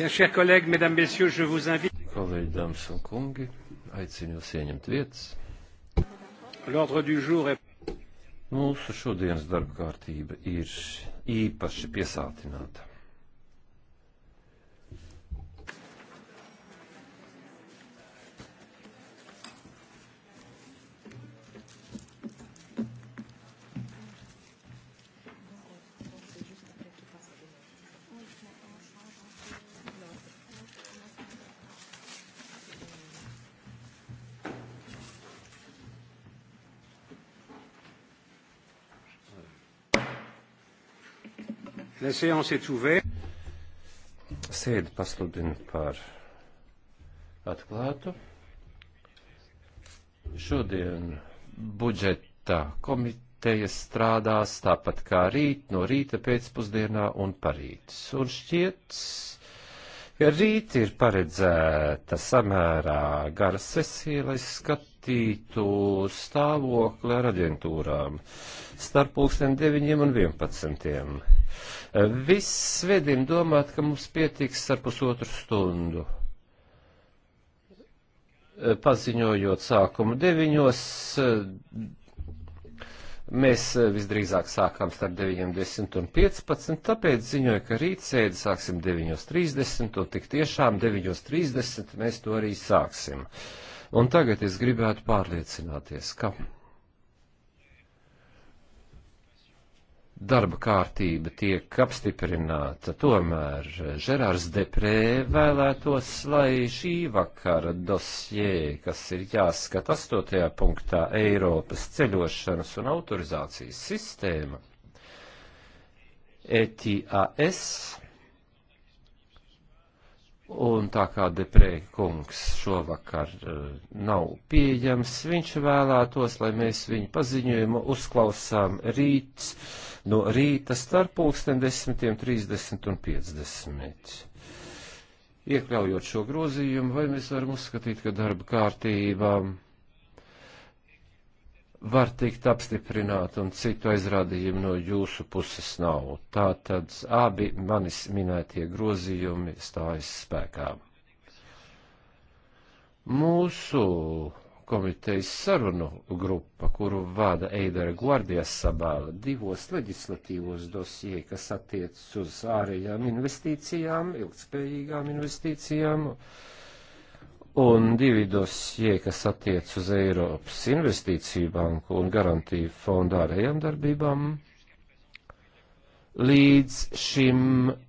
Bien, chers collègues, mesdames, messieurs, je vous invite. Kolēģi, dāmas un kungi, aicinu jūs ieņemt vietas. L'ordre du jour est... Mūsu šodienas darba kārtība ir īpaši piesātināta. La séance est ouverte. Sēdi pasludina par atklātu. Šodien budžeta komiteja strādās tāpat kā rīt, no rīta pēcpusdienā un parīts. Un šķiet, ja rīt ir paredzēta samērā gara sesija, lai skatītu skatītu stāvokli ar aģentūrām starp pulksten 9 un 11. Viss vedim domāt, ka mums pietiks ar pusotru stundu. Paziņojot sākumu deviņos, mēs visdrīzāk sākām starp 9.10 un 15, tāpēc ziņoju, ka rīt sēdi sāksim 9.30, un tik tiešām 9.30 mēs to arī sāksim. Un tagad es gribētu pārliecināties, ka. darba kārtība tiek apstiprināta. Tomēr Žerārs Deprē vēlētos, lai šī vakara dosjē, kas ir jāskat 8. punktā Eiropas ceļošanas un autorizācijas sistēma, ETAS, Un tā kā Deprēka kungs šovakar uh, nav pieejams, viņš vēlētos, lai mēs viņu paziņojumu uzklausām rīt. Uh, no rīta starp pulksten 10.30 un 50. Iekļaujot šo grozījumu, vai mēs varam uzskatīt, ka darba kārtībā var tikt apstiprināta un citu aizrādījumu no jūsu puses nav. Tātad abi manis minētie grozījumi stājas spēkā. Mūsu komitejas sarunu grupa, kuru vada Eidara Guardijas sabāla divos leģislatīvos dosie, kas attiecas uz ārējām investīcijām, ilgspējīgām investīcijām, un divi dosie, kas attiecas uz Eiropas investīciju banku un garantiju fondu ārējām darbībām līdz šim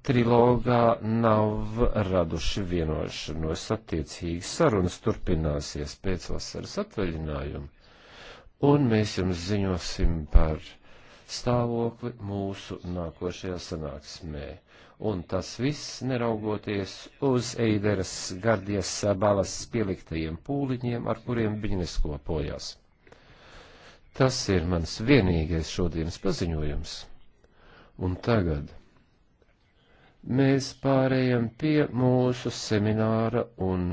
trilogā nav raduši vienošanos attiecīgi sarunas turpināsies pēc vasaras atvaļinājuma, un mēs jums ziņosim par stāvokli mūsu nākošajā sanāksmē. Un tas viss neraugoties uz Eideras gardies balas pieliktajiem pūliņiem, ar kuriem viņi neskopojās. Tas ir mans vienīgais šodienas paziņojums. Un tagad mēs pārējām pie mūsu semināra un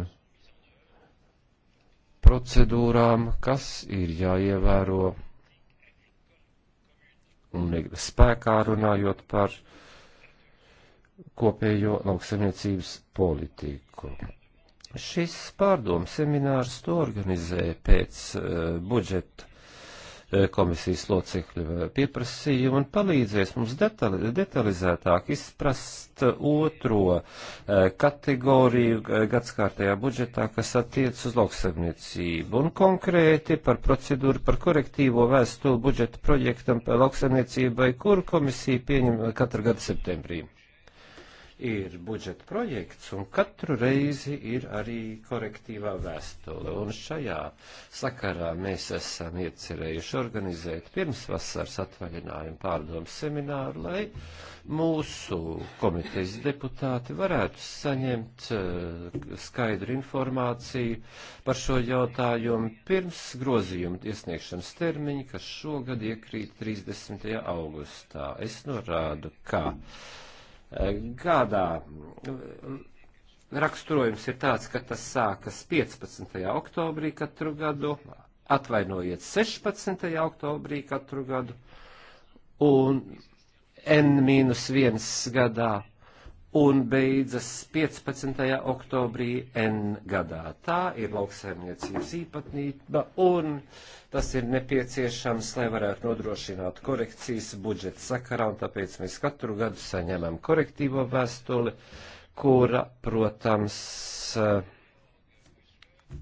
procedūrām, kas ir jāievēro un spēkā runājot par kopējo lauksaimniecības politiku. Šis pārdomu seminārs to organizē pēc uh, budžeta Eh, komisijas locekļu eh, pieprasīja un palīdzēs mums detali, detalizētāk izprast otro eh, kategoriju gadskārtajā budžetā, kas attiec uz lauksaimniecību un konkrēti par procedūru par korektīvo vēstuli budžeta projektam lauksaimniecībai, kuru komisija pieņem katru gadu septembrī ir budžeta projekts, un katru reizi ir arī korektīvā vēstule. Un šajā sakarā mēs esam iecerējuši organizēt pirmsvasaras atvaļinājumu pārdomu semināru, lai mūsu komitejas deputāti varētu saņemt eh, skaidru informāciju par šo jautājumu pirms grozījuma iesniegšanas termiņa, kas šogad iekrīt 30. augustā. Es norādu, ka gadā. Raksturojums ir tāds, ka tas sākas 15. oktobrī katru gadu, atvainojiet 16. oktobrī katru gadu un n-1 gadā un beidzas 15. oktobrī N gadā. Tā ir lauksaimniecības īpatnība un tas ir nepieciešams, lai varētu nodrošināt korekcijas budžeta sakarā, un tāpēc mēs katru gadu saņemam korektīvo vēstuli, kura, protams, eh,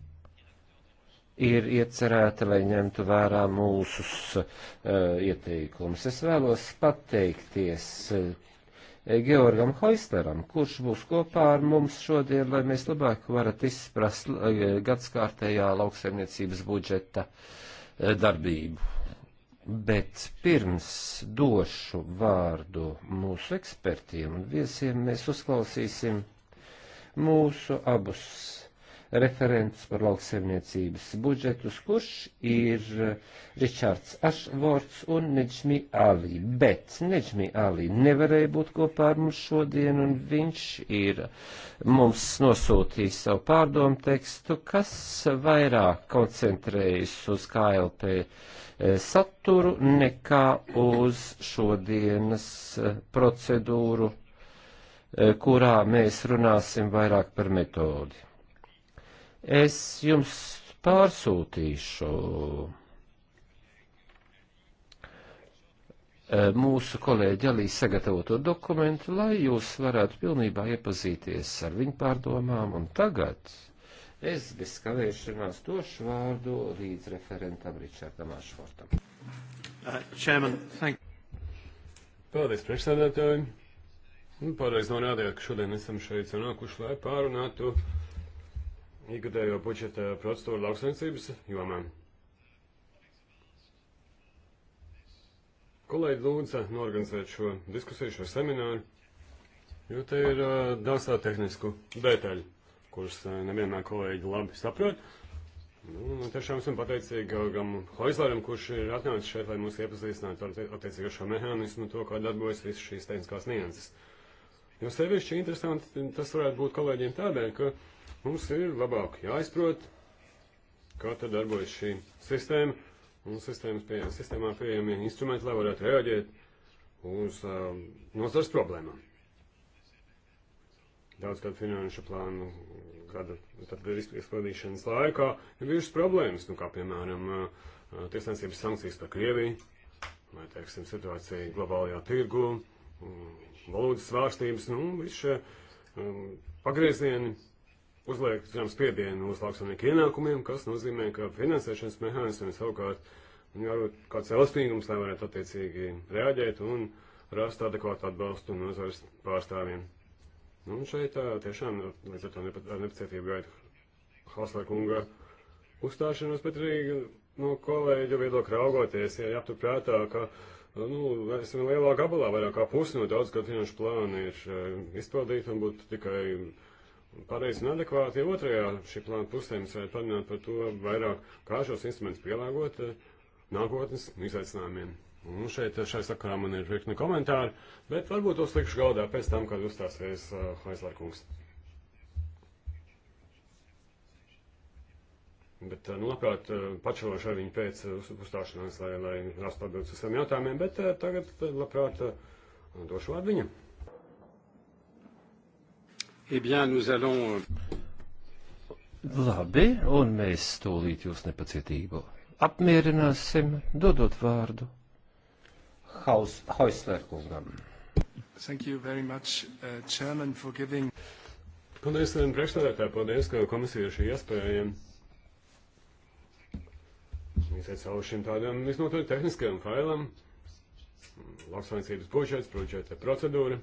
ir iecerēta, lai ņemtu vērā mūsu uh, eh, ieteikumus. Es vēlos pateikties uh, Georgam Hoisleram, kurš būs kopā ar mums šodien, lai mēs labāk varat izprast eh, gadskārtējā lauksaimniecības budžeta eh, darbību. Bet pirms došu vārdu mūsu ekspertiem un viesiem, mēs uzklausīsim mūsu abus referents par lauksaimniecības budžetus, kurš ir eh, Ričards Ašvorts un Neģmi Alī. Bet Neģmi Alī nevarēja būt kopā ar mums šodien, un viņš ir mums nosūtījis savu pārdomu tekstu, kas vairāk koncentrējas uz KLP eh, saturu nekā uz šodienas eh, procedūru kurā mēs runāsim vairāk par metodi. Es jums pārsūtīšu eh, mūsu kolēģi Alī sagatavoto dokumentu, lai jūs varētu pilnībā iepazīties ar viņu pārdomām. Un tagad es bez kavēšanās došu vārdu līdz referentam Ričardam Ašfortam. Uh, chairman, thank Paldies, priekšsēdētāji. Nu, pārreiz norādījāt, ka šodien esam šeit sanākuši, lai pārunātu. Uh, ikgadējo budžeta procedūru lauksaimniecības jomām. Kolēģi lūdza norganizēt šo diskusiju, šo semināru, jo te ir uh, daudz tādu tehnisku detaļu, kuras uh, nevienmēr kolēģi labi saprot. Nu, tiešām esmu pateicīgi Gam Hoizlaram, kurš ir atnācis šeit, lai mūs iepazīstinātu ar attiecīgo šo mehānismu, to, kā darbojas visas šīs tehniskās nianses. Jo sevišķi interesanti tas varētu būt kolēģiem tādēļ, ka uh, Mums ir labāk jāizprot, kā tad darbojas šī sistēma un pie, sistēmā pieejami instrumenti, lai varētu reaģēt uz uh, um, nozars problēmām. Daudz gadu finanšu plānu gada izpildīšanas laikā ir bijušas problēmas, nu, kā piemēram uh, tiesniecības sankcijas par Krieviju, vai, teiksim, situācija globālajā tirgu, um, mm, valūtas svārstības, nu, visi šie um, pagriezieni uzliek zinām, spiedienu uz lauksaimnieku ienākumiem, kas nozīmē, ka finansēšanas mehānismiem savukārt jābūt kāds elastīgums, lai varētu attiecīgi reaģēt un rast adekvātu atbalstu nozares pārstāvjiem. Nu, un šeit tā, tiešām līdz ar to nepacietību gaida Haslē kunga uzstāšanos, bet arī no kolēģa viedokļa raugoties, ja jāpaturprātā, ka Nu, esam lielā gabalā, vairāk kā pusi no daudz gadu finanšu plāna ir izpildīta un būtu tikai uh, pareizi un adekvāti. Otrajā šī plāna pusē mēs varētu parunāt par to vairāk, kā šos instrumentus pielāgot eh, nākotnes izaicinājumiem. Un šeit eh, šai sakarā man ir virkni komentāri, bet varbūt tos likšu galdā pēc tam, kad uzstāsies uh, eh, aizlaikungs. Bet, nu, labprāt, pačelošu ar viņu pēc uzstāšanās, lai, lai rastu atbildes uz saviem jautājumiem, bet tagad, labprāt, došu vārdu viņam. Eh bien, nous allons... Euh, Labi, un mēs stūlīt jūs nepacietību apmierināsim, dodot vārdu Haus, Hausler kungam. Thank you very much, uh, Chairman, for giving... Paldies, priekšstādātāji, paldies, ka komisija šī iespēja iziet cauri šim tādam visnotaļ tehniskajam failam, lauksainicības budžets, budžeta procedūra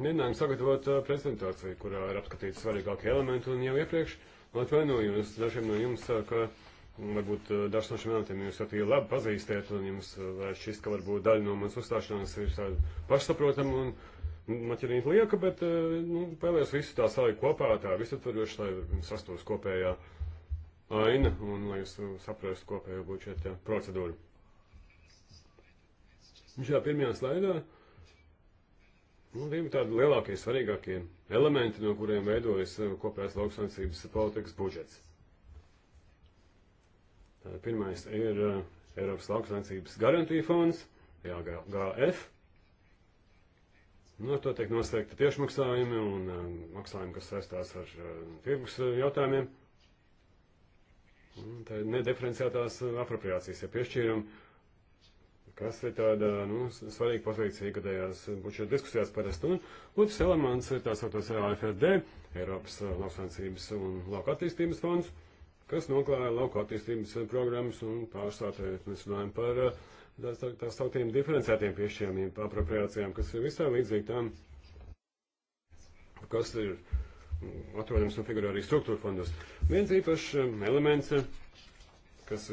mēģinājām sagatavot prezentāciju, kurā ir apskatīti svarīgākie elementi, un jau iepriekš atvainojos dažiem no jums, ka varbūt dažs no šiem elementiem jūs jau tie labi pazīstiet, un jums varētu šķist, ka varbūt daļa no manas uzstāšanās ir tāda pašsaprotama un maķinīta lieka, bet nu, vēlējos visu tā salikt kopā, tā visatvaroši, lai sastos kopējā aina, un lai jūs saprastu kopējo budžeta procedūru. Šajā pirmajā slaidā. Nu, divi tādi lielākie, svarīgākie elementi, no kuriem veidojas eh, kopējās lauksaimniecības politikas budžets. Tā, pirmais ir eh, Eiropas lauksaimniecības garantija fonds, JGF. E nu, to tiek noslēgta tiešmaksājumi un uh, maksājumi, kas saistās ar uh, tirgus uh, jautājumiem. Un, tā ir nediferenciētās apropriācijas, ja piešķīrumi kas ir tāda, nu, svarīga pozīcija gadējās budžeta diskusijās parasti. Un otrs elements ir tās autos AFSD, Eiropas uh, lauksainicības un lauka attīstības fonds, kas noklāja lauka attīstības uh, programmas un pārstātē, mēs runājam par uh, tās, tās tautiem diferencētiem piešķījumiem, apropriācijām, kas ir visai līdzīgi tām, kas ir mm, atrodams un figurē arī struktūra fondos. Viens īpašs um, elements, kas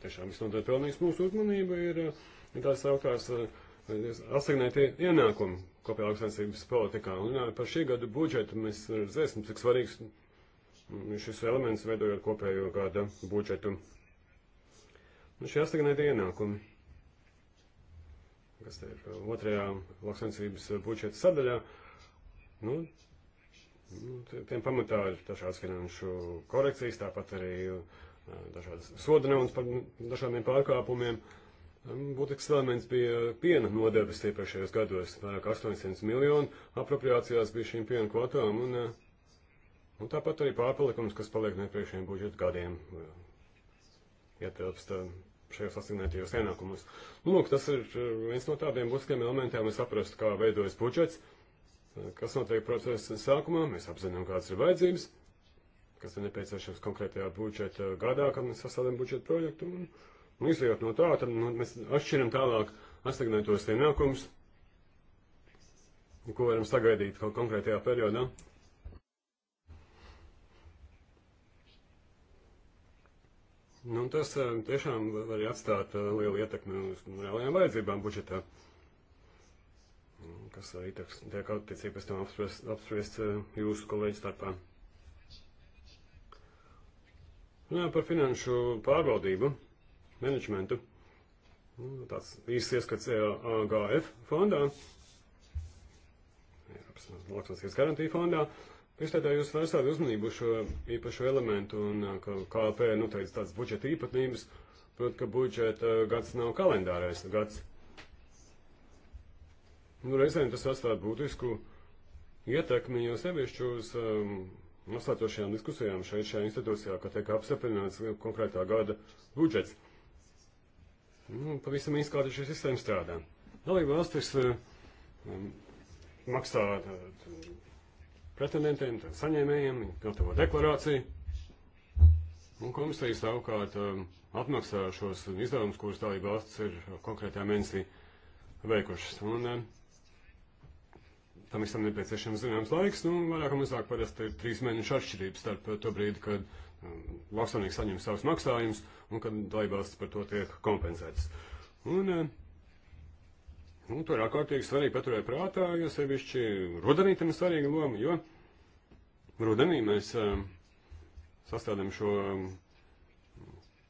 tiešām visnotaļ pelnījis mūsu uzmanību, ir uh, ir tās augtās eh, asignētie ienākumi kopējā augstsainsības politikā. Un runājot eh, par šī gada budžetu, mēs redzēsim, cik svarīgs mm, šis elements veidojot kopējo gada budžetu. Un nu, šie asignētie ienākumi, kas te ir eh, otrajā lauksaimniecības budžeta sadaļā, nu, nu, tiem pamatā ir dažādas finanšu korekcijas, tāpat arī dažādas soda naudas par dažādiem pārkāpumiem. Uh, Būtisks elements bija piena nodevis iepriekšējos gados, vairāk 800 miljonu apropriācijās bija šīm piena kvotām, un, eh, un tāpat arī pārpalikums, kas paliek no iepriekšējiem budžeta gadiem, eh, ietilpst eh, šajos asignētajos ienākumus. Nu, lūk, tas ir viens no tādiem būtiskiem elementiem, lai saprastu, kā veidojas budžets, kas notiek procesa sākumā, mēs apzinām, kādas ir vajadzības, kas ir nepieciešams konkrētajā budžeta gadā, kad mēs sasādām budžeta projektu. Un, Nu, izējot no tā, tad nu, mēs atšķiram tālāk asignētos ienākumus, ko varam sagaidīt kaut konkrētajā periodā. Nu, tas eh, tiešām var atstāt eh, lielu ietekmi uz reālajām vajadzībām budžetā, kas arī eh, tiek attiecīgi pēc tam apspriest, apspriest jūsu kolēģi starpā. Runājot par finanšu pārvaldību menedžmentu. Nu, tāds īsts ieskats eh, AGF fondā, Eiropas Latvijas garantija fondā. Es tādā jūs vērstāt uzmanību šo īpašo elementu un eh, ka KLP noteica nu, tādas budžeta īpatnības, prot, ka budžeta eh, gads nav kalendārais gads. Nu, reizēm tas atstāt būtisku ietekmi jau sevišķi uz um, noslēdzošajām diskusijām šeit šajā institūcijā, ka tiek apstiprināts konkrētā gada budžets. Nu, pavisam īsti kāda šī sistēma strādā. Dalība valstis eh, um, maksā tātad, eh, pretendentiem, tātad saņēmējiem, gatavo deklarāciju. Un komisija savukārt um, atmaksā šos izdevumus, kurus dalība valsts ir konkrētā mēnesī veikušas. Un, um, tam visam nepieciešams zināms laiks, nu, vairāk un mazāk parasti ir trīs mēnešu atšķirības starp to brīdi, kad uh, Um, lauksaimnieks saņem savus maksājumus un kad dalībvalstis par to tiek kompensētas. Un, un uh, nu, to ir ārkārtīgi svarīgi paturēt prātā, jo sevišķi rudenī tam ir svarīga loma, jo rudenī mēs um, sastādām šo um,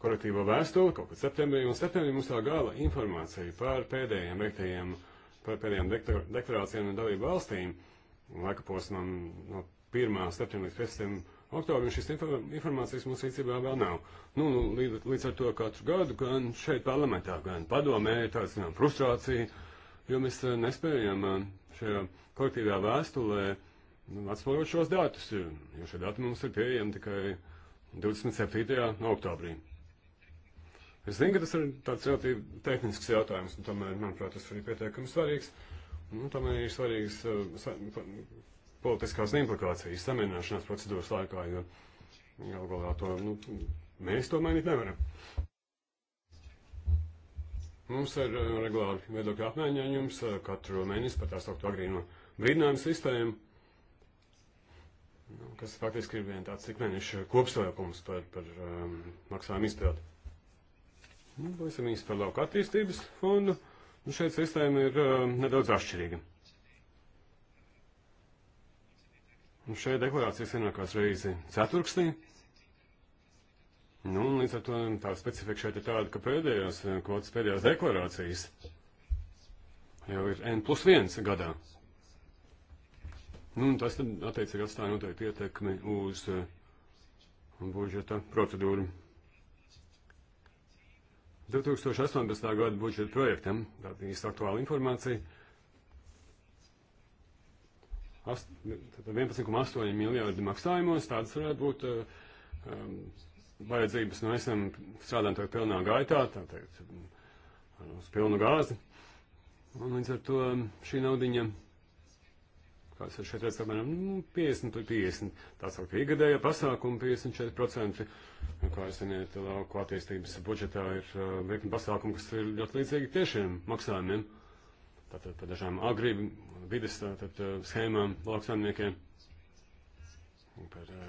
korektīvo vēstuli kaut kad septembrī, un septembrī mums tā gala informācija par pēdējiem veiktajiem, par pēdējiem deklarācijām no dalību valstīm, laika posmam no 1. septembra līdz 15 oktobrim šīs informācijas mums rīcībā vēl nav. Nu, nu, līdz, līdz ar to katru gadu gan šeit parlamentā, gan padomē ir tāds, zinām, frustrācija, jo mēs eh, nespējam eh, šajā kolektīvā vēstulē nu, atspoguļot šos datus, jo šie dati mums ir pieejami tikai 27. oktobrī. Es zinu, ka tas ir tāds relatīvi tehnisks jautājums, un tomēr, manuprāt, tas ir pietiekami svarīgs. Nu, tomēr ir svarīgs uh, politiskās implikācijas samierināšanās procedūras laikā, jo galu galā to nu, mēs to mainīt nevaram. Mums ir eh, regulāri viedokļu apmaiņojums eh, katru mēnesi par tā sauktu agrīno brīdinājumu sistēmu, nu, kas faktiski ir vien tāds ikmēneša kopsavilkums par, par um, maksājumu izpildi. Nu, pavisam īsti par lauka attīstības fondu. Nu, šeit sistēma ir um, nedaudz atšķirīga. Un nu, šeit deklarācijas ienākās reizi ceturksnī. Nu, un līdz ar to tā specifika šeit ir tāda, ka pēdējās, eh, kvotas pēdējās deklarācijas jau ir N plus 1 gadā. Nu, un tas tad attiecīgi atstāja noteikti ietekmi uz uh, budžeta procedūru. 2018. gada budžeta projektam, tāda īsta aktuāla informācija. 11,8 nu, miljārdi maksājumos, tādas varētu būt eh, um, vajadzības, nu, esam strādājam tagad pilnā gaitā, tā teikt, uz pilnu gāzi. Un līdz ar to um, šī naudiņa, kāds ir šeit redzams, apmēram nu, 50 līdz 50, tā saukt iegadēja pasākuma 54%, kā jūs zināt, lauku attīstības budžetā ir uh, virkni pasākumu, kas ir ļoti līdzīgi tiešiem maksājumiem. Ja? tātad par dažām agri vidas tātad, eh, schēmām lauksaimniekiem, par eh,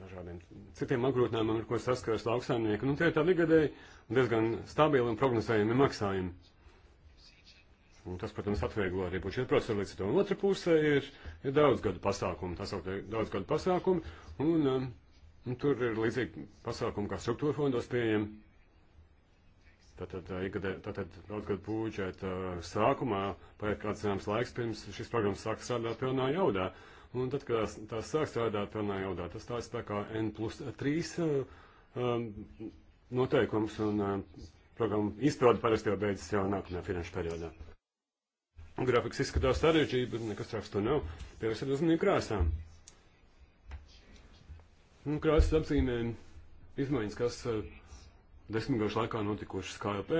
dažādiem citiem apgrūtinājumiem, ar ko saskaras lauksaimnieki. Nu, tie ir tādi gadēji diezgan stabili un prognozējami maksājumi. Un tas, protams, atvieglo arī budžeta procesu līdz tam. Otra puse ir, ir daudz gadu pasākumi, tā sauktā daudz gadu pasākumi, un, eh, un tur ir līdzīgi pasākumi kā struktūra fondos pieejami. Tātad, igadē, tātad daudzgad būdžeta sākumā paiet kāds zināms laiks pirms šis programmas sāk strādāt pilnā jaudā. Un tad, kad tās, tās sāk strādāt pilnā jaudā, tas tā spēkā N plus 3 um, noteikums un um, programma izpildi parasti jau beidzas jau nākamajā finanšu periodā. Grafiks izskatās sarežģīti, bet nekas traks to nav. Pievērsiet uzmanību krāsām. Un nu, krāsas apzīmē izmaiņas, kas uh, desmitgažu laikā notikušas KLP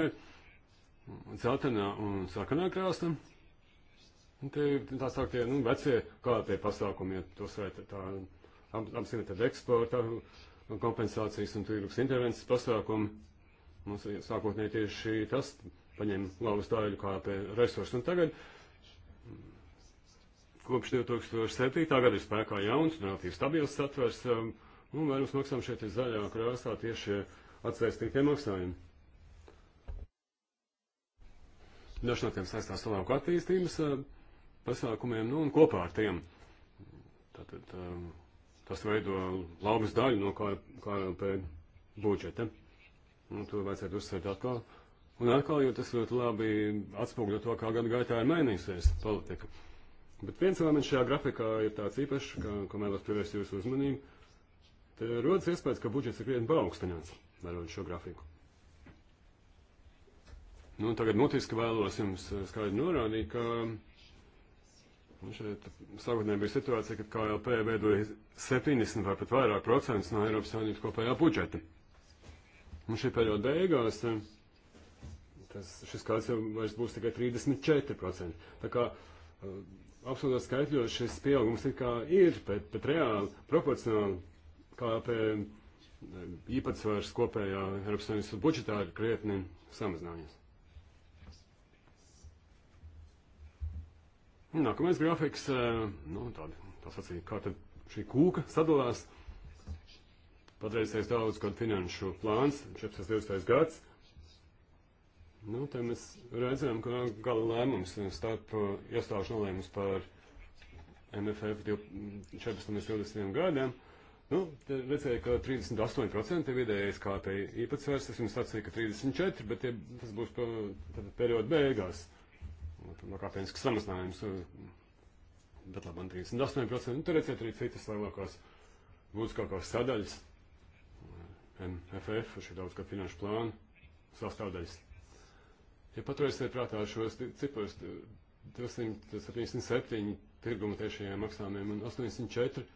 dzeltenā un sarkanā krāsta. Un te ir tā sauktie, nu, vecie KLP pasākumi, ja tos vai tā apzināt ar eksporta kompensācijas un tirgus intervences pasākumi. Mums sākotnēji tieši tas paņem lauvas daļu KLP resursu. Un tagad kopš 2007. gada ir spēkā jauns, relatīvi stabils satvers, um, un vairums maksām šeit ir zaļā krāsā tieši atsaistītie maksājumi. Daži no tiem saistās ar lauku attīstības eh, pasākumiem, nu un kopā ar tiem. Tātad eh, tas veido laumas daļu no KLP budžeta. Un nu, to vajadzētu uzsvērt atkal. Un atkal, jo tas ļoti labi atspūgļo to, kā gadu gaitā ir mainījusies politika. Bet viens elements šajā grafikā ir tāds īpašs, kam vēlos pievērst jūsu uzmanību. Te rodas iespējas, ka budžets ir krietni paaugstināts vērot šo grafiku. Nu, tagad mutiski vēlos jums eh, skaidri norādīt, ka nu, šeit sākotnēji bija situācija, kad KLP veidoja 70 vai pat vairāk procentus no Eiropas Savienības kopējā budžeta. Un šī perioda beigās eh, tas, šis skaits jau vairs būs tikai 34%. Tā kā eh, absolūtā skaitļos šis pieaugums ir kā ir, bet, bet reāli proporcionāli KLP īpatsvars kopējā Eiropas Savienības budžetā ir krietni samazinājies. Nākamais grafiks, eh, nu, tāda, tā sacīja, kā tad šī kūka sadalās. Patreizējais daudz kādu finanšu plāns, 14. gads. Nu, te mēs redzam, ka gala lēmums starp eh, iestāžu nolēmums par MFF 14. un 20. gadiem. Nu, redzēju, ka 38% ir vidējais KPI īpatsvars, es jums sacīju, ka 34, bet tie, tas būs pa, perioda beigās. Nu, no kāpēc samazinājums, eh, bet labam 38%. Nu, tur redzēt arī citas lielākās būtiskākās sadaļas. MFF, šī daudzgad finanšu plāna sastāvdaļas. Ja paturēsiet prātā šos ciprus, 277 eh, tirguma tiešajiem maksājumiem un 84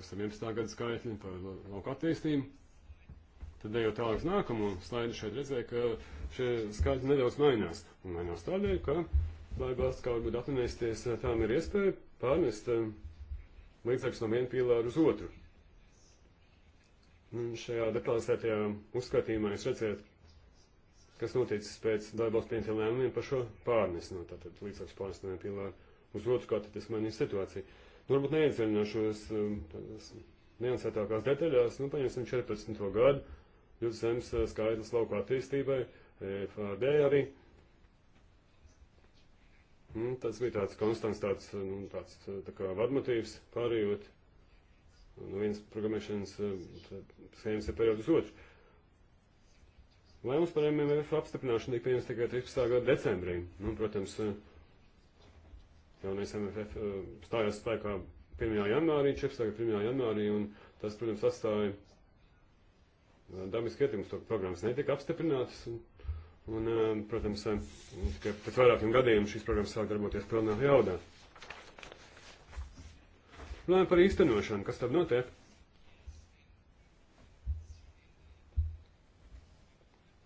kas ir 11. gada skaitļi par lauku attīstību. Tad, ejot tālāk uz nākamo slaidu, šeit redzēja, ka šie skaitļi nedaudz mainās. Un mainās tādēļ, ka, lai valsts kā varbūt atminēsties, tām ir iespēja pārnest um, līdzekļus no viena pīlāra uz otru. Un šajā detalizētajā uzskatījumā jūs redzēt, kas noticis pēc darbos pieņemtiem lēmumiem par šo pārnesi no tātad līdzekļu pārnesi no viena pīlāra uz otru, kā tad tas mainīja situāciju. Nu, varbūt neiedziļināšos um, niansētākās detaļās, nu, paņemsim 14. gadu, jūsu zemes uh, skaidrs lauku attīstībai, e FAD arī. Nu, tas bija tāds konstants, tāds, uh, nu, tāds uh, tā kā vadmotīvs pārējot no nu, vienas programmēšanas schēmas ir periodu uz otru. Lēmums par MMF apstiprināšanu tika pieņems tikai 13. gada decembrī. Nu, protams, uh, jaunais MFF eh, stājās spēkā 1. janvārī, 14. 1. janvārī, un tas, protams, atstāja eh, dabiski ietekmes, to programmas netika apstiprinātas, un, un eh, protams, tikai pēc vairākiem gadiem šīs programmas sāk darboties pilnā jaudā. Runājot par īstenošanu, kas tad notiek?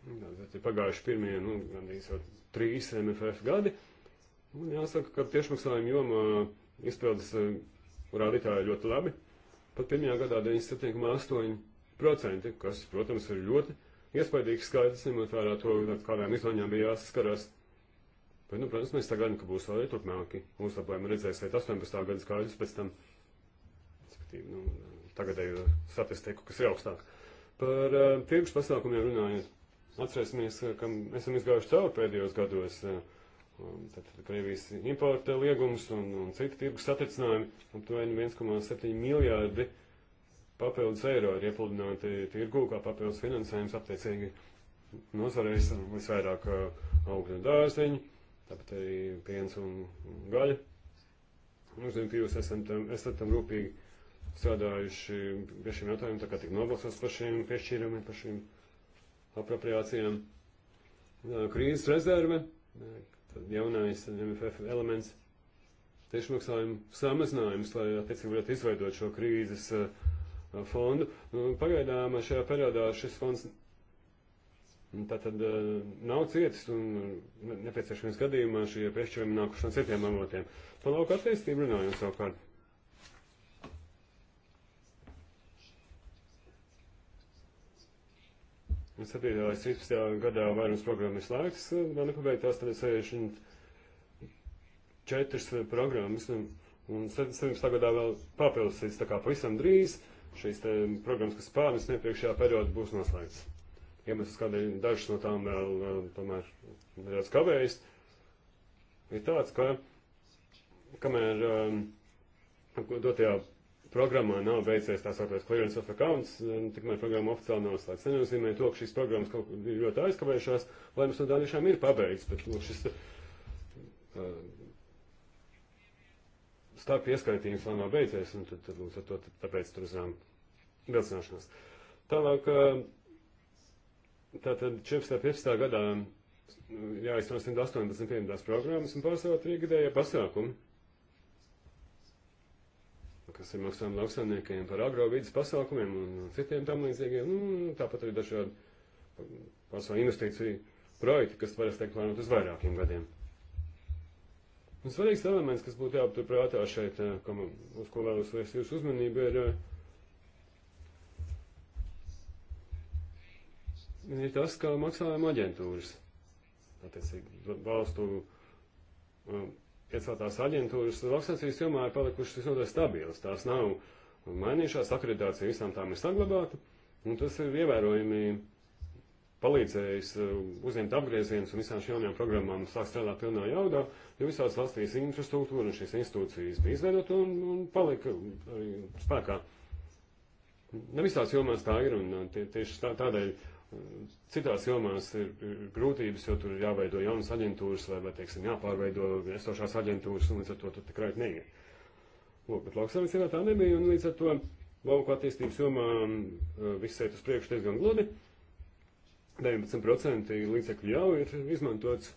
Nu, tad ir pagājuši pirmie, nu, gandrīz jau trīs MFF gadi, Man nu, jāsaka, ka tiešmaksājuma jomā uh, izpildes uh, rādītāji ļoti labi. Pat pirmajā gadā 97,8%, kas, protams, ir ļoti iespaidīgs skaidrs, ņemot vērā to, kādām izmaiņām bija jāsaskarās. Bet, nu, protams, mēs sagaidām, ka būs vēl turpmāki uzlabojumi. Redzēsiet 18. gada skaidrs pēc tam, respektīvi, nu, tagadēju statistiku, kas ir augstāk. Par uh, tirgus pasākumiem runājot, atcerēsimies, ka esam izgājuši cauri pēdējos gados. Uh, tad Krievijas importa liegums un, un citi tirgus satricinājumi, aptuveni 1,7 miljārdi papildus eiro ir iepludināti tirgū, kā papildus finansējums attiecīgi nozarēs visvairāk uh, augļu un dārziņu, tāpat arī piens un gaļa. Es zinu, ka jūs esat tam, esat tam rūpīgi strādājuši pie šiem jautājumiem, tā kā tik nobalsos par šiem piešķīrumiem, par šīm apropriācijām. Krīzes rezerve, tad jaunais MFF elements tiešmaksājumu samazinājums, lai attiecīgi varētu izveidot šo krīzes eh, fondu. Nu, pagaidām šajā periodā šis fonds tātad eh, nav cietis un nepieciešamības gadījumā šie piešķirumi nākuši no citiem avotiem. Par lauku attīstību runājam savukārt. Un 7. līdz 13. gadā vairums programmas laiks vēl nepabeigtās, tad ir 64 programmas, un, un 17. gadā vēl papildusīs, tā kā pavisam drīz šīs te programmas, kas pārnes nepriekšējā periodā būs noslēgts. Iemesls, ja kādēļ dažas no tām vēl tomēr nedaudz kavējas, ir tāds, ka kamēr um, dotajā programmā nav veicies tās vārtais clearance of accounts, tikmēr programma oficiāli nav slēgta. Tas nenozīmē to, ka šīs programmas kaut kur ir ļoti aizkavējušās, lai mums no tā tiešām ir pabeigts, bet lūk, nu, šis uh, starp ieskaitījums vēl nav beidzies, un tad, tad lūk, tad, tad, tāpēc tur uzrām vilcināšanās. Tālāk, eh, tātad 14. 15. gadā jāizsno 118 pirmās programmas un pārsvarā trīgadēja pasākumi kas ir maksājumi lauksaimniekiem par agrovidas pasākumiem un citiem tam līdzīgiem. Nu, nu tāpat arī dažādi um, pārsvarā investīciju projekti, kas varēs teikt plānot uz vairākiem gadiem. Un svarīgs elements, kas būtu jāaptur prātā šeit, uh, kam, uz ko vēlos vērst jūsu uzmanību, ir, uh, ir tas, kā maksājuma aģentūras, attiecīgi valstu um, ieceltās aģentūras lauksensības jomā ir palikušas visnotaļ stabilas. Tās nav mainījušās, akreditācija visām tām ir saglabāta, un tas ir ievērojami palīdzējis uh, uzņemt apgriezienus un visām šīm jaunajām programmām sāk strādāt pilnā jaudā, jo visās valstīs infrastruktūra un šīs institūcijas bija izveidot un, un palika arī spēkā. Ne visās jomās tā ir, un uh, tie, tieši tā, tādēļ Citās jomās ir, ir grūtības, jo tur ir jāveido jaunas aģentūras vai, vai teiksim, jāpārveido esošās aģentūras, un līdz ar to tur tik raiti neiet. Lūk, bet lauksaimniecībā tā nebija, un līdz ar to lauku attīstības jomā mm, viss iet uz priekšu diezgan gludi. 19% līdzekļu jau ir izmantots.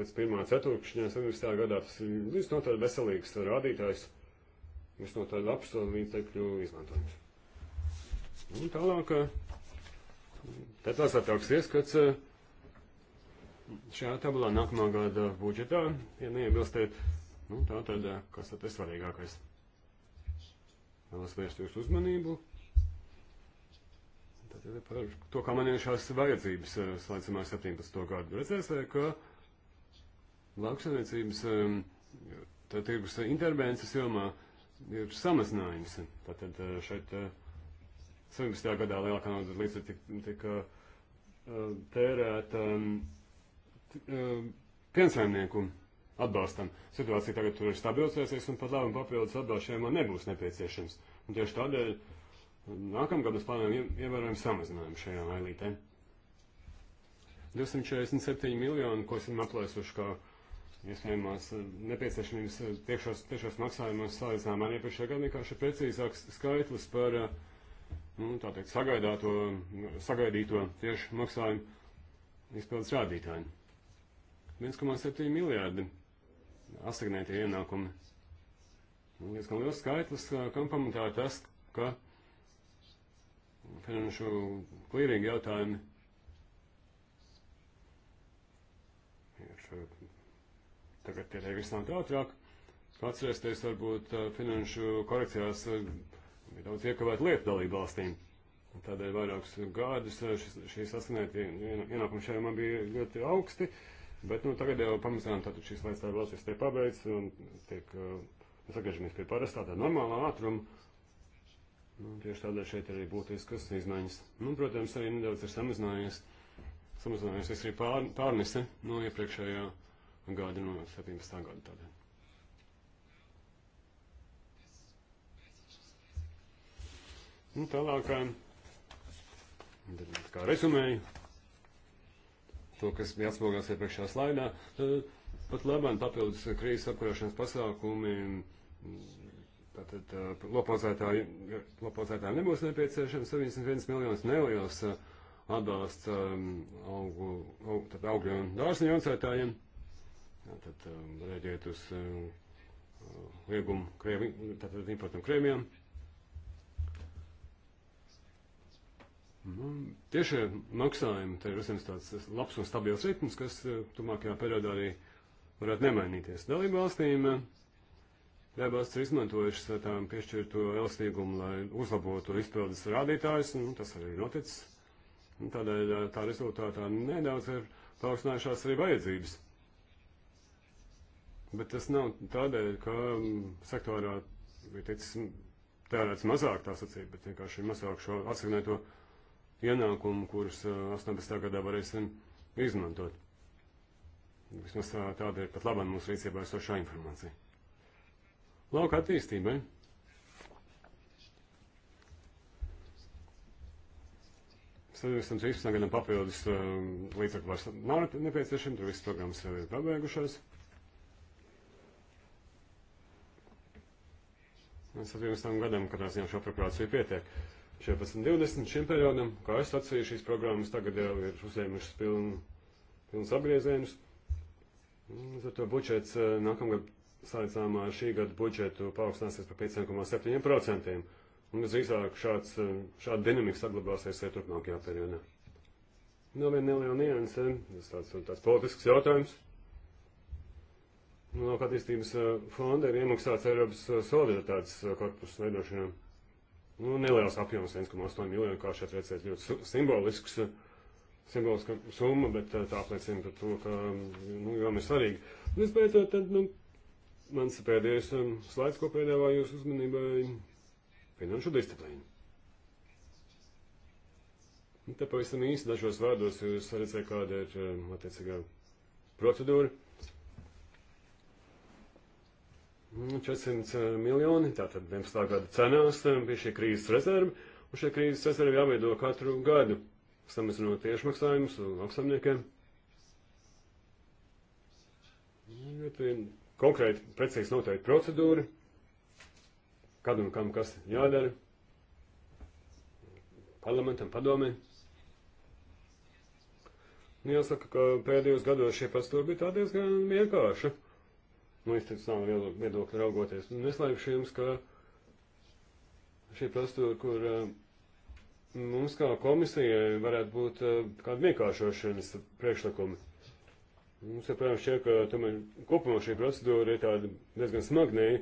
Pēc pirmā ceturkšņā 17. gadā tas ir visnotaļ veselīgs rādītājs, visnotaļ labs līdzekļu izmantojums. Un tālāk, eh, tad atstātāks ieskats eh, šajā tabulā nākamā gada budžetā, ja neiebilstiet, nu tā tad, eh, kas tad ir svarīgākais. Vēlas vērst jūsu uzmanību. Tad ir par to, kā manījušās vajadzības slēdzamā 17. gadu. Redzēsiet, ka lauksaimniecības tirgus intervences jomā ir samazinājums. Tātad šeit. Uh, 70. gadā lielākā naudas līdzekļa tika, tika uh, tērēta um, uh, piensaimnieku atbalstam. Situācija tagad tur ir stabilizējusies un pat labi papildus atbalsts šiem man nebūs nepieciešams. Un tieši tādēļ um, nākamgad mēs plānojam ievērojam samazinājumu šajā ailītē. 247 miljoni, ko esam aplēsuši kā iespējamās uh, nepieciešamības uh, tiešos, tiešos maksājumos salīdzinājumā ar iepriekšējā gadā, vienkārši precīzāks skaitlis par uh, nu, tā teikt, sagaidāto, sagaidīto tieši maksājumu izpildes rādītājiem. 1,7 miljārdi asignētie ienākumi. Nu, diezgan liels skaitlis, kam pamatā tas, ka finanšu klīrīgi jautājumi ir tagad tie tiek risināti ātrāk. Atcerēsties varbūt eh, finanšu korekcijās eh, bija daudz iekavēt lietu dalību valstīm. Tādēļ vairākus gadus eh, šī sasniegtie ienākumi šajā man bija ļoti augsti, bet nu, tagad jau pamazām tātad šīs lietas tā valstis tiek pabeigts un tiek, mēs eh, atgriežamies pie parastā, tā normālā ātruma. Nu, tieši tādēļ šeit arī būtiskas izmaiņas. Nu, protams, arī nedaudz ir samazinājies, samazinājies arī pār, pārnese no iepriekšējā gada, no 17. gada tādēļ. Un nu, tālāk, kā rezumēju, to, kas bija atspoguļots iepriekšējā slaidā, pat labāk papildus krīzes apkarošanas pasākumi, tātad lopaudzētājiem nebūs nepieciešams 71 miljonus neliels atbalsts augu, aug, augļu un dārziņu audzētājiem, tātad rēģēt uz liegumu krēmi, tātad importam krēmiem. Nu, tiešie maksājumi te ir uzņemts tāds labs un stabils ritms, kas eh, tumākajā periodā arī varētu nemainīties. Dalību valstīm eh, Debās ir izmantojušas eh, tām piešķirto elastīgumu, lai uzlabotu izpildes rādītājus, un tas arī noticis. Un tādēļ tā rezultātā nedaudz ir paaugstinājušās arī vajadzības. Bet tas nav tādēļ, ka mm, sektorā ir ticis tērēts mazāk tā sacīt, bet vienkārši mazāk šo asignēto ienākumu, kurus 18. gadā varēsim izmantot. Vismaz tāda ir pat labā mūsu rīcībā esošā informācija. Lauka attīstībai. Sadarbības 13. gadam papildus līdzekļu vairs nav nepieciešami, tur visas programmas jau ir pabeigušās. Sadarbības tam gadam, katrā ziņā šo appropriāciju pietiek. 14.20 šim periodam, kā es sacīju, šīs programmas tagad jau ir uzņēmušas pilnu, pilnus apgriezienus. Līdz ar to budžets eh, nākamgad salīdzinājumā ar šī gada budžetu paaugstināsies par 5,7%. Un visdrīzāk šāds, eh, šāda dinamika saglabāsies arī turpmākajā periodā. Nav viena neliela nianse, tas tāds, tāds politisks jautājums. Nu, Lauka attīstības eh, fonda ir iemaksāts Eiropas solidaritātes korpusu veidošanā. Nu, neliels apjoms, 1,8 miljonu, kā šeit redzēt, ļoti simbolisks, eh, simboliska summa, bet eh, tā apliecina par to, ka, mm, nu, jām ir svarīgi. Un nu, es beidzot, tad, nu, mans pēdējais um, slaids, ko piedāvā jūsu uzmanībai, finanšu disciplīna. Un nu, te pavisam īsi dažos vārdos jūs redzēt, kāda ir um, attiecīgā procedūra. 400 miljoni, tātad 11. gada cenās bija šī krīzes rezerve, un šie krīzes rezervi jāveido katru gadu, samazinot tiešmaksājumus lauksaimniekiem. Konkrēti, precīzi noteikti procedūra, kad un kam kas jādara, parlamentam, padomē. Jāsaka, ka pēdējos gados šie pastori bija tā diezgan vienkārši no institucionāla viedokļa raugoties. Neslēpšu jums, ka šī procedūra, kur eh, mums kā komisijai varētu būt eh, kāda vienkāršošanas priekšlikumi. Mums ir, protams, šķiet, ka tomēr kopumā šī procedūra ir tāda diezgan smagnēja.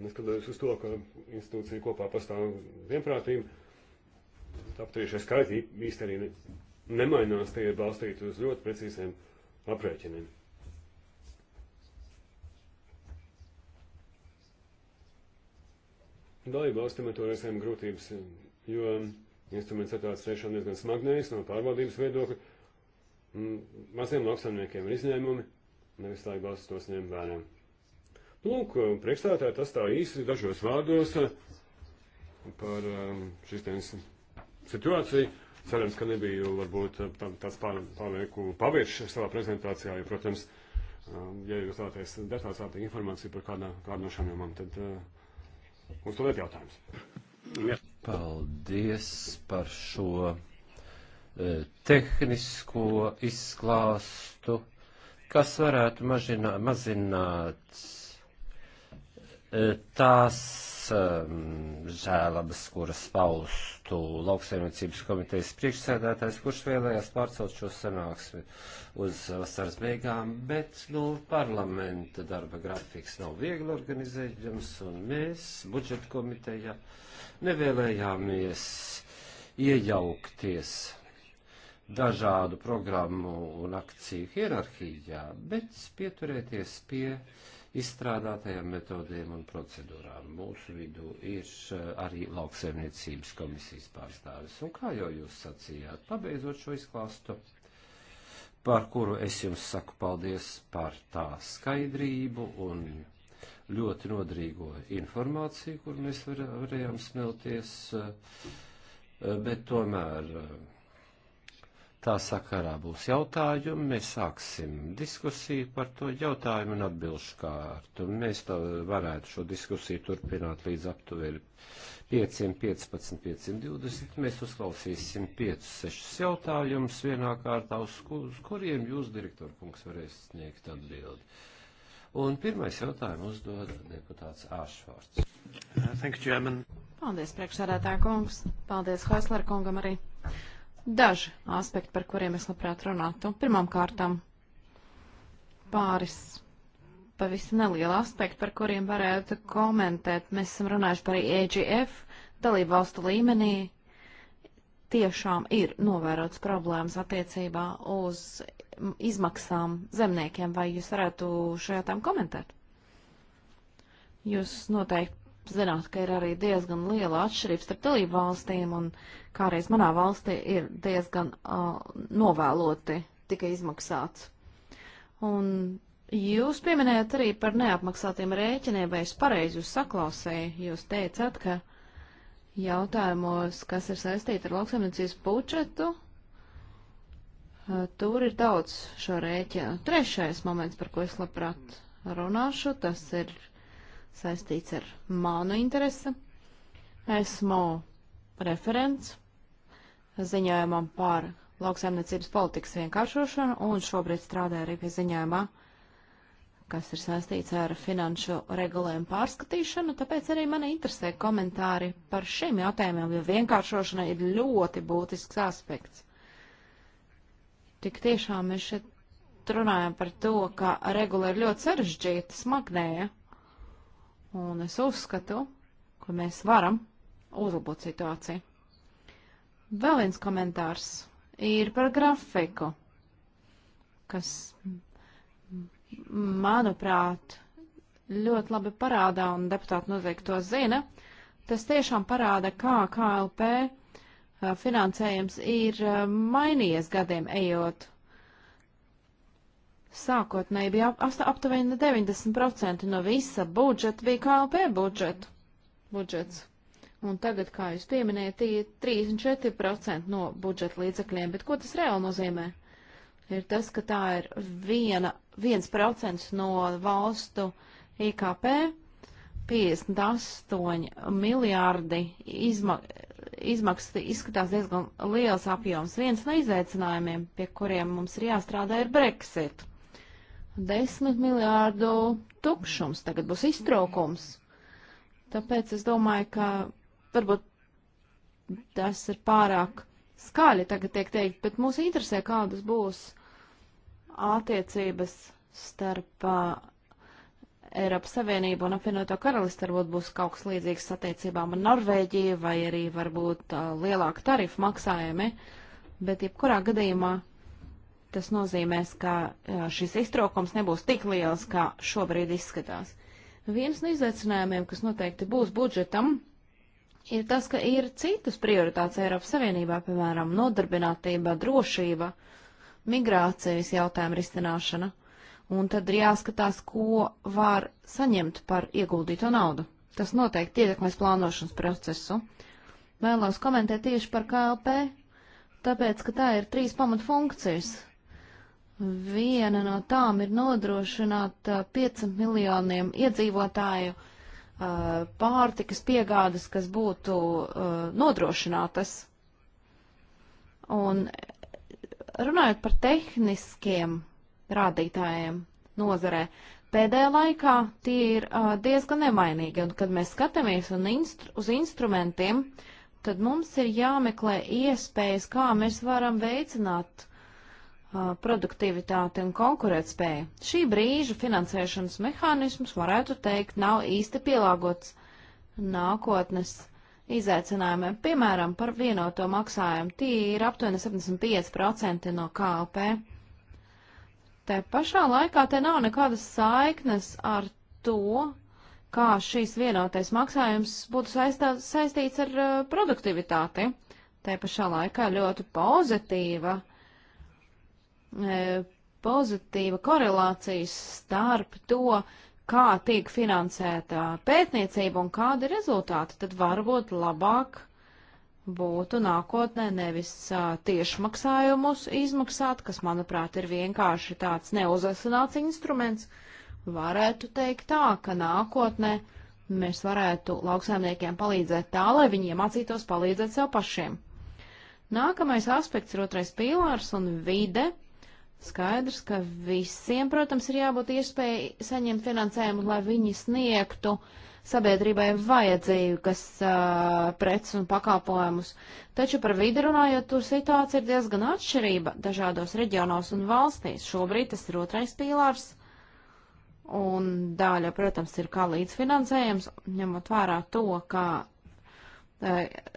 Neskatoties uz to, ka institūcija kopā pastāv vienprātība, tāpat arī šie skaitļi īsti arī nemainās, tie ir balstīti uz ļoti precīziem aprēķiniem. Dalību valstīm ar to reizēm grūtības, eh, jo instruments atklāts tiešām diezgan smagnējs no pārvaldības viedokļa. Mm, maziem lauksaimniekiem ir izņēmumi, nevis tā balsts tos ņem vērā. Lūk, eh, priekšstādātāji tas tā īsi dažos vārdos eh, par šīs dienas situāciju. Cerams, ka nebija varbūt tāds pārlieku paviršs savā prezentācijā, jo, protams, ja jūs vēlaties detalizētāk informāciju par kādu, kādu no šām jomām, tad uh, Mums to liek jautājums. Ja. Paldies par šo e, tehnisko izklāstu, kas varētu mažinā, mazināt e, tās um, žēlabas, kuras paust Tautu lauksaimniecības komitejas priekšsēdētājs, kurš vēlējās pārcelt šo sanāksmi uz vasaras beigām, bet, nu, parlamenta darba grafiks nav viegli organizējams, un mēs, budžeta komiteja, nevēlējāmies iejaukties dažādu programmu un akciju hierarhijā, bet pieturēties pie izstrādātajām metodēm un procedūrām. Mūsu vidū ir eh, arī lauksaimniecības komisijas pārstāvis. Un kā jau jūs sacījāt, pabeidzot šo izklāstu, par kuru es jums saku paldies par tā skaidrību un ļoti nodrīgo informāciju, kur mēs var, varējām smelties, eh, bet tomēr eh, Tā sakarā būs jautājumi, mēs sāksim diskusiju par to jautājumu un atbilšu kārtu. Mēs tā varētu šo diskusiju turpināt līdz aptuveni 515, 520. Mēs uzklausīsim 5, 6 jautājumus vienā kārtā, uz, uz kuriem jūs, direktor kungs, varēs sniegt atbildi. Un pirmais jautājumu uzdod deputāts Āršvārds. Thank you, Chairman. Paldies, priekšsādātā kungs. Paldies, Hoisler kungam arī daži aspekti, par kuriem es labprāt runātu. Pirmām kārtām pāris pavisam nelieli aspekti, par kuriem varētu komentēt. Mēs esam runājuši par EGF dalību valstu līmenī. Tiešām ir novērots problēmas attiecībā uz izmaksām zemniekiem, vai jūs varētu šajā tām komentēt? Jūs noteikti zināt, ka ir arī diezgan liela atšķirība starp dalību valstīm, un kādreiz manā valstī ir diezgan uh, novēloti tikai izmaksāts. Un jūs pieminējat arī par neapmaksātiem rēķiniem, vai es pareizi jūs saklausēju, jūs teicat, ka jautājumos, kas ir saistīti ar lauksaimniecības budžetu, uh, tur ir daudz šo rēķinu. Trešais moments, par ko es labprāt runāšu, tas ir saistīts ar manu interesi. Esmu referents ziņojumam par lauksaimniecības politikas vienkāršošanu un šobrīd strādāju arī pie ziņojumā, kas ir saistīts ar finanšu regulējumu pārskatīšanu, tāpēc arī mani interesē komentāri par šiem jautājumiem, jo vienkāršošana ir ļoti būtisks aspekts. Tik tiešām mēs šeit runājam par to, ka regula ir ļoti sarežģīta, smagnēja, Un es uzskatu, ka mēs varam uzlabot situāciju. Vēl viens komentārs ir par grafiku, kas, manuprāt, ļoti labi parādā, un deputāti noteikti to zina. Tas tiešām parāda, kā KLP finansējums ir mainījies gadiem ejot. Sākotnēji bija aptuveni 90% no visa budžeta bija KLP budžetu. budžets. Un tagad, kā jūs pieminējat, ir 34% no budžeta līdzekļiem, bet ko tas reāli nozīmē? Ir tas, ka tā ir viena, viens procents no valstu IKP, 58 miljārdi izma, izmaksas izskatās diezgan liels apjoms. Viens no izaicinājumiem, pie kuriem mums ir jāstrādā, ir Brexit. 10 miljārdu tukšums, tagad būs iztraukums. Tāpēc es domāju, ka varbūt tas ir pārāk skaļi tagad tiek teikt, bet mūs interesē, kādas būs attiecības starp uh, Eiropas Savienību un apvienoto karalisti. Varbūt būs kaut kas līdzīgs attiecībām ar Norvēģiju vai arī varbūt uh, lielāka tarifa maksājumi. Bet jebkurā gadījumā Tas nozīmēs, ka šis iztraukums nebūs tik liels, kā šobrīd izskatās. Viens no izaicinājumiem, kas noteikti būs budžetam, ir tas, ka ir citas prioritātes Eiropas Savienībā, piemēram, nodarbinātība, drošība, migrācijas jautājuma risināšana. Un tad ir jāskatās, ko var saņemt par ieguldīto naudu. Tas noteikti ietekmēs plānošanas procesu. Vēlos komentēt tieši par KLP, tāpēc, ka tā ir trīs pamatfunkcijas Viena no tām ir nodrošināt 5 miljoniem iedzīvotāju pārtikas piegādes, kas būtu nodrošinātas. Un runājot par tehniskiem rādītājiem nozarē, pēdējā laikā tie ir uh, diezgan nemainīgi, un kad mēs skatāmies instru uz instrumentiem, tad mums ir jāmeklē iespējas, kā mēs varam veicināt produktivitāti un konkurētspēju. Šī brīža finansēšanas mehānisms, varētu teikt, nav īsti pielāgots nākotnes izaicinājumiem. Piemēram, par vienoto maksājumu tie ir aptuveni 75% no KLP. Te pašā laikā te nav nekādas saiknes ar to, kā šīs vienotais maksājums būtu saistā, saistīts ar uh, produktivitāti. Te pašā laikā ļoti pozitīva E, pozitīva korelācijas starp to, kā tiek finansēta pētniecība un kādi ir rezultāti, tad varbūt labāk būtu nākotnē nevis uh, tiešmaksājumus izmaksāt, kas, manuprāt, ir vienkārši tāds neuzasināts instruments. Varētu teikt tā, ka nākotnē mēs varētu lauksaimniekiem palīdzēt tā, lai viņi iemācītos palīdzēt sev pašiem. Nākamais aspekts ir otrais pīlārs un vide Skaidrs, ka visiem, protams, ir jābūt iespēja saņemt finansējumu, lai viņi sniegtu sabiedrībai vajadzīgas uh, preces un pakalpojumus. Taču par vidi runājot, tur situācija ir diezgan atšķirība dažādos reģionos un valstīs. Šobrīd tas ir otrais pīlārs, un daļa, protams, ir kā līdzfinansējums, ņemot vērā to, ka uh,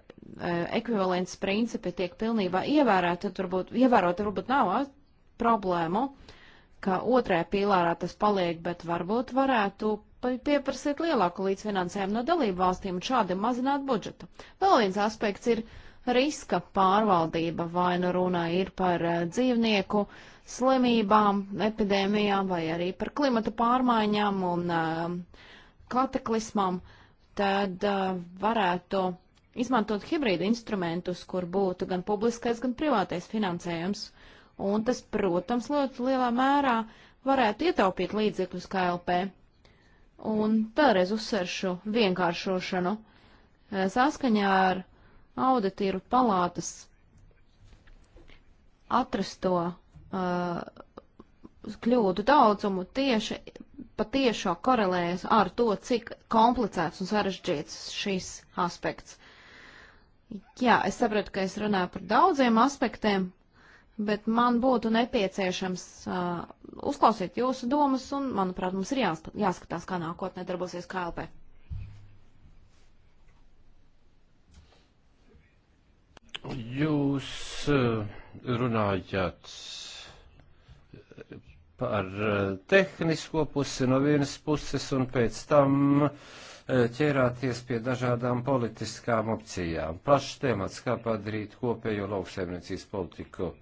ekvivalents principi tiek pilnībā ievērēti, tad varbūt ievērot, varbūt nav problēmu, ka otrajā pīlārā tas paliek, bet varbūt varētu pieprasīt lielāku līdzfinansējumu no dalību valstīm un šādi mazināt budžetu. Vēl viens aspekts ir riska pārvaldība, vai nu runā ir par eh, dzīvnieku slimībām, epidēmijām vai arī par klimata pārmaiņām un uh, eh, kataklismām, tad uh, varētu izmantot hibrīdu instrumentus, kur būtu gan publiskais, gan privātais finansējums. Uh, un tas, protams, ļoti lielā mērā varētu ietaupīt līdzekļus KLP. Un vēlreiz uzsveršu vienkāršošanu eh, saskaņā ar auditīru palātas atrasto uh, kļūdu daudzumu tieši patiešo korelējas ar to, cik komplicēts un sarežģīts šis aspekts. Jā, es saprotu, ka es runāju par daudziem aspektiem, bet man būtu nepieciešams uh, uzklausīt jūsu domas, un, manuprāt, mums ir jās, jāskatās, kā nākotnē darbosies KLP. Jūs runājāt par tehnisko pusi no vienas puses un pēc tam ķērāties pie dažādām politiskām opcijām. Plašs temats, kā padarīt kopējo lauksaimniecības politiku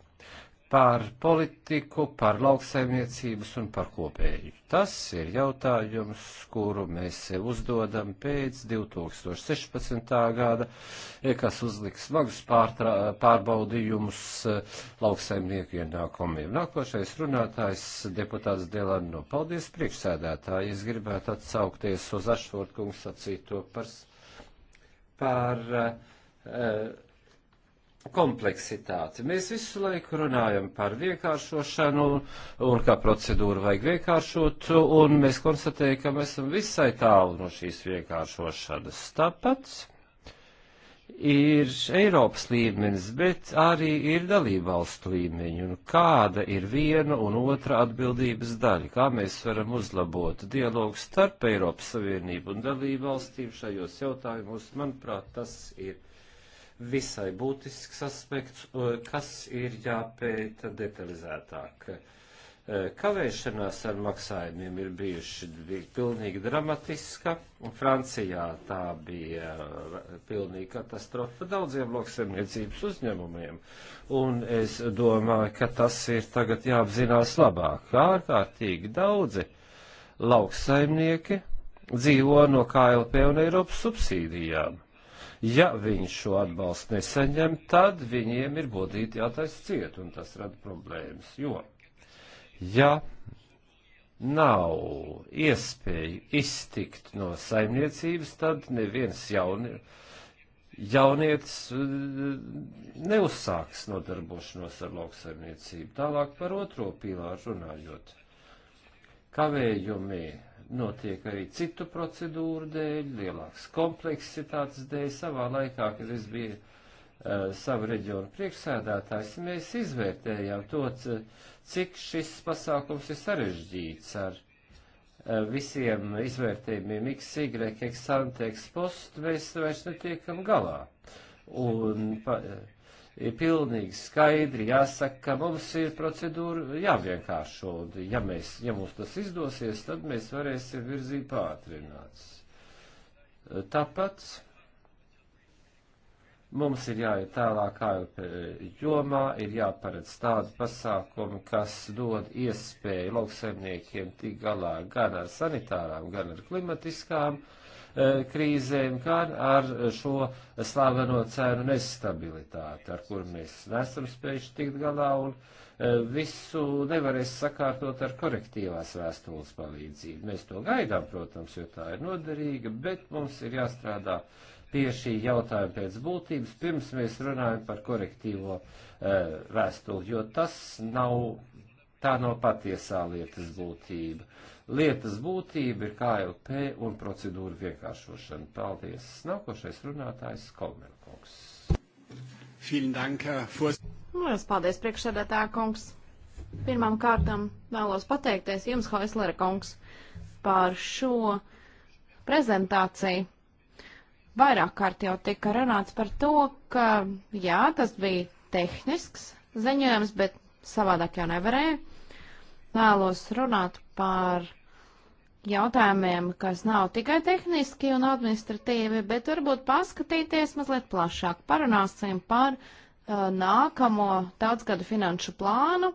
par politiku, par lauksaimniecības un par kopēju. Tas ir jautājums, kuru mēs sev uzdodam pēc 2016. gada, eh, kas uzliks smagus pārbaudījumus eh, lauksaimnieku ienākumiem. Nākošais runātājs deputāts Delano. Nu, paldies, priekšsēdētāji. Es gribētu atsaukties uz Ašfortkungs sacīto par, par uh, kompleksitāti. Mēs visu laiku runājam par vienkāršošanu un kā procedūru vajag vienkāršot, un mēs konstatējam, ka mēs esam visai tālu no šīs vienkāršošanas. Tāpat ir Eiropas līmenis, bet arī ir dalībvalstu līmeņi, un kāda ir viena un otra atbildības daļa, kā mēs varam uzlabot dialogu starp Eiropas Savienību un dalībvalstīm šajos jautājumos, manuprāt, tas ir visai būtisks aspekts, e, kas ir jāpēta detalizētāk. E, kavēšanās ar maksājumiem ir bijuši bija pilnīgi dramatiska. Francijā tā bija e, pilnīgi katastrofa daudziem lauksaimniecības uzņēmumiem. Un es domāju, ka tas ir tagad jāapzinās labāk. Ārkārtīgi daudzi lauksaimnieki dzīvo no KLP un Eiropas subsīdijām. Ja viņi šo atbalstu nesaņem, tad viņiem ir bodīti jātais ciet, un tas rada problēmas, jo, ja nav iespēju iztikt no saimniecības, tad neviens jauni, jaunietis eh, neuzsāks nodarbošanos ar lauksaimniecību. Tālāk par otro pīlāru runājot. Kavējumi notiek arī citu procedūru dēļ, lielākas kompleksitātes dēļ. Savā laikā, kad es biju uh, savu reģionu priekšsēdētājs, mēs izvērtējām to, cik šis pasākums ir sarežģīts ar uh, visiem izvērtējumiem X, Y, X, Ante, X, Post, mēs vairs netiekam galā. Un, pa, uh, ir pilnīgi skaidri jāsaka, ka mums ir procedūra jāvienkāršo, un ja, mēs, ja mums tas izdosies, tad mēs varēsim virzīt pātrināts. Tāpat mums ir jāiet tālāk jomā, ir jāparedz tādi pasākumi, kas dod iespēju lauksaimniekiem tik galā gan ar sanitārām, gan ar klimatiskām, uh, E, krīzēm, kā ar šo slaveno cēnu nestabilitāti, ar kur mēs nesam spējuši tikt galā un e, visu nevarēs sakārtot ar korektīvās vēstules palīdzību. Mēs to gaidām, protams, jo tā ir noderīga, bet mums ir jāstrādā pie šī jautājuma pēc būtības, pirms mēs runājam par korektīvo e, vēstuli, jo tas nav, tā nav patiesā lietas būtība. Lietas būtība ir KLP un procedūra vienkāršošana. Paldies. Nākošais runātājs Kolmerkungs. Lielas paldies, priekšsēdētā kungs. Pirmām kārtām vēlos pateikties jums, Hoislera kungs, par šo prezentāciju. Vairāk kārt jau tika runāts par to, ka jā, tas bija tehnisks ziņojums, bet savādāk jau nevarēja. Vēlos runāt par jautājumiem, kas nav tikai tehniski un administratīvi, bet varbūt paskatīties mazliet plašāk. Parunāsim par uh, nākamo daudzgadu finanšu plānu,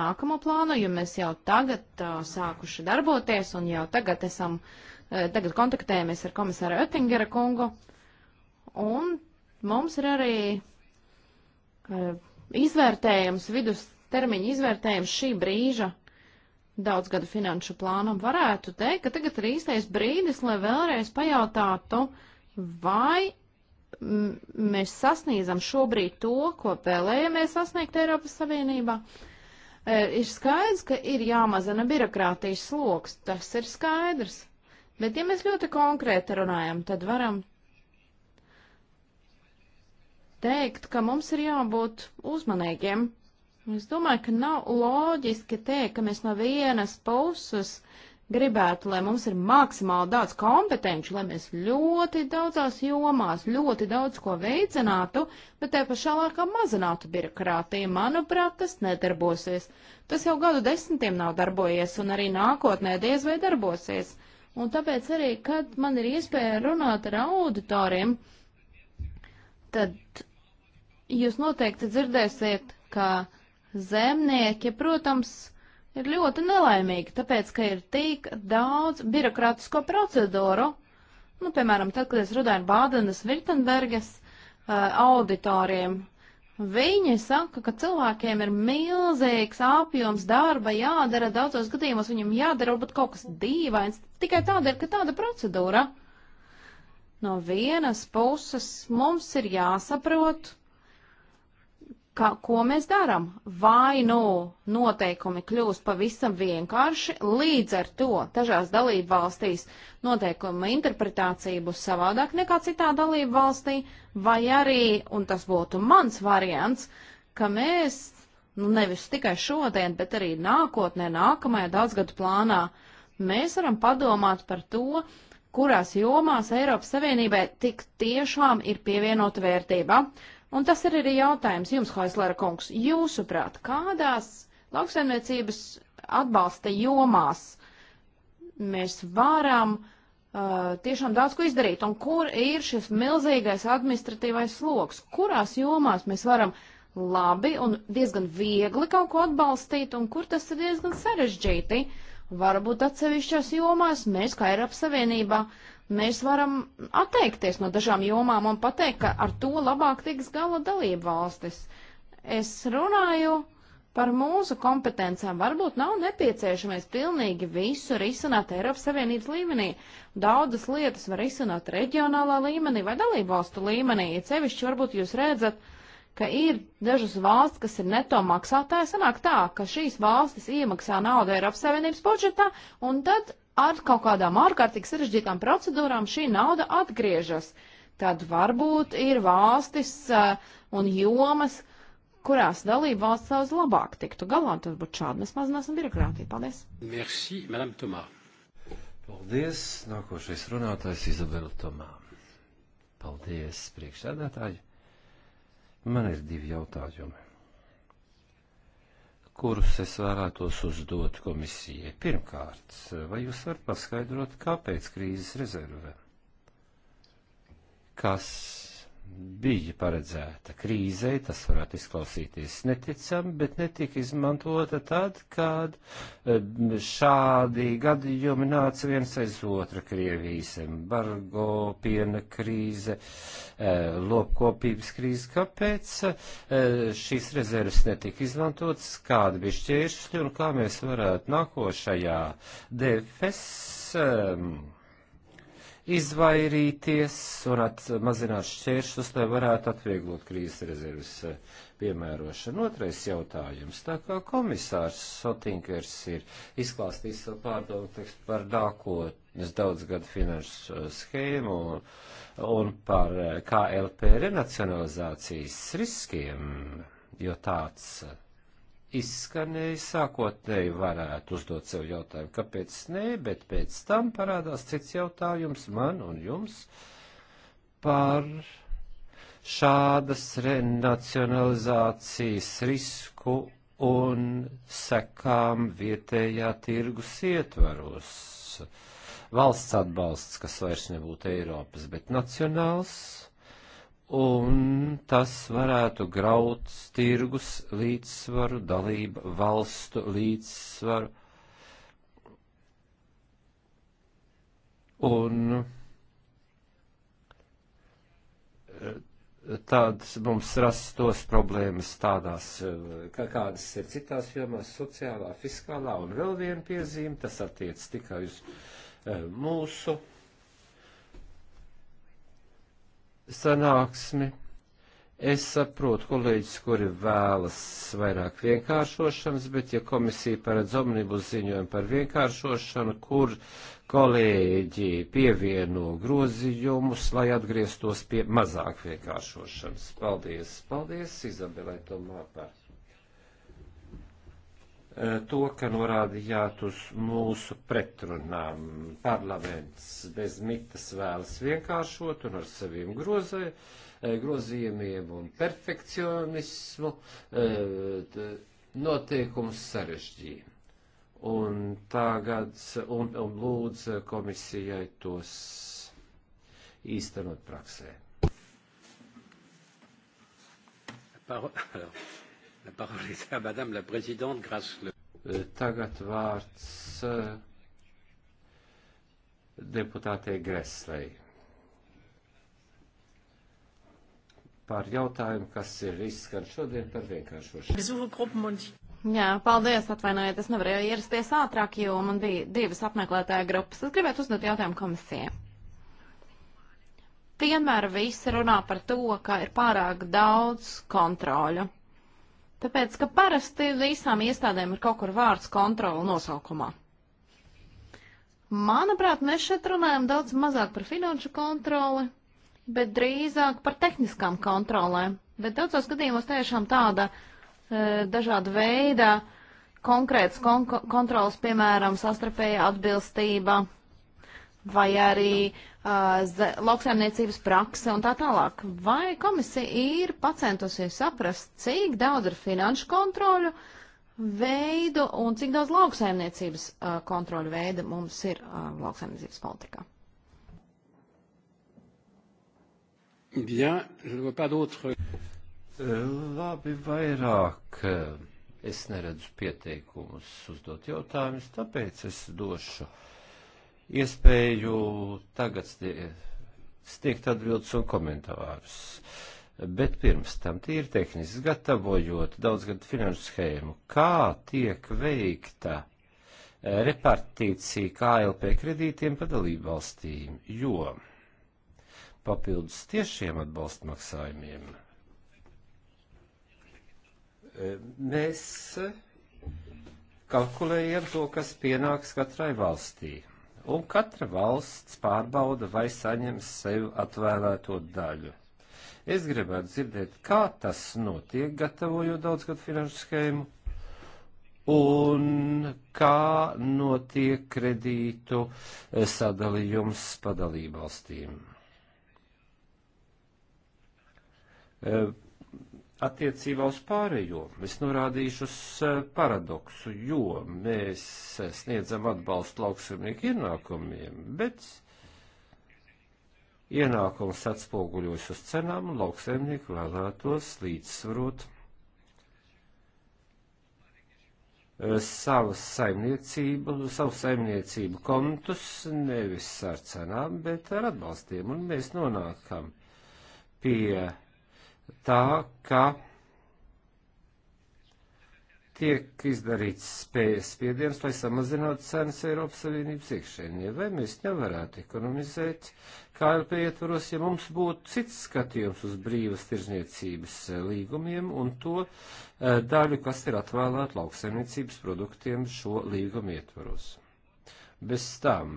nākamo plānu, jo mēs jau tagad uh, sākuši darboties un jau tagad esam, uh, tagad kontaktējamies ar komisāru Oettingera kungu. Un mums ir arī uh, izvērtējums, vidus termiņa izvērtējums šī brīža daudzgadu finanšu plānam, varētu teikt, ka tagad ir īstais brīdis, lai vēlreiz pajautātu, vai mēs sasniedzam šobrīd to, ko vēlējamies sasniegt Eiropas Savienībā. E, ir skaidrs, ka ir jāmazana birokrātijas sloks, tas ir skaidrs. Bet, ja mēs ļoti konkrēti runājam, tad varam teikt, ka mums ir jābūt uzmanīgiem Es domāju, ka nav loģiski teikt, ka mēs no vienas puses gribētu, lai mums ir maksimāli daudz kompetenci, lai mēs ļoti daudzās jomās ļoti daudz ko veicinātu, bet te pašā laikā mazinātu birokrātiju. Manuprāt, tas nedarbosies. Tas jau gadu desmitiem nav darbojies un arī nākotnē diez vai darbosies. Un tāpēc arī, kad man ir iespēja runāt ar auditoriem, tad jūs noteikti dzirdēsiet, ka zemnieki, protams, ir ļoti nelaimīgi, tāpēc, ka ir tik daudz birokrātisko procedūru. Nu, piemēram, tad, kad es runāju ar Bādenes Virtenbergas uh, eh, auditoriem, viņi saka, ka cilvēkiem ir milzīgs apjoms darba jādara, daudzos gadījumos viņam jādara varbūt kaut kas dīvains, tikai tādēļ, ka tāda procedūra. No vienas puses mums ir jāsaprot, ka, ko mēs darām. Vai nu noteikumi kļūst pavisam vienkārši, līdz ar to dažās dalību valstīs noteikuma interpretācija būs savādāk nekā citā dalību valstī, vai arī, un tas būtu mans variants, ka mēs, nu nevis tikai šodien, bet arī nākotnē, nākamajā daudzgadu plānā, mēs varam padomāt par to, kurās jomās Eiropas Savienībai tik tiešām ir pievienota vērtība. Uh, Un tas ir arī jautājums jums, Haislera kungs. Jūsuprāt, kādās lauksaimniecības atbalsta jomās mēs varam uh, tiešām daudz ko izdarīt? Un kur ir šis milzīgais administratīvais sloks? Kurās jomās mēs varam labi un diezgan viegli kaut ko atbalstīt, un kur tas ir diezgan sarežģīti? Varbūt atsevišķās jomās mēs, kā Eiropas Savienībā, uh, mēs varam atteikties no dažām jomām un pateikt, ka ar to labāk tiks gala dalība valstis. Es runāju par mūsu kompetencām. Varbūt nav nepieciešamies pilnīgi visu risināt Eiropas Savienības līmenī. Daudzas lietas var risināt reģionālā līmenī vai dalību valstu līmenī. Ja cevišķi varbūt jūs redzat, ka ir dažas valsts, kas ir neto maksātāji, sanāk tā, ka šīs valstis iemaksā naudu Eiropas Savienības budžetā, un tad ar kaut kādām ārkārtīgi sarežģītām procedūrām šī nauda atgriežas. Tad varbūt ir valstis uh, un jomas, kurās dalība valsts savus labāk tiktu galā. Tad būtu šādi mēs mazināsim birokrātiju. Paldies! Merci, Madame Tomā. Paldies! Nākošais runātājs Izabela Tomā. Paldies, priekšsēdētāji! Man ir divi jautājumi kurus es vēlētos uzdot komisijai. Pirmkārt, vai jūs varat paskaidrot, kāpēc krīzes rezerve? Kas bija paredzēta krīzei, tas varētu izklausīties neticami, bet netika izmantota tad, kad eh, šādi gadījumi nāca viens aiz otra Krievijas embargo, piena krīze, eh, lopkopības krīze. Kāpēc eh, šīs rezerves netika izmantotas, kādi bija šķēršļi un kā mēs varētu nākošajā DFS izvairīties un mazināt šķēršļus, lai varētu atvieglot krīzes rezerves e, piemērošanu. Otrais jautājums. Tā kā komisārs Sotinkers ir izklāstījis savu pārdomu tekstu par nākotnes daudzgadu finanšu e, schēmu un par e, KLP renacionalizācijas riskiem, jo tāds izskanēja, sākotnēji varētu uzdot sev jautājumu, kāpēc nē, bet pēc tam parādās cits jautājums man un jums par šādas renacionalizācijas risku un sekām vietējā tirgus ietvaros. Valsts atbalsts, kas vairs nebūtu Eiropas, bet nacionāls un tas varētu graut tirgus līdzsvaru, dalību valstu līdzsvaru. Un eh, tad mums rastos problēmas tādās, eh, kā kādas ir citās jomās, sociālā, fiskālā, un vēl viena piezīme, tas attiec tikai uz eh, mūsu sanāksmi. Es saprotu kolēģis, kuri vēlas vairāk vienkāršošanas, bet ja komisija paredz omnibus ziņojumu par vienkāršošanu, kur kolēģi pievieno grozījumus, lai atgrieztos pie mazāk vienkāršošanas. Paldies, paldies, Izabelai Tomā par to, ka norādījāt uz mūsu pretrunām. Parlaments bez mitas vēlas vienkāršot un ar saviem grozē, eh, grozījumiem un perfekcionismu eh, noteikums sarežģīja. Un tagad un, un lūdz komisijai tos īstenot praksē. Par, alors, Euh, tagad vārds euh, deputātei Greslei. Par jautājumu, kas ir izskan šodien par vienkāršošanu. Jā, paldies, atvainojiet, es nevarēju ierasties ātrāk, jo man bija divas apmeklētāja grupas. Es gribētu uzdot jautājumu komisijai vienmēr visi runā par to, ka ir pārāk daudz kontroļu. Tāpēc, ka parasti visām iestādēm ir kaut kur vārds kontrola nosaukumā. Manuprāt, mēs šeit runājam daudz mazāk par finanšu kontroli, bet drīzāk par tehniskām kontrolēm. Bet daudzos gadījumos tiešām tāda e, dažāda veida konkrētas kon kontrolas, piemēram, sastarpēja atbilstība, vai arī uh, lauksaimniecības prakse un tā tālāk. Vai komisija ir pacentusies saprast, cik daudz ir finanšu kontroļu veidu un cik daudz lauksaimniecības uh, kontroļu veida mums ir uh, lauksaimniecības politikā? Bien, je vois pas d'autres. Uh, labi, vairāk uh, es neredzu pieteikumus uzdot jautājumus, tāpēc es došu uh, iespēju tagad sniegt atbildes un komentārus. Bet pirms tam tīri tehniski gatavojot daudzgadu finanšu schēmu, kā tiek veikta repartīcija KLP kredītiem pa dalību valstīm, jo papildus tiešiem atbalsta maksājumiem e, mēs kalkulējam to, kas pienāks katrai valstī un katra valsts pārbauda, vai saņem sev atvēlēto daļu. Es gribētu dzirdēt, kā tas notiek, gatavojot daudzgad finanšu schēmu, un kā notiek kredītu eh, sadalījums padalībvalstīm. Eh, attiecībā uz pārējo. Es norādīšu uz eh, paradoksu, jo mēs eh, sniedzam atbalstu lauksimnieku ienākumiem, bet ienākums atspoguļojas uz cenām un lauksimnieku vēlētos līdzsvarot eh, savas saimniecību, savu saimniecību kontus nevis ar cenām, bet ar atbalstiem, un mēs nonākam pie tā, ka tiek izdarīts spējas spiediens, lai samazinātu cenas Eiropas Savienības iekšēnie, vai mēs nevarētu ekonomizēt KLP ietvaros, ja mums būtu cits skatījums uz brīvas tirzniecības eh, līgumiem un to e, daļu, kas ir atvēlēta lauksaimniecības produktiem šo līgumu ietvaros. Bez tam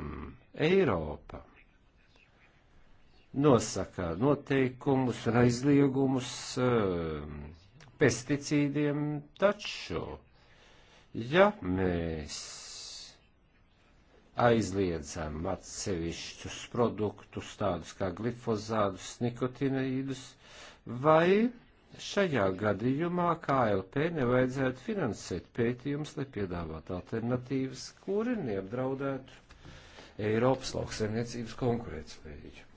Eiropa nosaka noteikumus un aizliegumus ehm, pesticīdiem, taču, ja mēs aizliedzam atsevišķus produktus, tādus kā glifozādus, nikotinoīdus, vai šajā gadījumā KLP nevajadzētu finansēt pētījumus, lai piedāvātu alternatīvas, kuri neapdraudētu Eiropas lauksaimniecības konkurētspēju.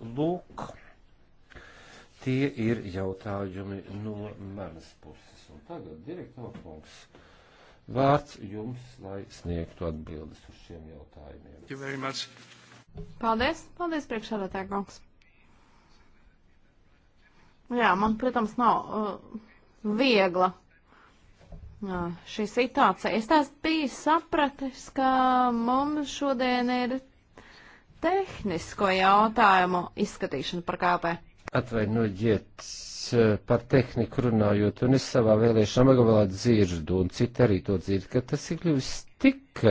Lūk, tie ir jautājumi no manas puses. Un tagad, direktorkungs, vārds jums, lai sniegtu atbildes uz šiem jautājumiem. Paldies, paldies priekšādātāja kungs. Jā, man, protams, nav uh, viegla Jā, uh, šī situācija. Es tās biju sapratis, ka mums šodien ir tehnisko jautājumu izskatīšanu par KP. Atvainojiet eh, par tehniku runājot, un es savā vēlēšana magabalā dzirdu, un citi arī to dzird, ka tas ir kļuvis tik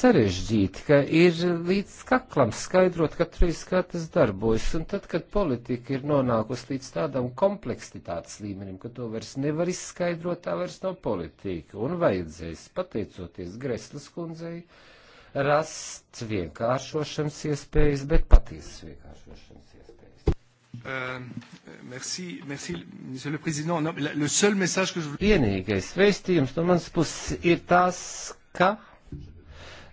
sarežģīti, ka ir līdz kaklam skaidrot katru reizi, kā tas darbojas, un tad, kad politika ir nonākusi līdz tādam kompleksitātes līmenim, ka to vairs nevar izskaidrot, tā vairs nav politika, un vajadzēs, pateicoties Greslas kundzei, uh, rast vienkāršošanas iespējas, bet patiesas vienkāršošanas iespējas. Uh, merci, merci, monsieur le président. Non, la, le seul message que je voulais... Vienīgais vēstījums no manas puses ir tas, ka uh,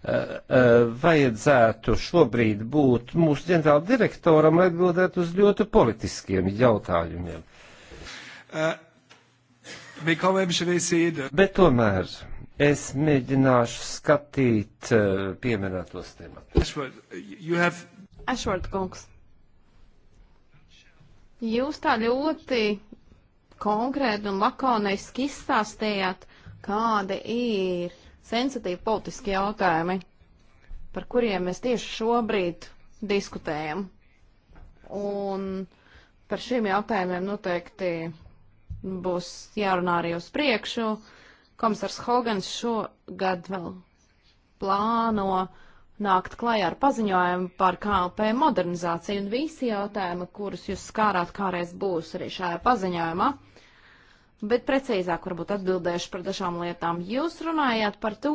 uh, vajadzētu šobrīd būt mūsu ģenerāla direktoram, lai atbildētu uz ļoti politiskiem jautājumiem. Uh, bet tomēr Es mēģināšu skatīt eh, pieminētos tematus. Have... Ašvārds kungs, jūs tā ļoti konkrēti un lakoniski izstāstījāt, kādi ir sensitīvi politiski jautājumi, par kuriem mēs tieši šobrīd diskutējam. Un par šiem jautājumiem noteikti būs jārunā arī uz priekšu. Uh, Komisārs Hogans šogad vēl plāno nākt klajā ar paziņojumu par KLP modernizāciju, un visi jautājumi, kurus jūs skārāt, kādreiz būs arī šajā paziņojumā. Bet precīzāk varbūt atbildēšu par dažām lietām. Jūs runājāt par to,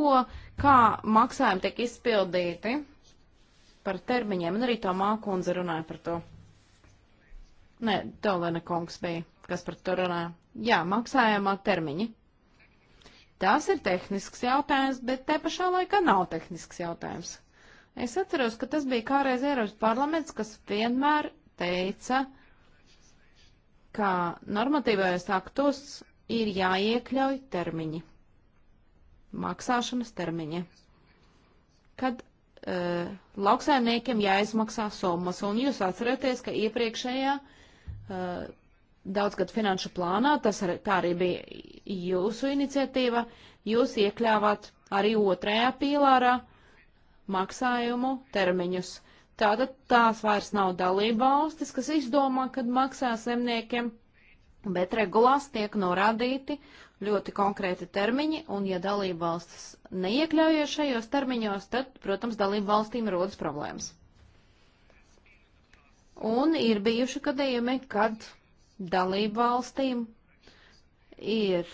kā maksājumi tiek izpildīti par termiņiem, un arī to mākundze runāja par to. Nē, Dolena kungs bija, kas par to runāja. Jā, maksājumā termiņi. Tas ir tehnisks jautājums, bet te pašā laikā nav tehnisks jautājums. Es atceros, ka tas bija kādreiz Eiropas parlaments, kas vienmēr teica, ka normatīvajos aktos ir jāiekļauj termiņi, maksāšanas termiņi, kad uh, lauksaimniekiem jāizmaksā summas. Un jūs atceraties, ka iepriekšējā uh, daudzgad finanšu plānā, tas ar, tā arī bija jūsu iniciatīva, jūs iekļāvāt arī otrajā pīlārā maksājumu termiņus. Tātad tās vairs nav dalība valstis, kas izdomā, kad maksā zemniekiem, bet regulās tiek norādīti ļoti konkrēti termiņi, un ja dalība valstis neiekļaujas šajos termiņos, tad, protams, dalība valstīm rodas problēmas. Un ir bijuši gadījumi, kad dalību valstīm ir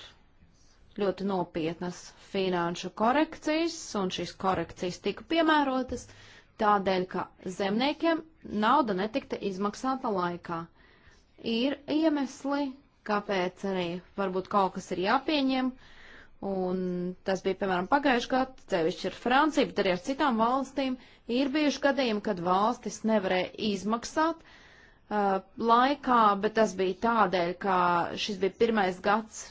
ļoti nopietnas finanšu korekcijas, un šīs korekcijas tika piemērotas tādēļ, ka zemniekiem nauda netikta izmaksāta laikā. Ir iemesli, kāpēc arī varbūt kaut kas ir jāpieņem, un tas bija, piemēram, pagājuši gadu, cevišķi ar Franciju, bet arī ar citām valstīm, ir bijuši gadījumi, kad valstis nevarēja izmaksāt uh, uh, laikā, bet tas bija tādēļ, ka šis bija pirmais gads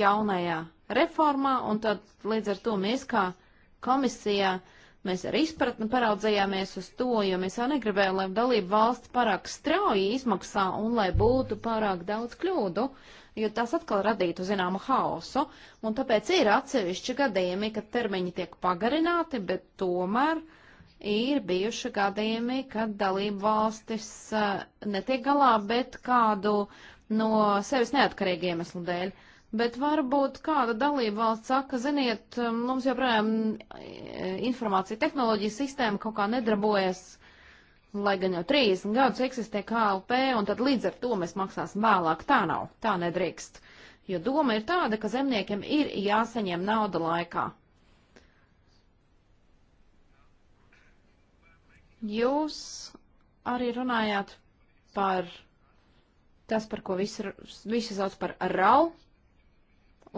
jaunajā reformā, un tad līdz ar to mēs kā komisijā mēs ar izpratni paraudzījāmies uz to, jo mēs jau negribējām, lai dalību valsts pārāk strauji izmaksā un lai būtu pārāk daudz kļūdu, jo tas atkal radītu zināmu haosu, un tāpēc ir atsevišķi gadījumi, kad termiņi tiek pagarināti, bet tomēr uh, ir bijuši gadījumi, kad dalību valstis netiek galā, bet kādu no sevis neatkarīgu iemeslu dēļ. Bet varbūt kāda dalība valsts saka, ziniet, mums joprojām e, informācija tehnoloģija sistēma kaut kā nedarbojas, lai gan jau 30 gadus eksistē KLP, un tad līdz ar to mēs maksāsim vēlāk. Tā nav, tā nedrīkst. Jo doma ir tāda, ka zemniekiem ir jāsaņem nauda laikā. Jūs arī runājāt par tas, par ko visi, visi sauc par rau,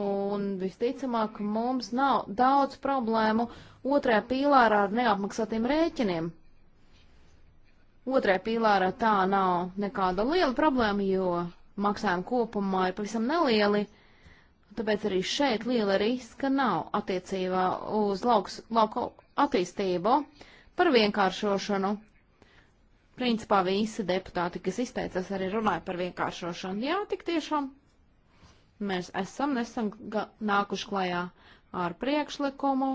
un visticamāk mums nav daudz problēmu otrajā pīlārā ar neapmaksātiem rēķiniem. Otrajā pīlārā tā nav nekāda liela problēma, jo maksājumi kopumā ir pavisam nelieli, tāpēc arī šeit liela riska nav attiecībā uz lauks, lauku attīstību. Uh, Par vienkāršošanu. Principā visi deputāti, kas izteicās, arī runāja par vienkāršošanu. Jā, tik tiešām mēs esam nesam nākuši klajā ar priekšlikumu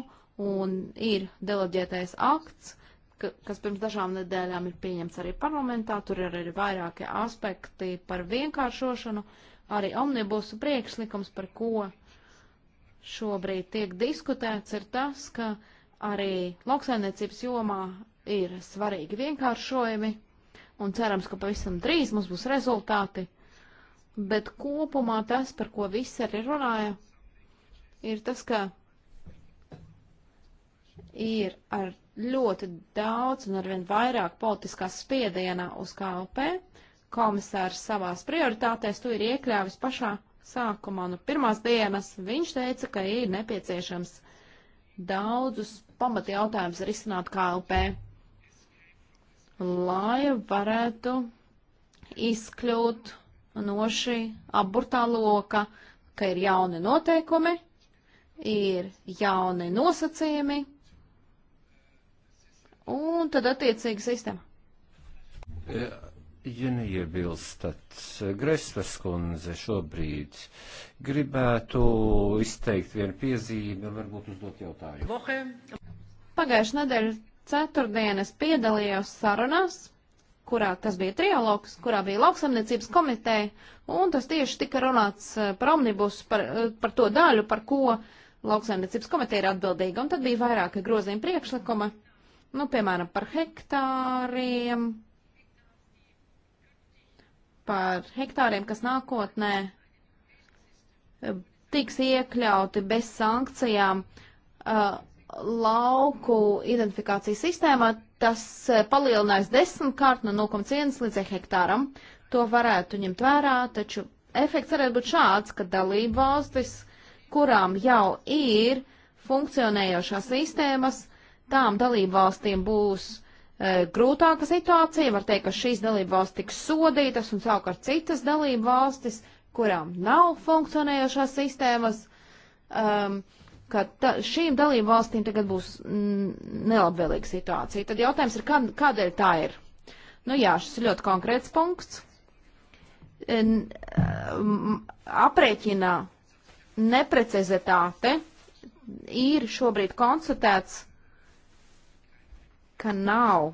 un ir deleģētais akts, ka, kas pirms dažām nedēļām ir pieņemts arī parlamentā. Tur ir arī vairāki aspekti par vienkāršošanu, arī omnibusu priekšlikums, par ko šobrīd tiek diskutēts, ir tas, ka uh, arī lauksaimniecības jomā ir svarīgi vienkāršojumi, un cerams, ka pavisam drīz mums būs rezultāti. Bet kopumā tas, par ko visi arī runāja, ir tas, ka ir ar ļoti daudz un arvien vairāk politiskā spiedienā uz KLP. Komisārs savās prioritātēs to ir iekļāvis pašā sākumā no pirmās dienas viņš teica, ka ir nepieciešams daudzus pamata jautājums risināt KLP, lai varētu izkļūt no šī aburtā loka, ka ir jauni noteikumi, ir jauni nosacījumi, un tad attiecīga sistēma. Yeah ja neiebilstat, Gresvas kundze šobrīd gribētu izteikt vienu piezīmi un varbūt uzdot jautājumu. Pagājušā nedēļa ceturtdienas piedalījos sarunās, kurā tas bija trialogs, kurā bija lauksamniecības komiteja, un tas tieši tika runāts eh, par omnibus, par, eh, par to daļu, par ko lauksamniecības komiteja ir atbildīga, un tad bija vairāki grozījumi priekšlikuma, nu, piemēram, par hektāriem, par hektāriem, kas nākotnē eh, tiks iekļauti bez sankcijām uh, lauku identifikācijas sistēmā, tas eh, palielinās desmitkārt no 0,1 līdz e hektāram. To varētu ņemt vērā, taču efekts varētu būt šāds, ka dalība valstis, kurām jau ir funkcionējošās sistēmas, tām dalību valstīm būs uh, E, grūtāka situācija. Var teikt, ka šīs dalība valsts tiks sodītas un savukārt citas dalība valstis, kurām nav funkcionējošās sistēmas, um, ka ta, šīm dalību valstīm tagad būs mm, nelabvēlīga situācija. Tad jautājums ir, kā, kādēļ tā ir? Nu jā, šis ir ļoti konkrēts punkts. En, um, aprēķinā neprecizitāte ir šobrīd konstatēts ka nav,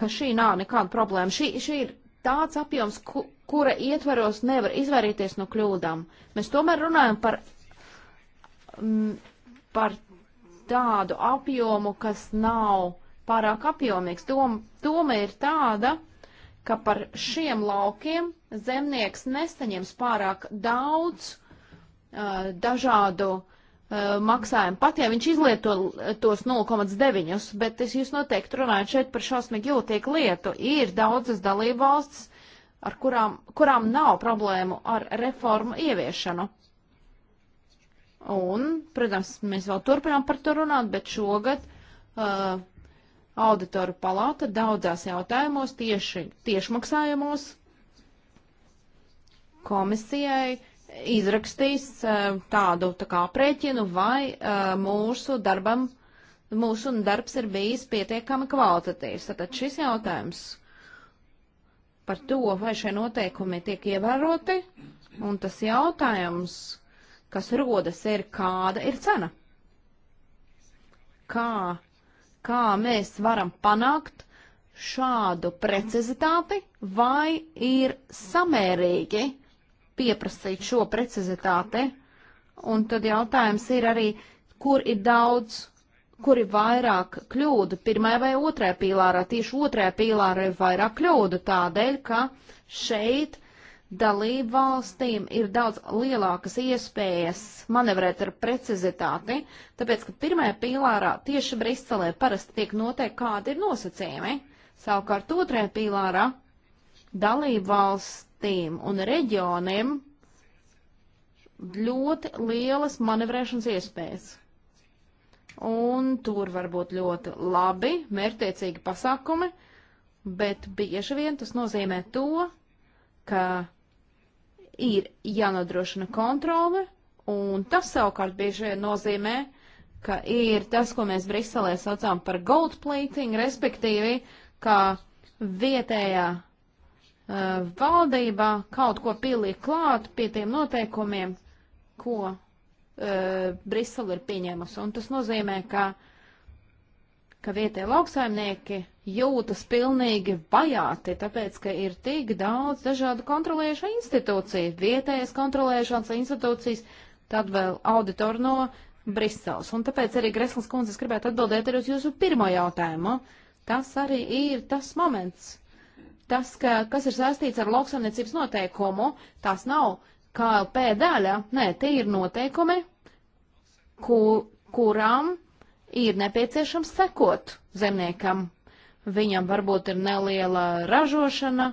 ka šī nav nekāda problēma. Šī, šī ir tāds apjoms, ku, kura ietveros nevar izvairīties no kļūdām. Mēs tomēr runājam par, m, mm, par tādu apjomu, kas nav pārāk apjomīgs. Doma, doma ir tāda, ka par šiem laukiem zemnieks nesaņems pārāk daudz uh, dažādu Uh, maksājumu, pat ja viņš izlieto tos 0,9, bet es jūs noteikti runāju šeit par šausmīgi jūtīgu lietu. Ir daudzas dalībvalstis, ar kurām, kurām nav problēmu ar reformu ieviešanu. Un, protams, mēs vēl turpinām par to runāt, bet šogad uh, auditoru palāta daudzās jautājumos, tieši tiešmaksājumos, komisijai uh, izrakstīs tādu tā kā aprēķinu, vai mūsu darbam, mūsu darbs ir bijis pietiekami kvalitatīvs. Tātad šis jautājums par to, vai šie noteikumi tiek ievēroti, un tas jautājums, kas rodas, ir kāda ir cena. Kā, kā mēs varam panākt šādu precizitāti, vai ir samērīgi pieprasīt šo precizitāti. Un tad jautājums ir arī, kur ir daudz, kur ir vairāk kļūdu, pirmajā vai otrajā pīlārā. Tieši otrajā pīlārā ir vairāk kļūdu tādēļ, ka šeit dalību valstīm ir daudz lielākas iespējas manevrēt ar precizitāti, tāpēc, ka pirmajā pīlārā tieši Briselē parasti tiek noteikti, kādi ir nosacījumi. Savukārt otrajā pīlārā dalību valsts valstīm un reģioniem ļoti lielas manevrēšanas iespējas. Un tur var būt ļoti labi, mērķtiecīgi pasākumi, bet bieži vien tas nozīmē to, ka ir jānodrošina kontrole, un tas savukārt bieži vien nozīmē, ka ir tas, ko mēs Briselē saucām par gold plating, respektīvi, ka vietējā Uh, valdībā kaut ko pielikt klāt pie tiem noteikumiem, ko uh, Brisele ir pieņēmusi. Un tas nozīmē, ka, ka vietējie lauksaimnieki jūtas pilnīgi vajāti, tāpēc, ka ir tik daudz dažādu kontrolējušo institūciju, vietējas kontrolējušās institūcijas, tad vēl auditoru no Briseles. Un tāpēc arī Greslas kundzes gribētu atbildēt arī uz jūsu pirmo jautājumu. Tas arī ir tas moments, tas, ka, kas ir saistīts ar lauksaimniecības noteikumu, tas nav KLP daļa, nē, tie ir noteikumi, ku, kurām ir nepieciešams sekot zemniekam. Viņam varbūt ir neliela ražošana,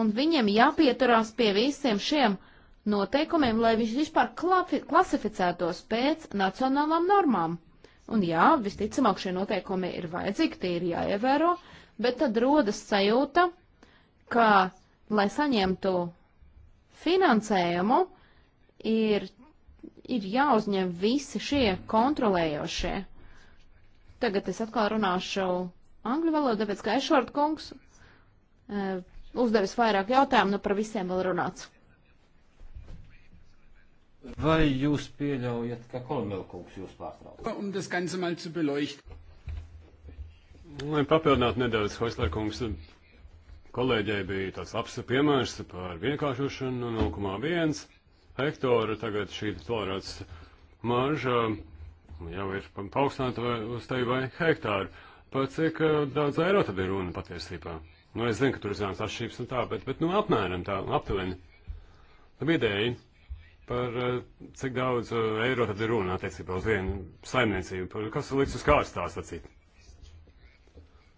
un viņiem jāpieturās pie visiem šiem noteikumiem, lai viņš vispār klasificētos pēc nacionālām normām. Un jā, visticamāk, šie noteikumi ir vajadzīgi, tie ir jāievēro, bet tad rodas sajūta, ka, lai saņemtu finansējumu, ir, ir jāuzņem visi šie kontrolējošie. Tagad es atkal runāšu angļu valodu, tāpēc ka Ešvārds kungs uh, uzdevis vairāk jautājumu, nu par visiem vēl runāts. Vai jūs pieļaujat, ka kolonelkungs jūs pārtrauc? Un um papildināt nedaudz, Hoislerkungs, kolēģei bija tāds labs piemērs par vienkāršošanu 0,1 hektāra. Tagad šī tolerants marža jau ir paaugstināta uz tevi vai hektāru. Par cik eh, daudz eiro tad ir runa patiesībā? Nu, es zinu, ka tur ir zināmas atšķirības un tā, bet, bet nu, apmēram tā, aptuveni. Tam ideja par eh, cik daudz eh, eiro tad ir runa attiecībā uz vienu saimniecību, par kas liks uz kārtas tā sacīt.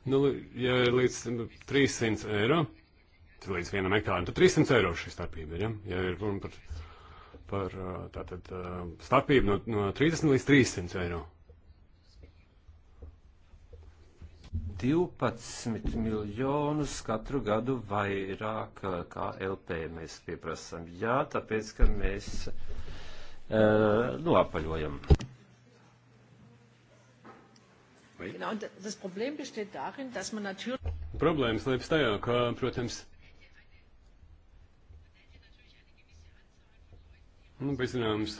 Nu, ja ir līdz 300 eiro, tad līdz vienam hektāram, tad 300 eiro šī starpība ir, ja? Ja ir runa par, par tātad starpību no, no 30 līdz 300 eiro. 12 miljonus katru gadu vairāk kā LP mēs pieprasām. Jā, tāpēc, ka mēs uh, noapaļojam. Nu, Vai? Genau, und das Problem besteht darin, dass man natürlich. Problēmas liekas tajā, ka, protams, nu, bija zināms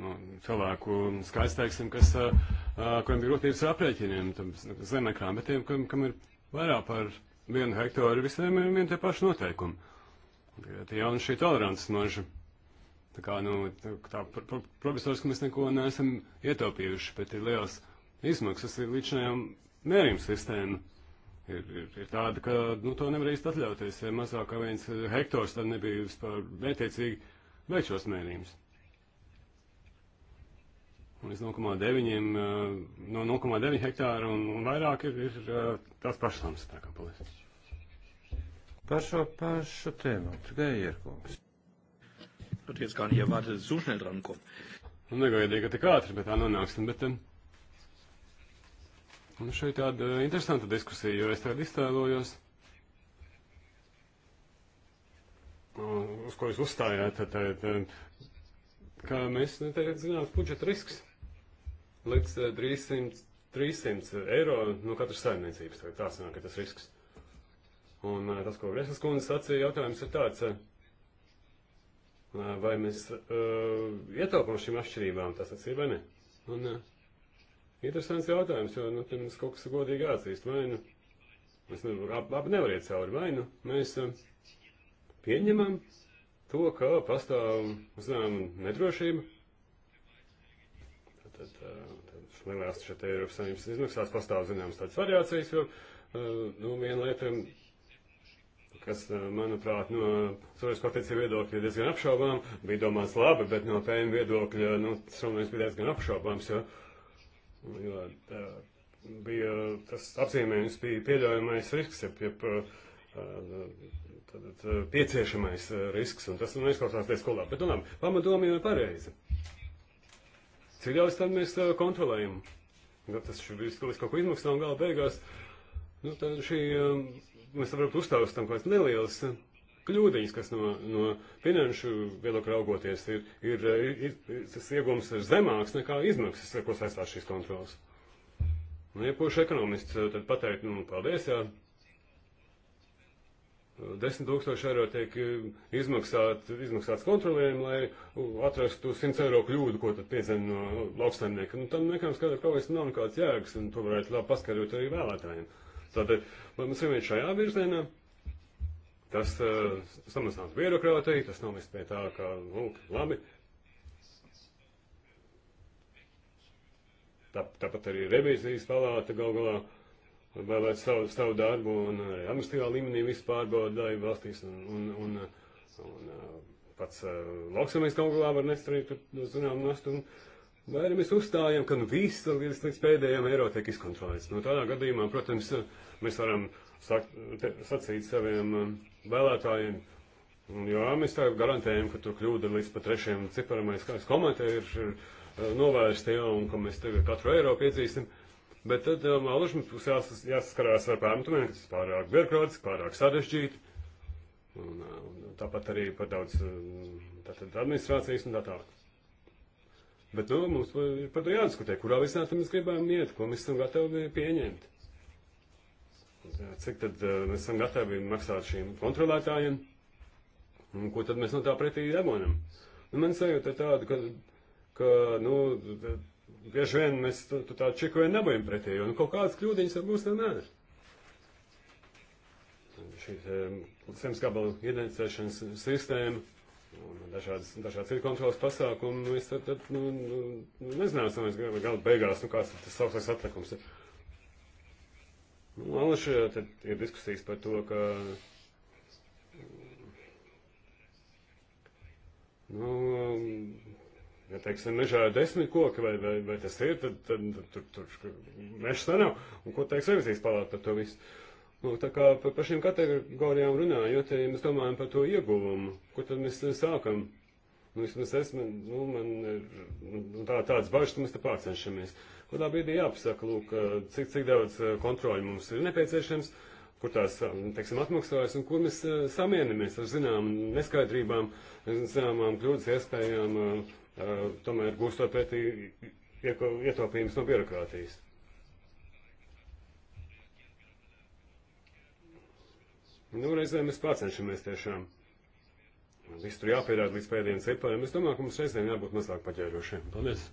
nu, cilvēku skaits, teiksim, kas, kuriem bija grūtības ar aprēķiniem, zemekām, bet tiem, kam, kam ir vairāk par vienu hektāru, visiem ir vien tie paši noteikumi. Tie jau ir šī tolerances marža. Tā kā, nu, tā, pro, pro, profesors, ka mēs neko neesam ietaupījuši, bet ir liels izmaksas ir līdz šajām mērījuma sistēma. Ir, ir, ir tāda, ka nu, to nevarēs atļauties. Ja mazāk kā viens eh, hektors, tad nebija vispār mētiecīgi veikt šos mērījumus. Un līdz 0,9 eh, no 0,9 hektāra un, un vairāk ir, ir eh, tās pašas lamas spēkā palicis. Par šo pašu tēmu, tikai ierkungs. Pat jetzt gar nicht erwartet, dass es so schnell drankommt. Nu, negaidīju, ka tik ātri, bet tā nonāksim. Bet, um, Un šī tāda interesanta diskusija, jo es tādu iztēlojos, uz ko jūs uzstājāt, tad, tad, kā mēs tagad zinām, budžeta risks līdz 300, eh, 300 eiro no katras saimniecības. Tā sanāk, ka tas risks. Un eh, tas, ko Griesas kundze sacīja, jautājums ir tāds, eh, vai mēs uh, ietaupām šīm atšķirībām, tas atsīja vai ne? Un, uh, Interesants jautājums, jo, nu, te mums kaut kas godīgi jāatzīst. Vai, nu, mēs nevaram, ap, ap nevar iet cauri. Vai, nu, mēs pieņemam to, ka pastāv, zinām, nedrošība. Tad, tad lielās šeit Eiropas saimnes izmaksās pastāv, zināms, tādas variācijas, jo, nu, viena lieta kas, manuprāt, no Sovietas partijas viedokļa ir diezgan apšaubām, bija domāts labi, bet no PM viedokļa, nu, tas, protams, bija diezgan apšaubāms, jo Nu, jo tā, bija tas apzīmējums, bija pieļaujamais risks, ja, ja, tad, pieciešamais risks, un tas nu, neizklausās diezgan labi. Bet, nu, pamatdomi jau ir pareizi. Cik daudz tad mēs kontrolējam? Ja nu, tas viss kaut ko izmaksā un gala beigās, nu, tad šī, mēs varbūt uztaustām kaut kāds neliels kļūdiņas, kas no, no finanšu viedokļa raugoties ir, ir, ir, ir tas iegums ir zemāks nekā izmaksas, ar ko saistās šīs kontrolas. Nu, ja pušu ekonomists eh, tad pateikt, nu, paldies, jā, 10 tūkstoši eiro tiek eh, izmaksāt, izmaksāts kontroliem, lai atrastu 100 eiro kļūdu, ko tad piedzem no lauksaimnieka. Nu, tam nekam skatā kaujas nav nekāds jēgas, un to varētu labi paskaidrot arī vēlētājiem. Tātad, vai mums ir vien šajā virzienā? Tas uh, samazinās birokrātiju, tas novest pie tā, ka, nu, labi. Tā, tāpat arī revīzijas palāta gal galā vēlēt savu, savu darbu un administratīvā līmenī visu pārbaudāju valstīs un, un, un, un, un eh, pats uh, eh, lauksamais gal galā var nest arī, zinām, nast un vai arī mēs uzstājam, ka nu viss līdz, līdz pēdējiem eiro tiek izkontrolēts. Nu, tādā gadījumā, protams, mēs varam uh, sak, te, sacīt saviem um, vēlētājiem. Jo mēs tā garantējam, ka tur kļūda līdz pat trešajam ciparam, kā es komentēju, ir, ir uh, novērsta jau un ka mēs tagad katru eiro piedzīsim. Bet tad um, allušam būs jās, jāsaskarās ar pārmetumiem, ka tas pārāk birokrātiski, pārāk sarežģīti. Un, uh, un tāpat arī par daudz um, tātad, administrācijas un tā tālāk. Bet nu, mums ir par to jādiskutē, kurā visnā tam mēs gribam iet, ko mēs esam gatavi pieņemt cik tad eh, mēs esam gatavi maksāt šīm kontrolētājiem, un ko tad mēs no tā pretī dabūjam. Nu, man sajūta ir tāda, ka, ka nu, bieži vien mēs tādu čiku vien nebūjam pretī, un kaut kādas kļūdiņas var būs vienmēr. Šīs eh, zemes gabalu identificēšanas sistēma un dažādas, dažādas ir kontrolas pasākumi, nu, mēs tad, tad nu, nu, nezināsim, vai gala beigās, nu, kāds tas sauktais atlikums ir. Alaši, nu, tad ir diskusijas par to, ka Nu, ja teiksim, mežā ir desmit koki, vai, vai, vai tas ir, tad, tad, tad tur, tur mežs tā nav. Un ko teiks revizijas palāta par to visu? Nu, tā kā par, par šīm kategorijām runājot, ja mēs domājam par to ieguvumu, kur tad mēs eh, sākam? Nu, vismaz es, man, nu, man ir nu, tā, tāds bažas, ka mēs te pārcenšamies. Uh, kurā brīdī jāpasaka, lūk, cik, cik daudz eh, kontroļu mums ir nepieciešams, kur tās, eh, teiksim, atmaksājas un kur mēs eh, samienamies ar zinām neskaidrībām, zināmām kļūdas iespējām, tomēr gūstot pretī ietaupījums no birokrātijas. Nu, reizēm mēs pārcenšamies tiešām. Viss tur jāpierāda līdz pēdējiem cipariem. Es domāju, ka mums reizēm jābūt mazāk paģērošiem. Paldies!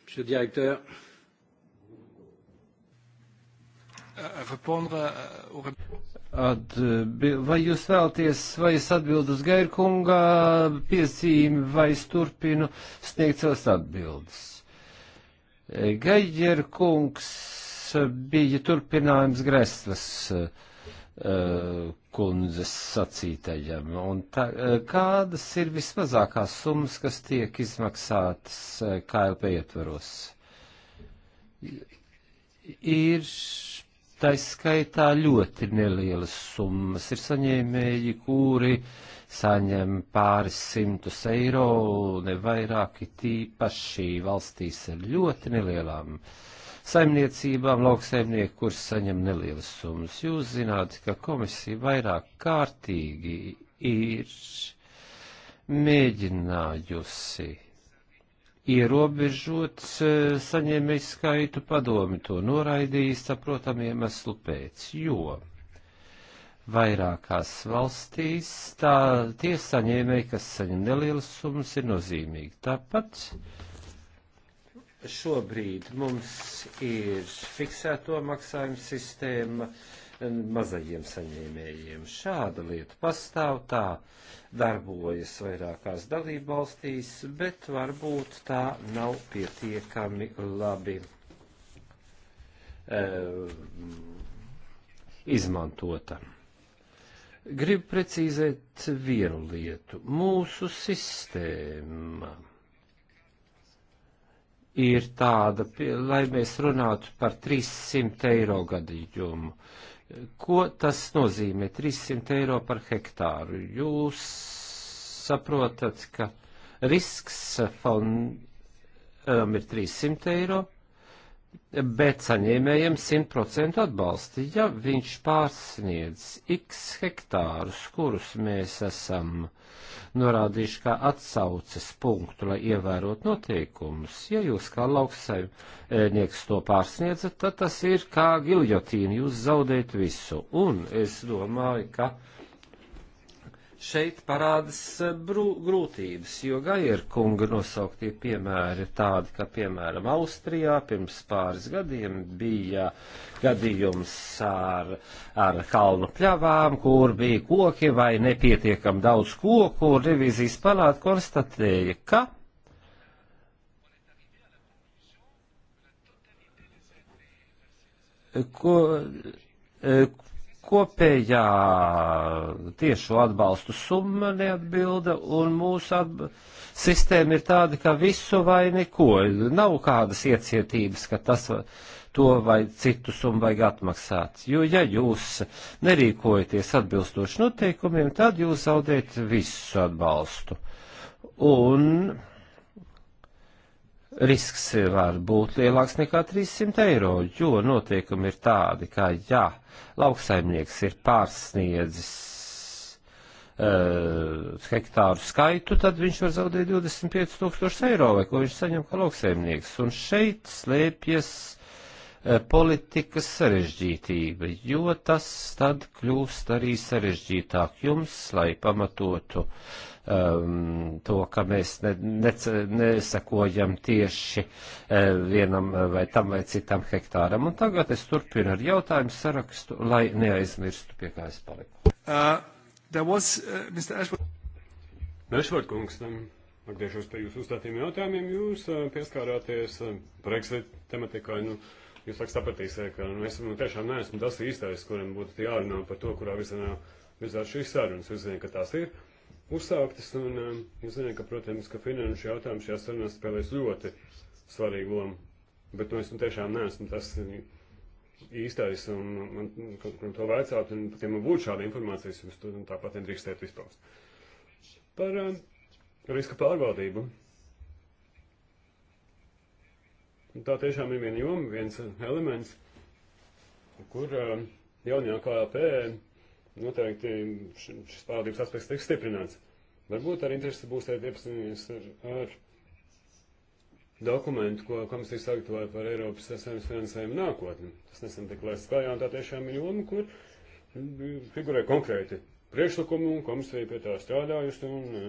Monsieur le directeur, Euh, Ad, vai jūs vēlaties, vai es atbildu uz Gairu kungā piezīmi, vai es turpinu sniegt savas atbildes? E, Gairu kungs bija turpinājums Greslas e, e, kundzes sacītajam, un tā, kādas ir vismazākās summas, kas tiek izmaksātas KLP ietvaros? Ir tā skaitā ļoti nelielas summas ir saņēmēji, kuri saņem pāris simtus eiro, ne vairāk it īpaši valstīs ar ļoti nelielām saimniecībām, lauksaimnieki, kur saņem nelielas summas. Jūs zināt, ka komisija vairāk kārtīgi ir mēģinājusi ierobežot eh, saņēmēju skaitu, padomi to noraidīja saprotam iemeslu pēc, jo vairākās valstīs tā tie saņēmēji, kas saņem nelielas summas, ir nozīmīgi. Tāpat šobrīd mums ir fiksēto maksājumu sistēma mazajiem saņēmējiem. Šāda lieta pastāv, tā darbojas vairākās dalību valstīs, bet varbūt tā nav pietiekami labi e, izmantota. Gribu precīzēt vienu lietu. Mūsu sistēma ir tāda, lai mēs runātu par 300 eiro gadījumu. Ko tas nozīmē 300 eiro par hektāru? Jūs saprotat, ka risks fondam ir 300 eiro bet saņēmējiem 100% atbalsta. Ja viņš pārsniedz x hektārus, kurus mēs esam norādījuši kā atsauces punktu, lai ievērot noteikumus, ja jūs kā lauksaimnieks to pārsniedzat, tad tas ir kā giljotīna, jūs zaudējat visu. Un es domāju, ka šeit parādas e, brū, grūtības, jo Gaira kunga nosauktie piemēri ir tādi, ka, piemēram, Austrijā pirms pāris gadiem bija gadījums ar, ar kalnu pļavām, kur bija koki vai nepietiekam daudz koku, un revizijas palāta konstatēja, ka ko, e, kopējā tiešu atbalstu summa neatbilda, un mūsu atb sistēma ir tāda, ka visu vai neko. Nav kādas iecietības, ka tas to vai citu summu vajag atmaksāt. Jo, ja jūs nerīkojaties atbilstoši noteikumiem, tad jūs zaudējat visu atbalstu. Un risks var būt lielāks nekā 300 eiro, jo notiekumi ir tādi, ka ja lauksaimnieks ir pārsniedzis uh, hektāru skaitu, tad viņš var zaudēt 25 tūkstošus eiro, vai ko viņš saņem kā lauksaimnieks. Un šeit slēpjas uh, politikas sarežģītība, jo tas tad kļūst arī sarežģītāk jums, lai pamatotu uh, um, to, ka mēs ne, ne, nesakojam tieši uh, vienam vai tam vai citam hektāram. Un tagad es turpinu ar jautājumu sarakstu, lai neaizmirstu, pie kā es paliku. Uh, was, uh, Mr. Ashford. Ashford kungs, atgriežos pie jūsu uzstātiem jautājumiem. Jūs uh, pieskārāties uh, Brexit tematikai. Nu, jūs laiks sapratīsiet, ka nu, es nu, tiešām neesmu tas īstais, kuram būtu jārunā par to, kurā virzienā virzās šīs sarunas. Jūs zināt, ka tās ir. Uh, uzsāktas, un jūs um, zināt, ka, protams, ka finanšu jautājums šajā sarunā spēlēs ļoti svarīgu lomu, bet, nu, es nu, tiešām neesmu tas um, īstais, un man, kuram to vajadzētu, un pat, ja man būtu šāda informācijas, jums to nu, tāpat nedrīkstētu izpaust. Par uh, riska pārvaldību. Tā tiešām ir viena joma, viens elements, kur uh, jaunajā KLP noteikti šis pārvaldības aspekts tiks stiprināts. Varbūt ar interesi būsiet iepazīstinies ar, ar dokumentu, ko komisija sagatavoja par Eiropas saimnes finansējumu nākotni. Tas nesen tik lēsts klājā, un tā tiešām ir joma, kur figurē konkrēti priekšlikumu, un komisija pie tā strādājusi, un eh,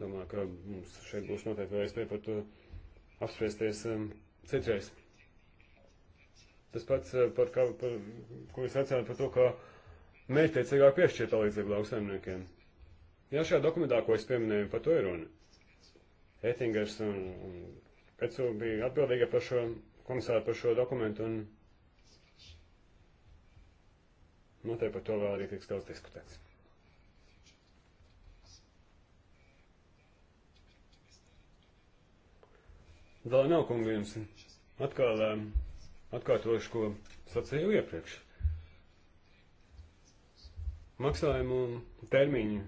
domāju, ka mums šeit būs noteikti vēl iespēja par to apspriesties um, citreiz. Tas pats, eh, par, kā, par, ko es atceru par to, ka mērķtiecīgāk piešķirt palīdzību lauksaimniekiem. Jā, šajā dokumentā, ko es pieminēju, par to ir runa. Ettingers un, un Pecu bija atbildīga par šo komisāru par šo dokumentu un noteikti nu, par to vēl arī tiks daudz diskutēts. Vēl nav, kungi, jums atkal um, atkārtošu, ko sacīju iepriekš. Maksājumu termiņi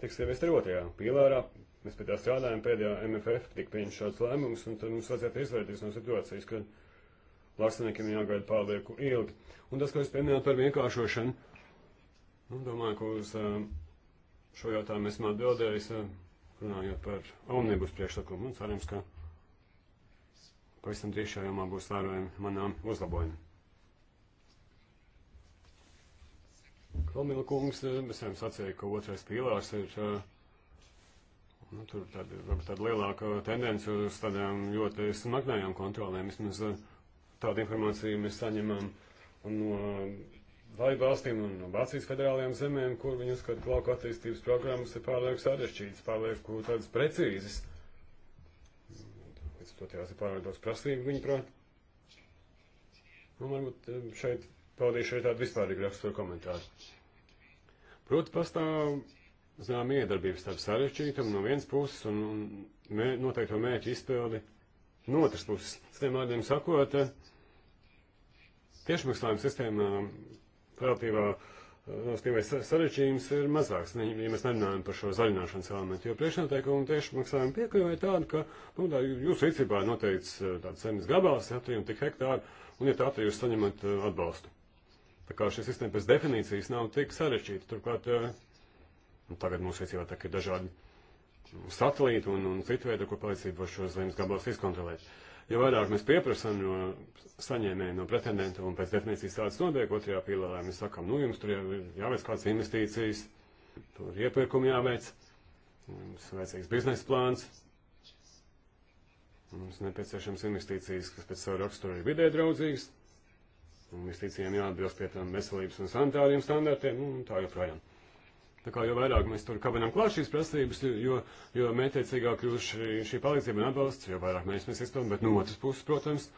tiks ieviest arī otrajā pīlārā. Mēs pie tā strādājam, pēdējā MFF tika pieņemts šāds lēmums, un tad mums vajadzētu izvairīties no situācijas, kad lauksaimniekiem jāgaida pārlieku ilgi. Un tas, ko jūs pieminējāt par vienkāršošanu, nu, domāju, ka uz šo jautājumu esmu atbildējis, runājot par omnibus priekšlikumu, un cerams, ka pavisam drīz šajā jomā būs vērojami manām uzlabojumi. Kalmila kungs eh, visiem sacīja, ka otrais pīlārs ir eh, nu, tur tāda, varbūt tāda lielāka tendence uz tādām ļoti smagnējām kontrolēm. Vismaz eh, tādu informāciju mēs saņemam no laiba valstīm un no Vācijas federālajām zemēm, kur viņi uzskata, ka lauka attīstības programmas ir pārlieku sarežģītas, pārlieku tādas precīzas. Līdz to tās ir pārlieku daudz prasību, viņuprāt. Un nu, varbūt šeit paudīšu arī tādu vispārīgu raksturu komentāru. Proti, pastāv zinām iedarbības starp sarežģītumu no vienas puses un, un mē, noteikto mērķu izpildi no otras puses. Citiem vārdiem sakot, tiešmaksājuma sistēmā relatīvā nozīmēs sarežģījums ir mazāks, ne, ja mēs nerunājam par šo zaļināšanas elementu, jo priekšnoteikumu tiešmaksājuma piekļuva ir tāda, ka, nu, tā jūsu rīcībā ir noteikts tāds zemes gabals, ja, tik hektāri, un, ja tā, tad jūs saņemat atbalstu. Tā kā šī sistēma pēc definīcijas nav tik sarežģīta. Turklāt, eh, nu, tagad mūsu rīcībā tā ir dažādi satelīti un, un citu veidu, ko palīdzību var šos zemes gabalus izkontrolēt. Jo vairāk mēs pieprasām no saņēmēja, no pretendenta, un pēc definīcijas tādas notiek, otrajā pīlārā mēs sakām, nu, jums tur jau ir jāveic kādas investīcijas, tur iepirkumi jāveic, mums vajadzīgs biznesa plāns, mums nepieciešams investīcijas, kas pēc savu raksturu ir vidē draudzīgas, investīcijiem jāatbilst pie tām veselības un sanitāriem standartiem un tā joprojām. Tā kā jo vairāk mēs tur kabinām klāt šīs prasības, jo, jo mētiecīgāk kļūst šī, šī palīdzība un atbalsts, jo vairāk mēs mēs izpildām, bet no otras puses, protams,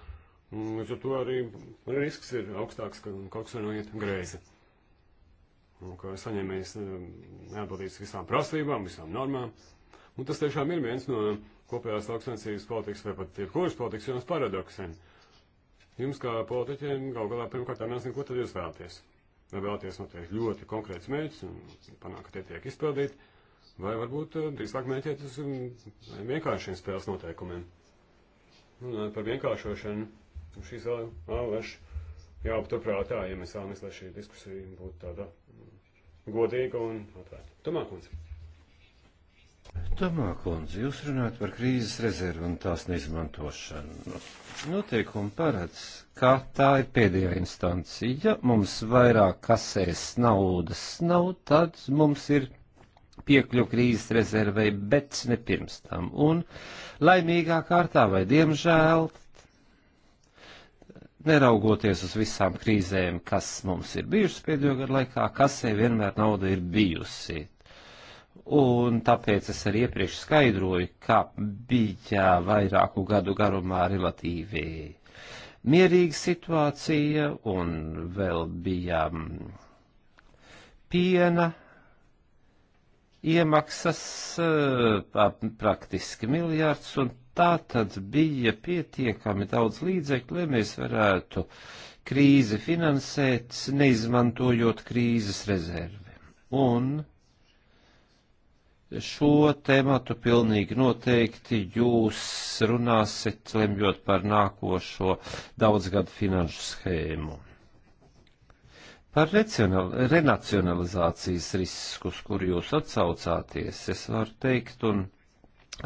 līdz ar to arī risks ir augstāks, ka kaut kas var noiet greizi. Un ka saņēmējs um, neatbildīs visām prasībām, visām normām. Un tas tiešām ir viens no kopējās lauksaimniecības politikas vai pat jebkuras politikas jomas paradoksiem. Ja Jums kā politiķiem gal galā pirmkārt jāzina, ko tad jūs vēlaties. Vai vēlaties noteikti ļoti konkrēts mērķis un panākt, ka tie tiek izpildīti, vai varbūt eh, drīzāk mēķiet uz um, vienkāršiem spēles noteikumiem. Un par vienkāršošanu šīs vēl vēlaši jāpaturprātā, ja mēs vēlamies, lai šī diskusija būtu tāda mm, godīga un atvērta. Tomā kundze. Tomā kundze, jūs runājat par krīzes rezervu un tās neizmantošanu. Noteikumi paredz, ka tā ir pēdējā instancija. Ja mums vairāk kasēs naudas nav, tad mums ir piekļu krīzes rezervei, bet ne pirms tam. Un laimīgā kārtā vai diemžēl, neraugoties uz visām krīzēm, kas mums ir bijušas pēdējo gadu laikā, kasē vienmēr nauda ir bijusi un tāpēc es arī iepriekš skaidroju, ka bija vairāku gadu garumā relatīvi mierīga situācija, un vēl bija mm, piena iemaksas praktiski miljards, un tā tad bija pietiekami daudz līdzekļu, lai mēs varētu krīzi finansēt, neizmantojot krīzes rezervi. Un šo tēmatu pilnīgi noteikti jūs runāsit, lemjot par nākošo daudzgadu finanšu schēmu. Par renacionalizācijas riskus, kur jūs atsaucāties, es varu teikt un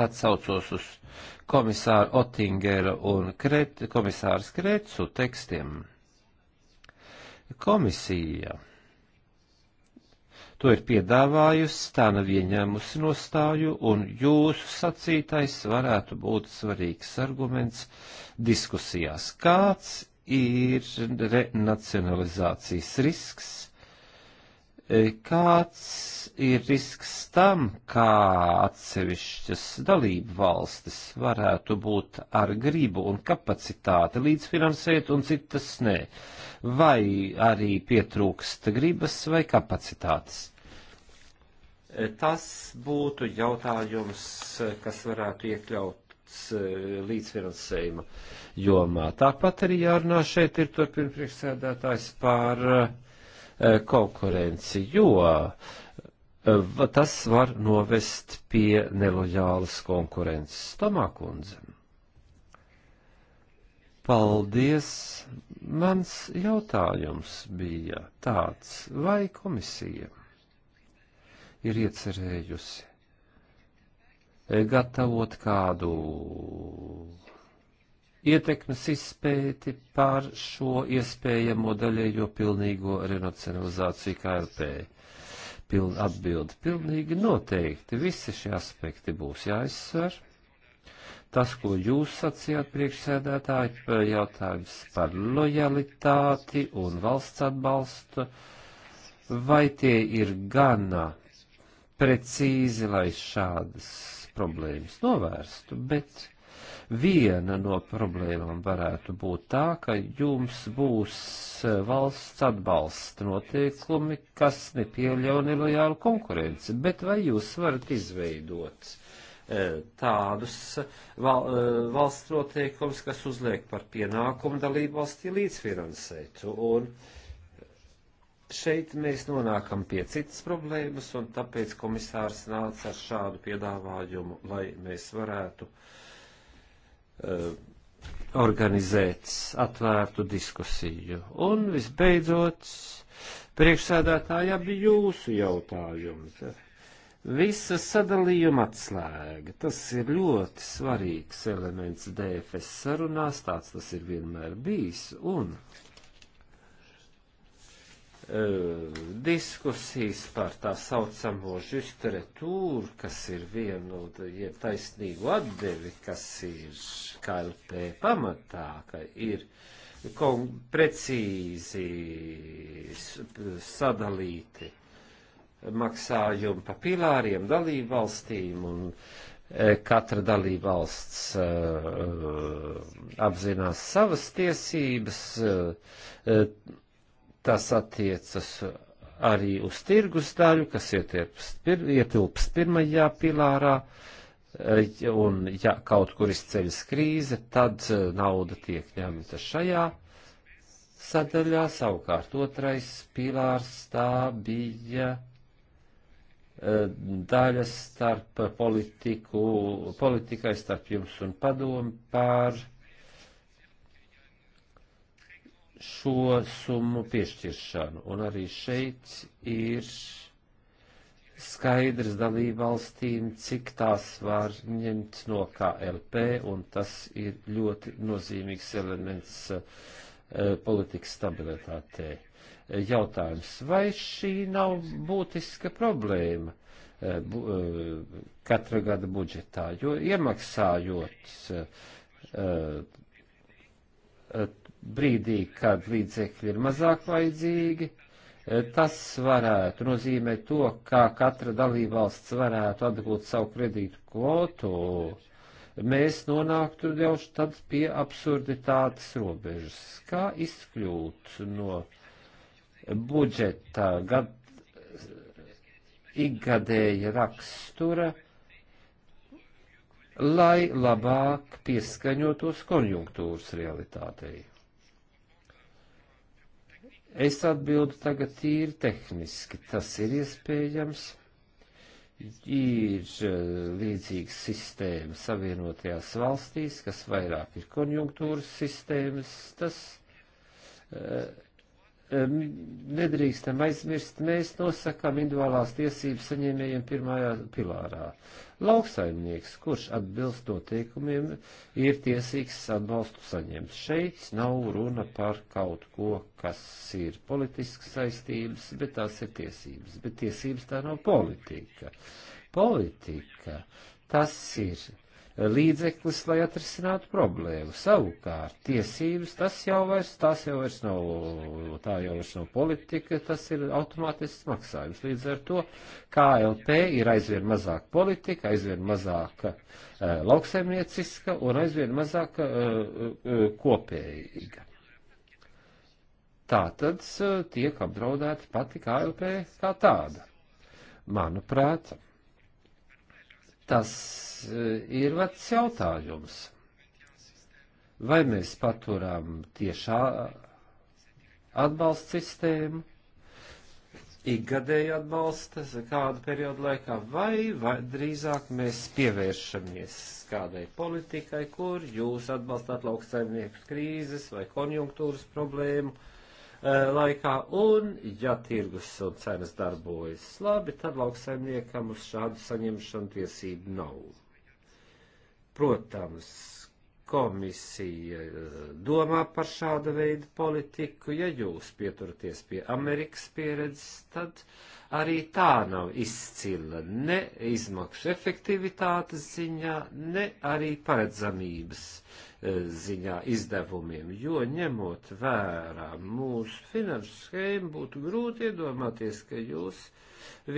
atsaucos uz komisāru Otingera un Kret, komisārs Krecu tekstiem. Komisija to ir piedāvājusi, tā nav ieņēmusi nostāju, un jūsu sacītais varētu būt svarīgs arguments diskusijās. Kāds ir renacionalizācijas risks? Eh, kāds ir risks tam, kā atsevišķas dalību valstis varētu būt ar gribu un kapacitāti līdzfinansēt un citas nē? Vai arī pietrūkst gribas vai kapacitātes? Eh, tas būtu jautājums, eh, kas varētu iekļaut līdzfinansējuma jomā. Tāpat arī jārunā šeit ir to pirmpriekšsēdētājs par uh, Eh, konkurenci, jo eh, tas var novest pie nelojālas konkurences. Tomā kundze. Paldies! Mans jautājums bija tāds, vai komisija ir iecerējusi eh, gatavot kādu ietekmes izpēti par šo iespējamo daļējo pilnīgo renacionalizāciju KLP. Piln, atbildi pilnīgi noteikti. Visi šie aspekti būs jāizsver. Tas, ko jūs sacījāt priekšsēdētāji, jautājums par lojalitāti un valsts atbalstu, vai tie ir gana precīzi, lai šādas problēmas novērstu, bet Viena no problēmām varētu būt tā, ka jums būs eh, valsts atbalsta noteikumi, kas nepieļauj nelojālu konkurenci, bet vai jūs varat izveidot? Eh, tādus eh, val, valsts noteikumus, kas uzliek par pienākumu dalību valstī līdzfinansēt. Un šeit mēs nonākam pie citas problēmas, un tāpēc komisārs nāca ar šādu piedāvājumu, lai mēs varētu uh, Eh, organizēt atvērtu diskusiju. Un visbeidzot, priekšsēdētāji abi jūsu jautājums. Visa sadalījuma atslēga, tas ir ļoti svarīgs elements DFS sarunās, tāds tas ir vienmēr bijis, un Eh, diskusijas par tā saucamo žusteretūru, kas ir viena no, jeb taisnīgu atdevi, kas ir KLP pamatā, ka ir kon, precīzi sadalīti maksājumi pa pilāriem dalību valstīm un eh, katra dalība valsts uh, eh, apzinās savas tiesības, uh, Tas attiecas arī uz tirgus daļu, kas ietilpst, pir, ietilpst pirmajā pilārā, eh, un ja kaut kur izceļas krīze, tad eh, nauda tiek ņemta šajā sadaļā, savukārt otrais pilārs tā bija eh, daļa starp politiku, politikai starp jums un padomu pār šo summu piešķiršanu. Un arī šeit ir skaidrs dalībvalstīm, cik tās var ņemt no KLP, un tas ir ļoti nozīmīgs elements uh, politikas stabilitātē. Jautājums, vai šī nav būtiska problēma uh, bu, uh, katra gada budžetā, jo iemaksājot brīdī, kad līdzekļi ir mazāk vajadzīgi, eh, tas varētu nozīmēt to, ka katra dalībvalsts varētu atgūt savu kredītu kvotu, mēs nonāktu jau tad pie absurditātes robežas. Kā izkļūt no budžeta gad, ikgadēja rakstura? lai labāk pieskaņotos konjunktūras realitātei. Es atbildu tagad tīri tehniski. Tas ir iespējams. Ir eh, līdzīgas sistēmas savienotajās valstīs, kas vairāk ir konjunktūras sistēmas. Tas eh, nedrīkstam aizmirst, mēs nosakām individuālās tiesības saņēmējiem pirmajā pilārā. Lauksaimnieks, kurš atbilst noteikumiem, ir tiesīgs atbalstu saņemt. Šeit nav runa par kaut ko, kas ir politisks saistības, bet tās ir tiesības. Bet tiesības tā nav politika. Politika tas ir līdzeklis, lai atrisinātu problēmu. Savukārt, tiesības, tas jau vairs, tas jau vairs nav, tā jau vairs nav politika, tas ir automātisks maksājums. Līdz ar to KLP ir aizvien mazāk politika, aizvien mazāk uh, eh, lauksaimnieciska un aizvien mazāk uh, eh, uh, eh, kopējīga. Tā tad tiek apdraudēta pati KLP kā tāda. Manuprāt, Tas e, ir vecs jautājums. Vai mēs paturām tiešā atbalsta sistēmu, ikgadēju atbalsta kādu periodu laikā, vai, vai drīzāk mēs pievēršamies kādai politikai, kur jūs atbalstāt lauksaimniekus krīzes vai konjunktūras problēmu? Uh, Eh, laikā, un ja tirgus un cenas darbojas labi, tad lauksaimniekam uz šādu saņemšanu tiesību nav. Protams, komisija eh, domā par šādu veidu politiku, ja jūs pieturaties pie Amerikas pieredzes, tad arī tā nav izcila ne izmaksu efektivitātes ziņā, ne arī paredzamības ziņā Eh, ziņā izdevumiem, jo ņemot vērā mūsu finanšu schēmu, būtu grūti iedomāties, ka jūs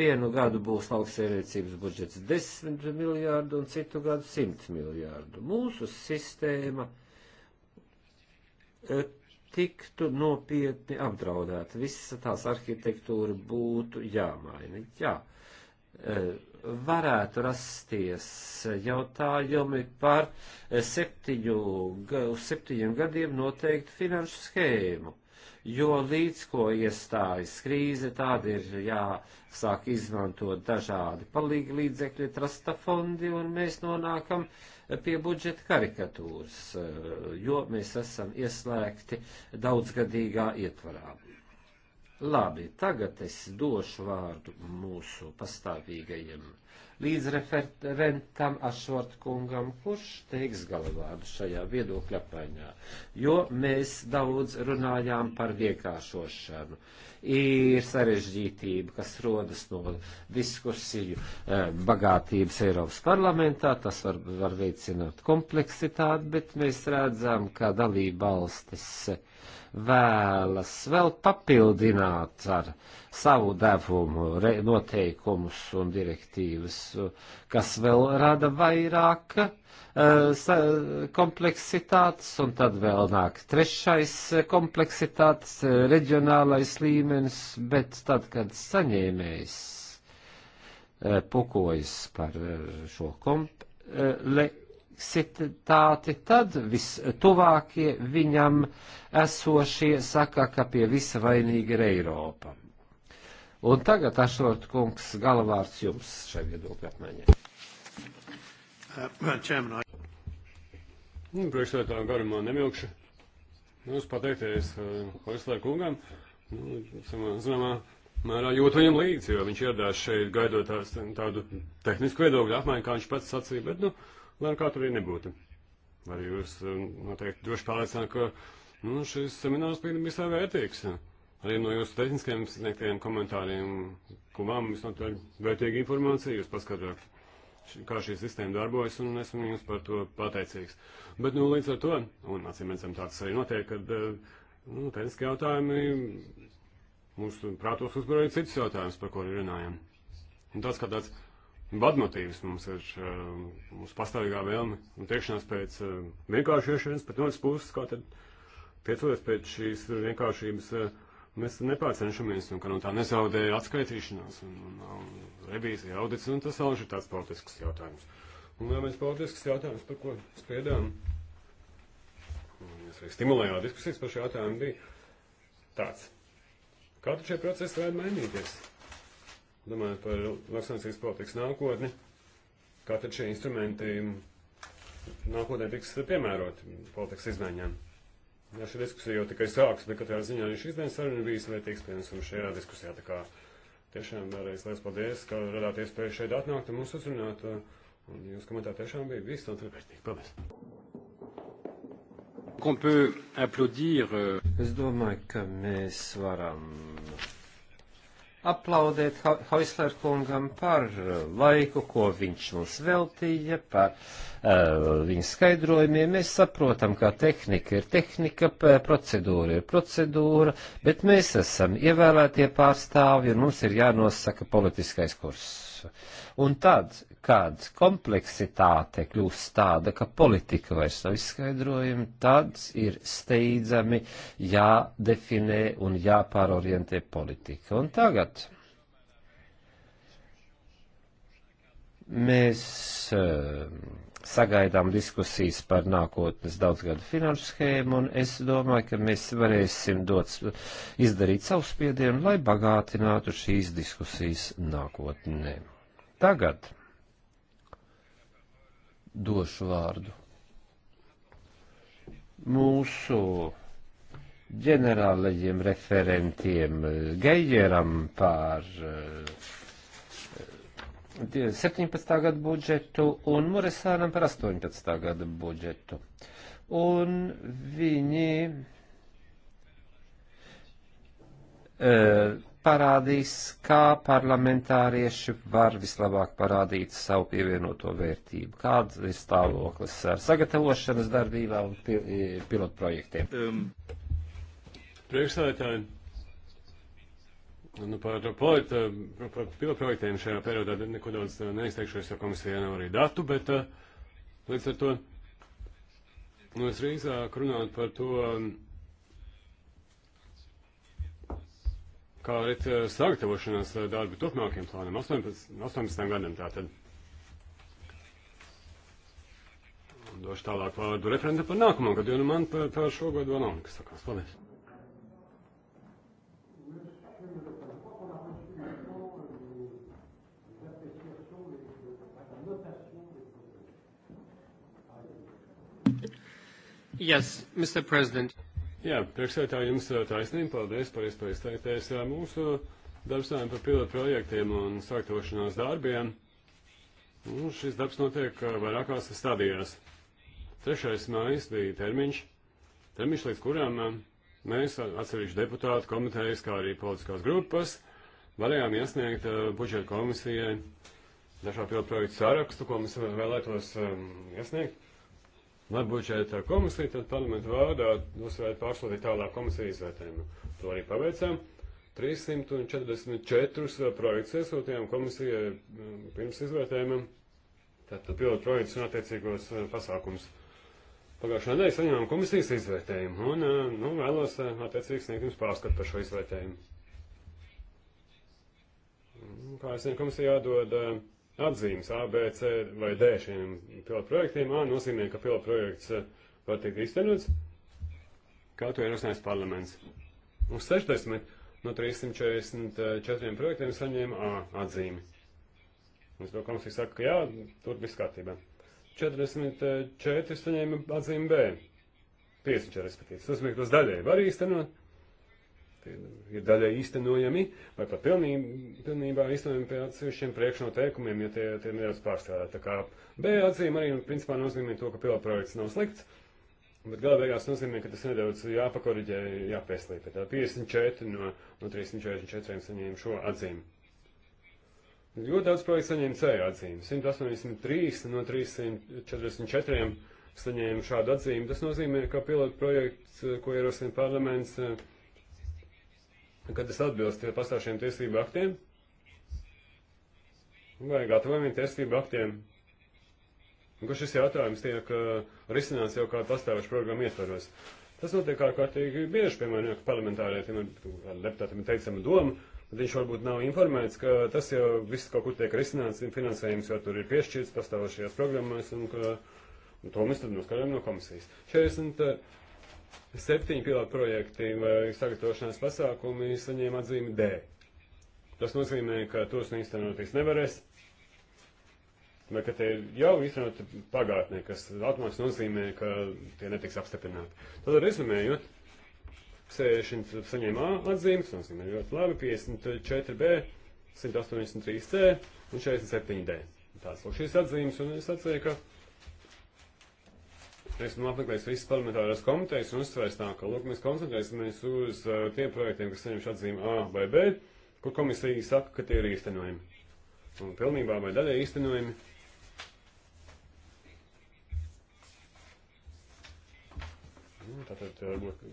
vienu gadu būs lauksēmniecības budžets 10 miljārdu un citu gadu 100 miljārdu. Mūsu sistēma eh, tiktu nopietni apdraudēta, visa tās arhitektūra būtu jāmaina. Jā. E, varētu rasties jautājumi par septiņu, septiņiem gadiem noteiktu finanšu schēmu, jo līdz ko iestājas krīze, tāda ir jāsāk izmantot dažādi palīgi līdzekļi, trasta fondi, un mēs nonākam pie budžeta karikatūras, jo mēs esam ieslēgti daudzgadīgā ietvarā. Labi, tagad es došu vārdu mūsu pastāvīgajiem līdzreferentam Ašvart kungam, kurš teiks galvādu šajā viedokļa apmaiņā, jo mēs daudz runājām par vienkāršošanu. Ir sarežģītība, kas rodas no diskusiju eh, bagātības Eiropas parlamentā, tas var, var veicināt kompleksitāti, bet mēs redzam, ka dalība valstis vēlas vēl papildināt ar savu devumu noteikumus un direktīvas, kas vēl rada vairāk eh, kompleksitātes, un tad vēl nāk trešais eh, kompleksitātes, eh, reģionālais līmenis, bet tad, kad saņēmējs pukojas par šo komp, le, kompleksitāti, tad vistuvākie viņam esošie saka, ka pie visa vainīga ir Eiropa. Un tagad, Ašort kungs, galvārds jums šai viedokļa apmaiņai. Uh, nu, Priekšsēdētājiem garumā nemilkšu. Nu, es pateikties uh, Hoislēr kungam. Nu, zināmā, mērā jūtu viņam līdzi, jo viņš ieradās šeit gaidot tādu tehnisku viedokļu apmaiņu, kā viņš pats sacīja, bet, nu, lai nu kā tur arī nebūtu. Arī jūs eh, noteikti droši pārliecināt, ka nu, šis seminārs bija visai vērtīgs. Arī no jūsu tehniskajiem sniegtajiem komentāriem, ko man visnotaļ vērtīga informācija, jūs paskatāt, kā šī sistēma darbojas, un esmu jums par to pateicīgs. Bet, nu, līdz ar to, un acīm redzam, tāds arī notiek, kad, eh, nu, tehniski jautājumi mūsu prātos uzbroja citus jautājumus, par ko arī runājam. Un tas, kā tāds vadmotīvs mums ir eh, mūsu pastāvīgā vēlme un tiekšanās pēc eh, vienkārši iešienas, bet no otras puses, kā tad tiecoties pēc šīs vienkāršības, eh, mēs nepārcenšamies un ka no tā nezaudē atskaitīšanās un, un, un revīzija audits, un tas vēl ir tāds politisks jautājums. Un vēl viens politisks jautājums, par ko spriedām. Mēs arī stimulējām diskusijas par šo jautājumu, bija tāds. Kā tu šie procesi varētu mainīties? domājot par lauksaimniecības politikas nākotni, kā tad šie instrumenti nākotnē tiks piemēroti politikas izmaiņām. Jā, šī diskusija jau tikai sāks, bet katrā ziņā šīs dienas saruna bijis vērtīgs pienesums šajā diskusijā. Tā kā tiešām vēlreiz liels paldies, ka radāt iespēju šeit atnākt un mūs uzrunāt. Un jūs komentāri tiešām bija viss tāds vērtīgi. Paldies! Euh, es domāju, ka mēs varam aplaudēt Hausler kungam par uh, laiku, ko viņš mums veltīja, par uh, viņa skaidrojumiem. Mēs saprotam, ka tehnika ir tehnika, procedūra ir procedūra, bet mēs esam ievēlētie pārstāvi un mums ir jānosaka politiskais kurs. Un tad kad kompleksitāte kļūst tāda, ka politika vairs nav izskaidrojama, tad ir steidzami jādefinē un jāpārorientē politika. Un tagad mēs eh, sagaidām diskusijas par nākotnes daudzgadu finanšu schēmu, un es domāju, ka mēs varēsim dot, izdarīt savu spiedienu, lai bagātinātu šīs diskusijas nākotnē. Tagad došu vārdu. Mūsu ģenerālajiem referentiem Geijeram par 17. Eh, gada budžetu un Muresānam par 18. gada budžetu. Un viņi uh, parādīs, kā parlamentārieši var vislabāk parādīt savu pievienoto vērtību, kāds ir stāvoklis ar sagatavošanas darbībām un e, pilotprojektiem. Um, priekšstādātāji, nu, par, polita, eh, par pilotprojektiem šajā periodā neko daudz eh, neizteikšos, jo komisijā nav arī datu, bet uh, līdz ar to nu, es rīzāk runātu par to, um, kā arī sagatavošanās e, darbi turpmākiem plāniem, 18, 18 gadiem tātad. Un došu tālāk vārdu referenta par nākamo gadu, jo nu man par, par šo gadu vēl nav nekas sakās. Paldies! Yes, Mr. President. Jā, priekšsētā jums taisnība, paldies par iespēju izteikties mūsu darbstājiem par pilotu projektiem un sāktošanās darbiem. Un nu, šis darbs notiek vairākās stadijās. Trešais mājas bija termiņš, termiņš līdz kurām mēs atsevišķi deputātu komitejas, kā arī politiskās grupas, varējām iesniegt budžeta komisijai dažā pilotu projektu sārakstu, ko mēs vēlētos um, iesniegt. Lai būtu šeit uh, komisija, tad parlamentu vārdā uzsvērt pārsūtīt tālāk komisiju izvērtējumu. To arī paveicām. 344 uh, projekts iesūtījām komisijai uh, pirms izvērtējumam. Tātad pilotu projekts un attiecīgos pasākums. Pagājušā nedēļa saņēmām komisijas izvērtējumu un nu, vēlos attiecīgi sniegt jums pārskatu par šo izvērtējumu. Kā es zinu, komisija jādod uh, atzīmes A, B, C vai D šiem pilotprojektiem. A nozīmē, ka pilotprojekts eh, var tikt iztenots, kā to ir uzsnējis parlaments. Uz 60 no 344 projektiem saņēma A atzīmi. Un to komisija saka, ka jā, tur viss kārtībā. 44 saņēma atzīmi B. 54, respektīvi. Tas bija tas daļēji var īstenot ir daļai īstenojami, vai pat pilnībā, pilnībā īstenojami pie atsevišķiem priekšnoteikumiem, ja tie, tie nedaudz pārstrādāti. Tā kā B atzīme arī principā nozīmē to, ka pilotprojekts nav slikts, bet gala beigās nozīmē, ka tas nedaudz jāpakoriģē, jāpieslīpē. Tā 54 no, no 344 saņēma šo atzīmi. Ļoti daudz projektu saņēma C atzīmi. 183 no 344 saņēma šādu atzīmi. Tas nozīmē, ka pilotu projekts, ko ierosina parlaments, uh, kad tas atbilst pastāvšiem tiesību aktiem vai gatavojumiem tiesību aktiem. Un ka šis jautājums tiek uh, risināts jau kā pastāvošu programmu ietvaros. Tas notiek ārkārtīgi bieži, piemēram, ka parlamentārietim ar deputātiem ir teicama doma, bet viņš varbūt nav informēts, ka tas jau viss kaut kur tiek risināts, finansējums jau tur ir piešķirts pastāvošajās programmās, un, ka, un to mēs tad noskatām no komisijas. 40, septiņi pilotu projekti vai sagatavošanās pasākumi saņēma atzīmi D. Tas nozīmē, ka tos īstenotīs nevarēs, vai ka tie jau īstenoti pagātnē, kas automātiski nozīmē, ka tie netiks apstiprināti. Tad rezumējot, 60 saņēma A atzīmes, nozīmē ļoti labi, 54 B, 183 C un 47 D. Tās lūk šīs atzīmes, un es atceru, ka esmu nu apmeklējis visas parlamentāras komitejas un uzsvērs tā, ka, lūk, mēs koncentrēsimies uz uh, tiem projektiem, kas saņemšu atzīmi A vai B, kur komisija saka, ka tie ir īstenojami. Un pilnībā vai daļai īstenojami. Nu, tātad, eh, varbūt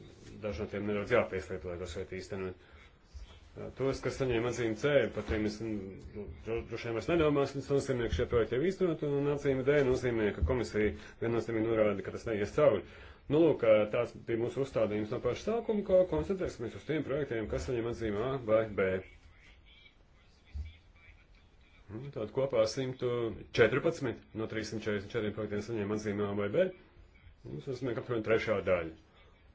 dažiem tiem nedaudz jāpieslieto, lai to šeit īstenot tos, kas saņēma atzīmi C, par tiem es nu, nu, droši vien vairs nedomāšu, tas nozīmē, ka šie projekti jau īstenot, un atzīme D nozīmē, ka komisija viennozīmīgi norāda, ka tas neies cauri. Nu, lūk, tāds bija mūsu uzstādījums no paša sākuma, ka koncentrēsimies uz tiem projektiem, kas saņem atzīmi A vai B. Tātad kopā 114 no 344 projektiem saņēma atzīmi A vai B. Mums tas nozīmē, ka apmēram trešā daļa.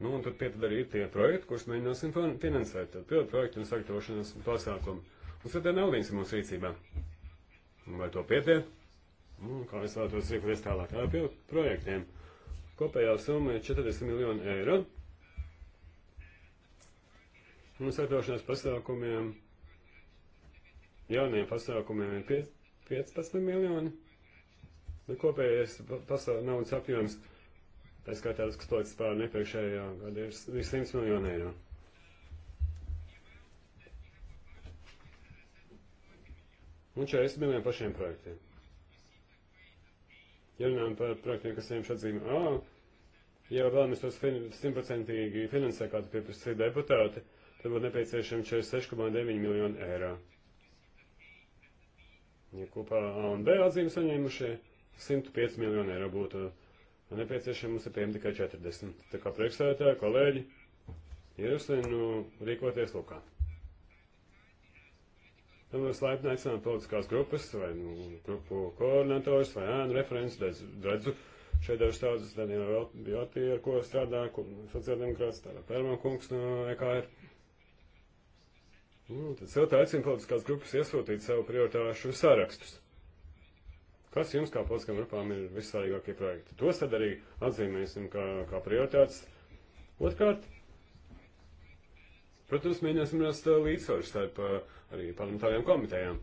Nu, un tad pie tad arī ir tie projekti, kurus mēģināsim finansēt. Tad pilotu projektu un sagatavošanas pasākumu. Mums ir tā naudiņas mūsu rīcībā. Vai to pietiek? Nu, kā es vēlētos rīkoties tālāk ar pilotu projektiem. Kopējā summa ir 40 miljoni eiro. Un sagatavošanās pasākumiem, jauniem pasākumiem ir 15 miljoni. Nu, kopējais pasā, naudas apjoms 0,5 Tā skaitā, kas palicis pār nepriekšējā gada ir 100 miljonu eiro. Un 40 miljoni pašiem projektiem. Ja runājam par projektiem, kas viņiem šādzīmē, ā, ja vēlamies tos simtprocentīgi fin finansēt, kā tu pieprasīji deputāti, tad būtu nepieciešami 46,9 miljoni eiro. Ja kopā A un B atzīmes saņēmušie, 105 miljoni eiro būtu un nepieciešami mums ir pieejami tikai 40. Tā kā priekšsēdētāji, kolēģi, ierosinu rīkoties lūkā. Tad nu, mēs laipni aicinām politiskās grupas vai nu, grupu koordinatorus vai ēnu referents, redzu, šeit dažas tādas Daniela Jotī, ar ko strādā sociāldemokrāts, tādā Pērmā kungs no EKR. Nu, tad silti aicinu politiskās grupas iesūtīt savu prioritāšu sārakstus. Kas jums kā politiskām grupām ir vissvarīgākie projekti? Tos tad arī atzīmēsim kā, kā prioritātes. Otrkārt, protams, mēģināsim rast uh, līdzsvaru starp uh, arī parlamentārajām komitejām.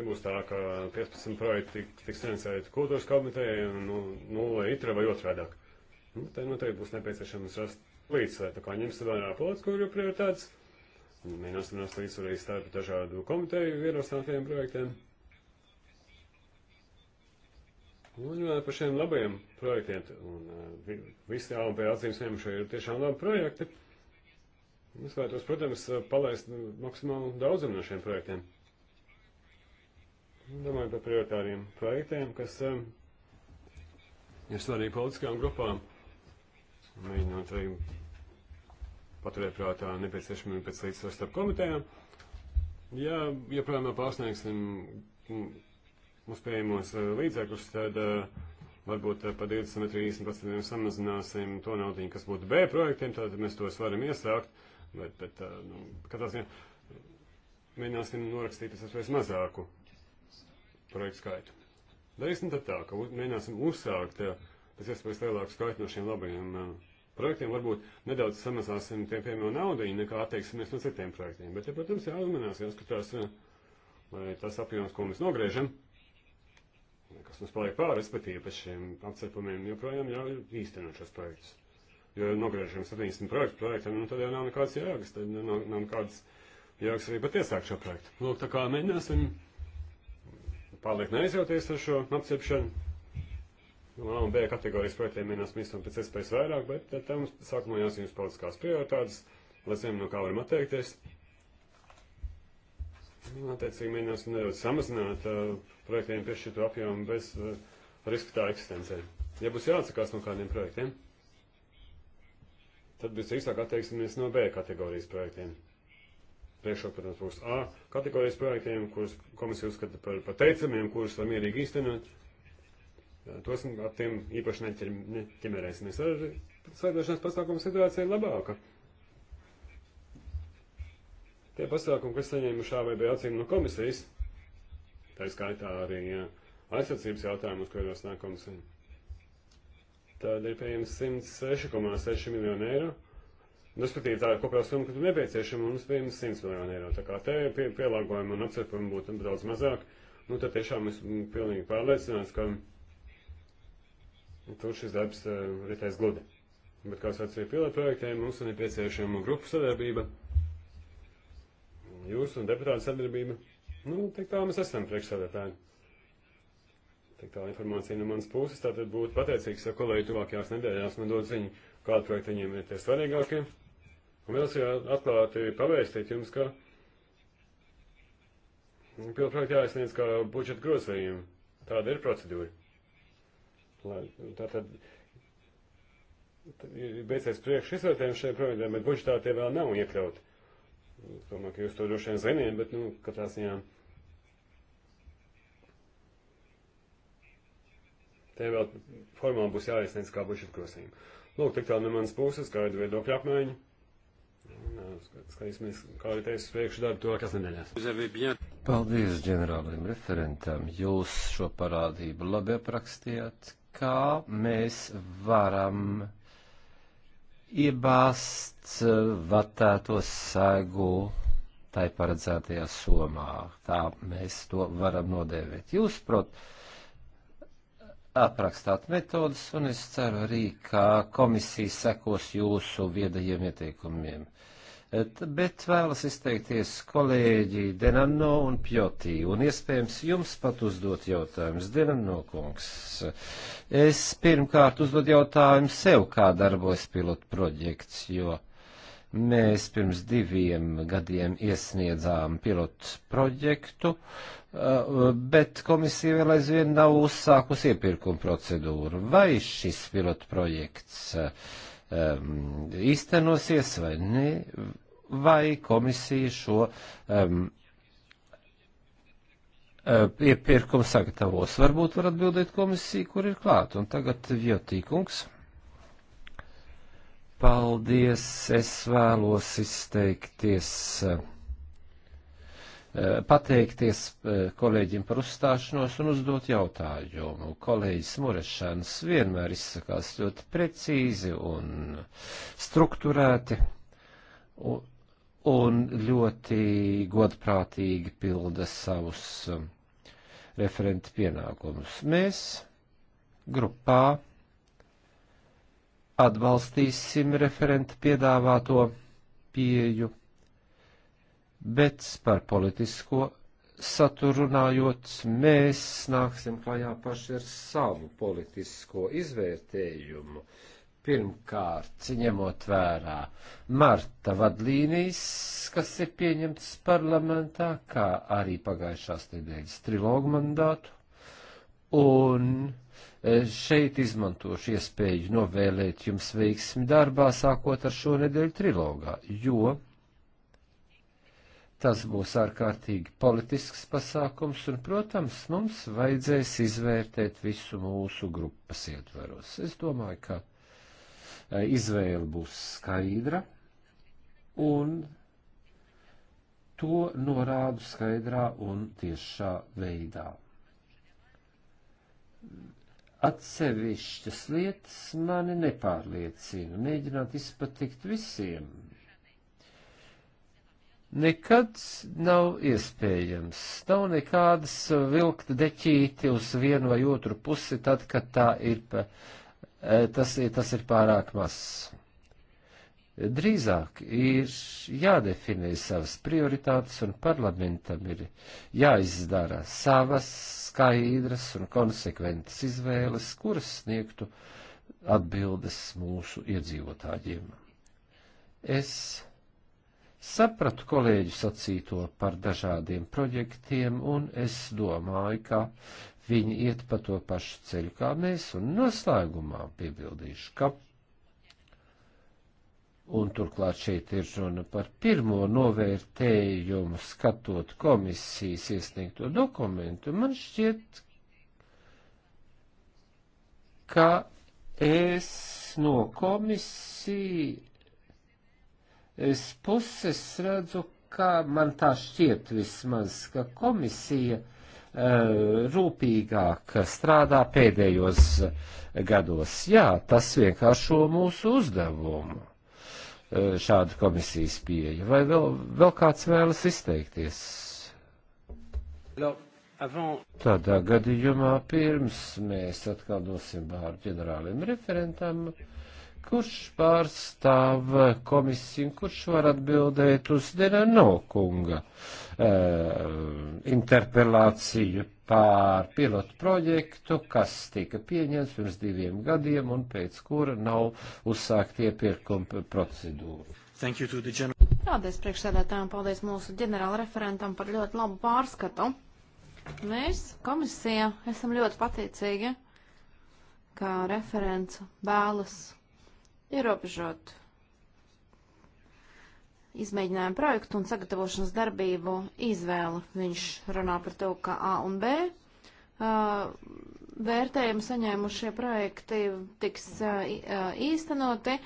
Nebūs tā, ka 15 projekti tiks finansēti kultūras komitejai un nu, nulle itra vai otrādāk. Nu, te noteikti būs nepieciešams rast līdzsvaru. Tā kā ņemsim vērā politisko grupu prioritātes, mēģināsim rast līdzsvaru arī starp dažādu komiteju ierosinātajiem projektiem. Un runājot par šiem labajiem projektiem, un eh, visi AMP atzīmes ņemušie ir tiešām labi projekti, mēs vēlētos, protams, eh, palaist nu, maksimāli daudziem no šiem projektiem. Domāju par prioritāriem projektiem, kas um, ir svarīgi politiskajām grupām. Mēģinot arī paturēt prātā nepieciešamību pēc līdzsvaru starp komitējām. Ja joprojām ja pārsniegsim mūsu pieejamos eh, līdzekļus, tad eh, varbūt par 20 vai 30% samazināsim to naudu, kas būtu B projektiem, tad mēs tos varam iesākt, bet, bet eh, nu, katrā ziņā mēģināsim norakstīt vismaz mazāku projektu skaitu. Darīsim tad tā, ka mēģināsim uzsākt pēc iespējas lielāku skaitu no šiem labajiem projektiem. Varbūt nedaudz samazāsim tiem pieejamo naudu, nekā atteiksimies no citiem projektiem. Bet, ja, protams, jāuzmanās, jāskatās, lai tas apjoms, ko mēs nogriežam, kas mums paliek pāri, respektīvi pēc šiem apcepumiem, joprojām ļauj īstenot šos projektus. Jo nogriežam 70 projektu projektam, nu tad jau nav nekādas jēgas, tad nu, nav, nav nekādas jēgas arī pat iesākt šo projektu. Lūk, tā kā mēģināsim pārliek neaizjauties ar šo apcepšanu. A un B kategorijas projektiem mēģināsim izstāstīt pēc iespējas vairāk, bet tam sākumā jāsaka jums politiskās prioritātes, lai zinām, no kā varam atteikties. Nu, attiecīgi mēģināsim nedaudz samazināt uh, projektiem piešķirto apjomu bez uh, riska tā eksistencē. Ja būs jāatsakās no kādiem projektiem, tad visdrīzāk atteiksimies no B kategorijas projektiem. Priekšrok, protams, būs A kategorijas projektiem, kurus komisija uzskata par pateicamiem, kurus var mierīgi īstenot. Tos ap tiem īpaši neķerēsimies. Ar saidošanās pasākumu situācija ir labāka tie pasākumi, kas saņēmuši AVB acīm no komisijas, tā skaitā arī jā, aizsardzības jautājumus, ko ir rosnā komisija. Tad ir pieejams 106,6 miljonu eiro. Respektīvi, nu, tā ir kopējā summa, kas ir nepieciešama, un mums pieejams 100 miljonu eiro. Tā kā te pie, pielāgojumi un apcepumi būtu daudz mazāk, nu tad tiešām esmu pilnīgi pārliecināts, ka tur šis darbs uh, ritēs gludi. Bet, kā sacīja pilotprojektiem, mums ir nepieciešama grupu sadarbība jūsu un deputātu sadarbība. Nu, tik tā mēs esam priekšsādātāji. Tik tā informācija no manas puses, tātad būtu pateicīgs, ja kolēģi tuvākajās nedēļās man dod ziņu, kāda projekta viņiem ir tie svarīgākie. Un vēl es jau atklāti pavēstīt jums, ka pilnprojekti jāiesniedz kā budžeta grozējumi. Tāda ir procedūra. Lai, tātad beigsies priekšizvērtējums šajā projektā, bet budžetā tie vēl nav iekļauti. Es domāju, ka jūs to droši vien ziniet, bet, nu, katrā ziņā. Te vēl formāli būs jāiesniedz kā bušu krosījumi. Lūk, tik tālu no manas puses, kāda viedokļa apmaiņa. Skatīsimies, kā arī teicu, priekšu darbu tuvākās nedēļās. Paldies ģenerālim referentam. Jūs šo parādību labi aprakstījāt, kā mēs varam iebāsts eh, vatēto segu tai paredzētajā somā. Tā mēs to varam nodēvēt. Jūs, prot, aprakstāt metodus, un es ceru arī, ka komisija sekos jūsu viedajiem ieteikumiem bet vēlas izteikties kolēģi Denano un Pjotī, un iespējams jums pat uzdot jautājumus, Denano kungs. Es pirmkārt uzdod jautājumu sev, kā darbojas pilotu projekts, jo mēs pirms diviem gadiem iesniedzām pilotu projektu, eh, bet komisija vēl aizvien nav uzsākus iepirkuma procedūru. Vai šis pilotu projekts um, īstenosies vai nē? vai komisija šo um, iepirkumu sagatavos. Varbūt var atbildēt komisija, kur ir klāt. Un tagad Vjotīkungs. Paldies, es vēlos izteikties, eh, pateikties eh, kolēģim par uzstāšanos un uzdot jautājumu. Kolēģis Murešans vienmēr izsakās ļoti precīzi un struktūrēti. Un un ļoti godprātīgi pilda savus um, referenta pienākumus. Mēs grupā atbalstīsim referenta piedāvāto pieju, bet par politisko saturu runājot, mēs nāksim klajā paši ar savu politisko izvērtējumu Pirmkārt, ņemot vērā marta vadlīnijas, kas ir pieņemtas parlamentā, kā arī pagājušās nedēļas trilogu mandātu, un e, šeit izmantošu iespēju novēlēt jums veiksmi darbā, sākot ar šo nedēļu trilogā, jo Tas būs ārkārtīgi politisks pasākums, un, protams, mums vajadzēs izvērtēt visu mūsu grupas ietveros. Es domāju, ka Eh, izvēle būs skaidra, un to norādu skaidrā un tiešā veidā. Atsevišķas lietas mani nepārliecina, mēģināt izpatikt visiem. Nekad nav iespējams, nav nekādas vilkt deķīti uz vienu vai otru pusi, tad, kad tā ir pa, uh, Eh, tas, tas ir pārāk mazs. Drīzāk ir jādefinē savas prioritātes un parlamentam ir jāizdara savas skaidras un konsekventas izvēles, kuras sniegtu atbildes mūsu iedzīvotājiem. Es sapratu kolēģu sacīto par dažādiem projektiem un es domāju, ka Viņi iet pa to pašu ceļu kā mēs, un noslēgumā piebildīšu, ka, un turklāt šeit ir runa par pirmo novērtējumu, skatot komisijas iesniegto dokumentu, man šķiet, ka es no komisijas puses redzu, ka man tā šķiet vismaz, ka komisija Eh, rūpīgāk strādā pēdējos gados. Jā, tas vienkāršo mūsu uzdevumu. Eh, šāda komisijas pieeja. Vai vēl, vēl kāds vēlas izteikties? Tādā gadījumā pirms mēs atkal dosim vārdu ģenerālim referentam. Uh, Kurš pārstāv komisiju, kurš var atbildēt uz Denano kunga e, interpelāciju pār pilotu projektu, kas tika pieņemts pirms diviem gadiem un pēc kura nav uzsākt iepirkuma procedūru? Paldies priekšsēdētājiem, paldies mūsu ģenerāla referentam par ļoti labu pārskatu. Mēs, komisija, esam ļoti pateicīgi, ka referents vēlas ierobežotu izmēģinājumu projektu un sagatavošanas darbību izvēlu. Viņš runā par to, ka A un B uh, vērtējumu saņēmušie projekti tiks uh, īstenoti.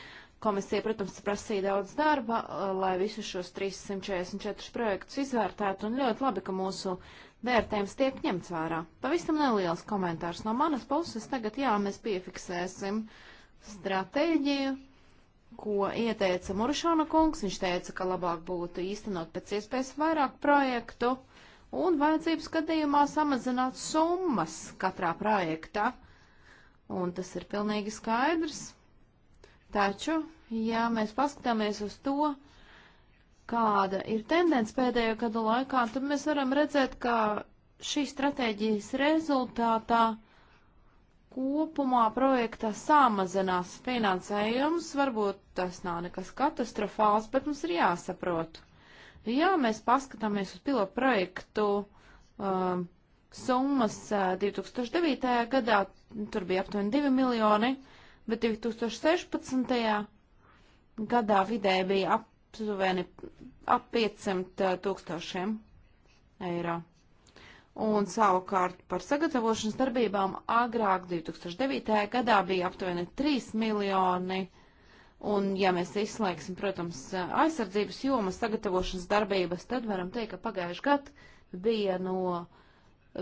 Komisija, protams, prasīja daudz darba, uh, lai visus šos 344 projektus izvērtētu, un ļoti labi, ka mūsu vērtējums tiek ņemts vērā. Pavisam neliels komentārs no manas puses. Tagad, jā, mēs piefiksēsim uh, stratēģiju, ko ieteica Muršana kungs. Viņš teica, ka labāk būtu īstenot pēc iespējas vairāk projektu un vajadzības gadījumā samazināt summas katrā projektā. Un tas ir pilnīgi skaidrs. Taču, ja mēs paskatāmies uz to, kāda ir tendence pēdējo gadu laikā, tad mēs varam redzēt, ka šīs stratēģijas rezultātā kopumā projektā samazinās finansējums, varbūt tas nav nekas katastrofāls, bet mums ir jāsaprot. Ja mēs paskatāmies uz pilotu projektu um, summas 2009. Uh, gadā, tur bija aptuveni 2 miljoni, bet 2016. gadā vidē bija aptuveni ap 500 uh, tūkstošiem eiro un savukārt par sagatavošanas darbībām agrāk 2009. gadā bija aptuveni 3 miljoni, un ja mēs izslēgsim, protams, aizsardzības jomas sagatavošanas darbības, tad varam teikt, ka pagājuši gad bija no,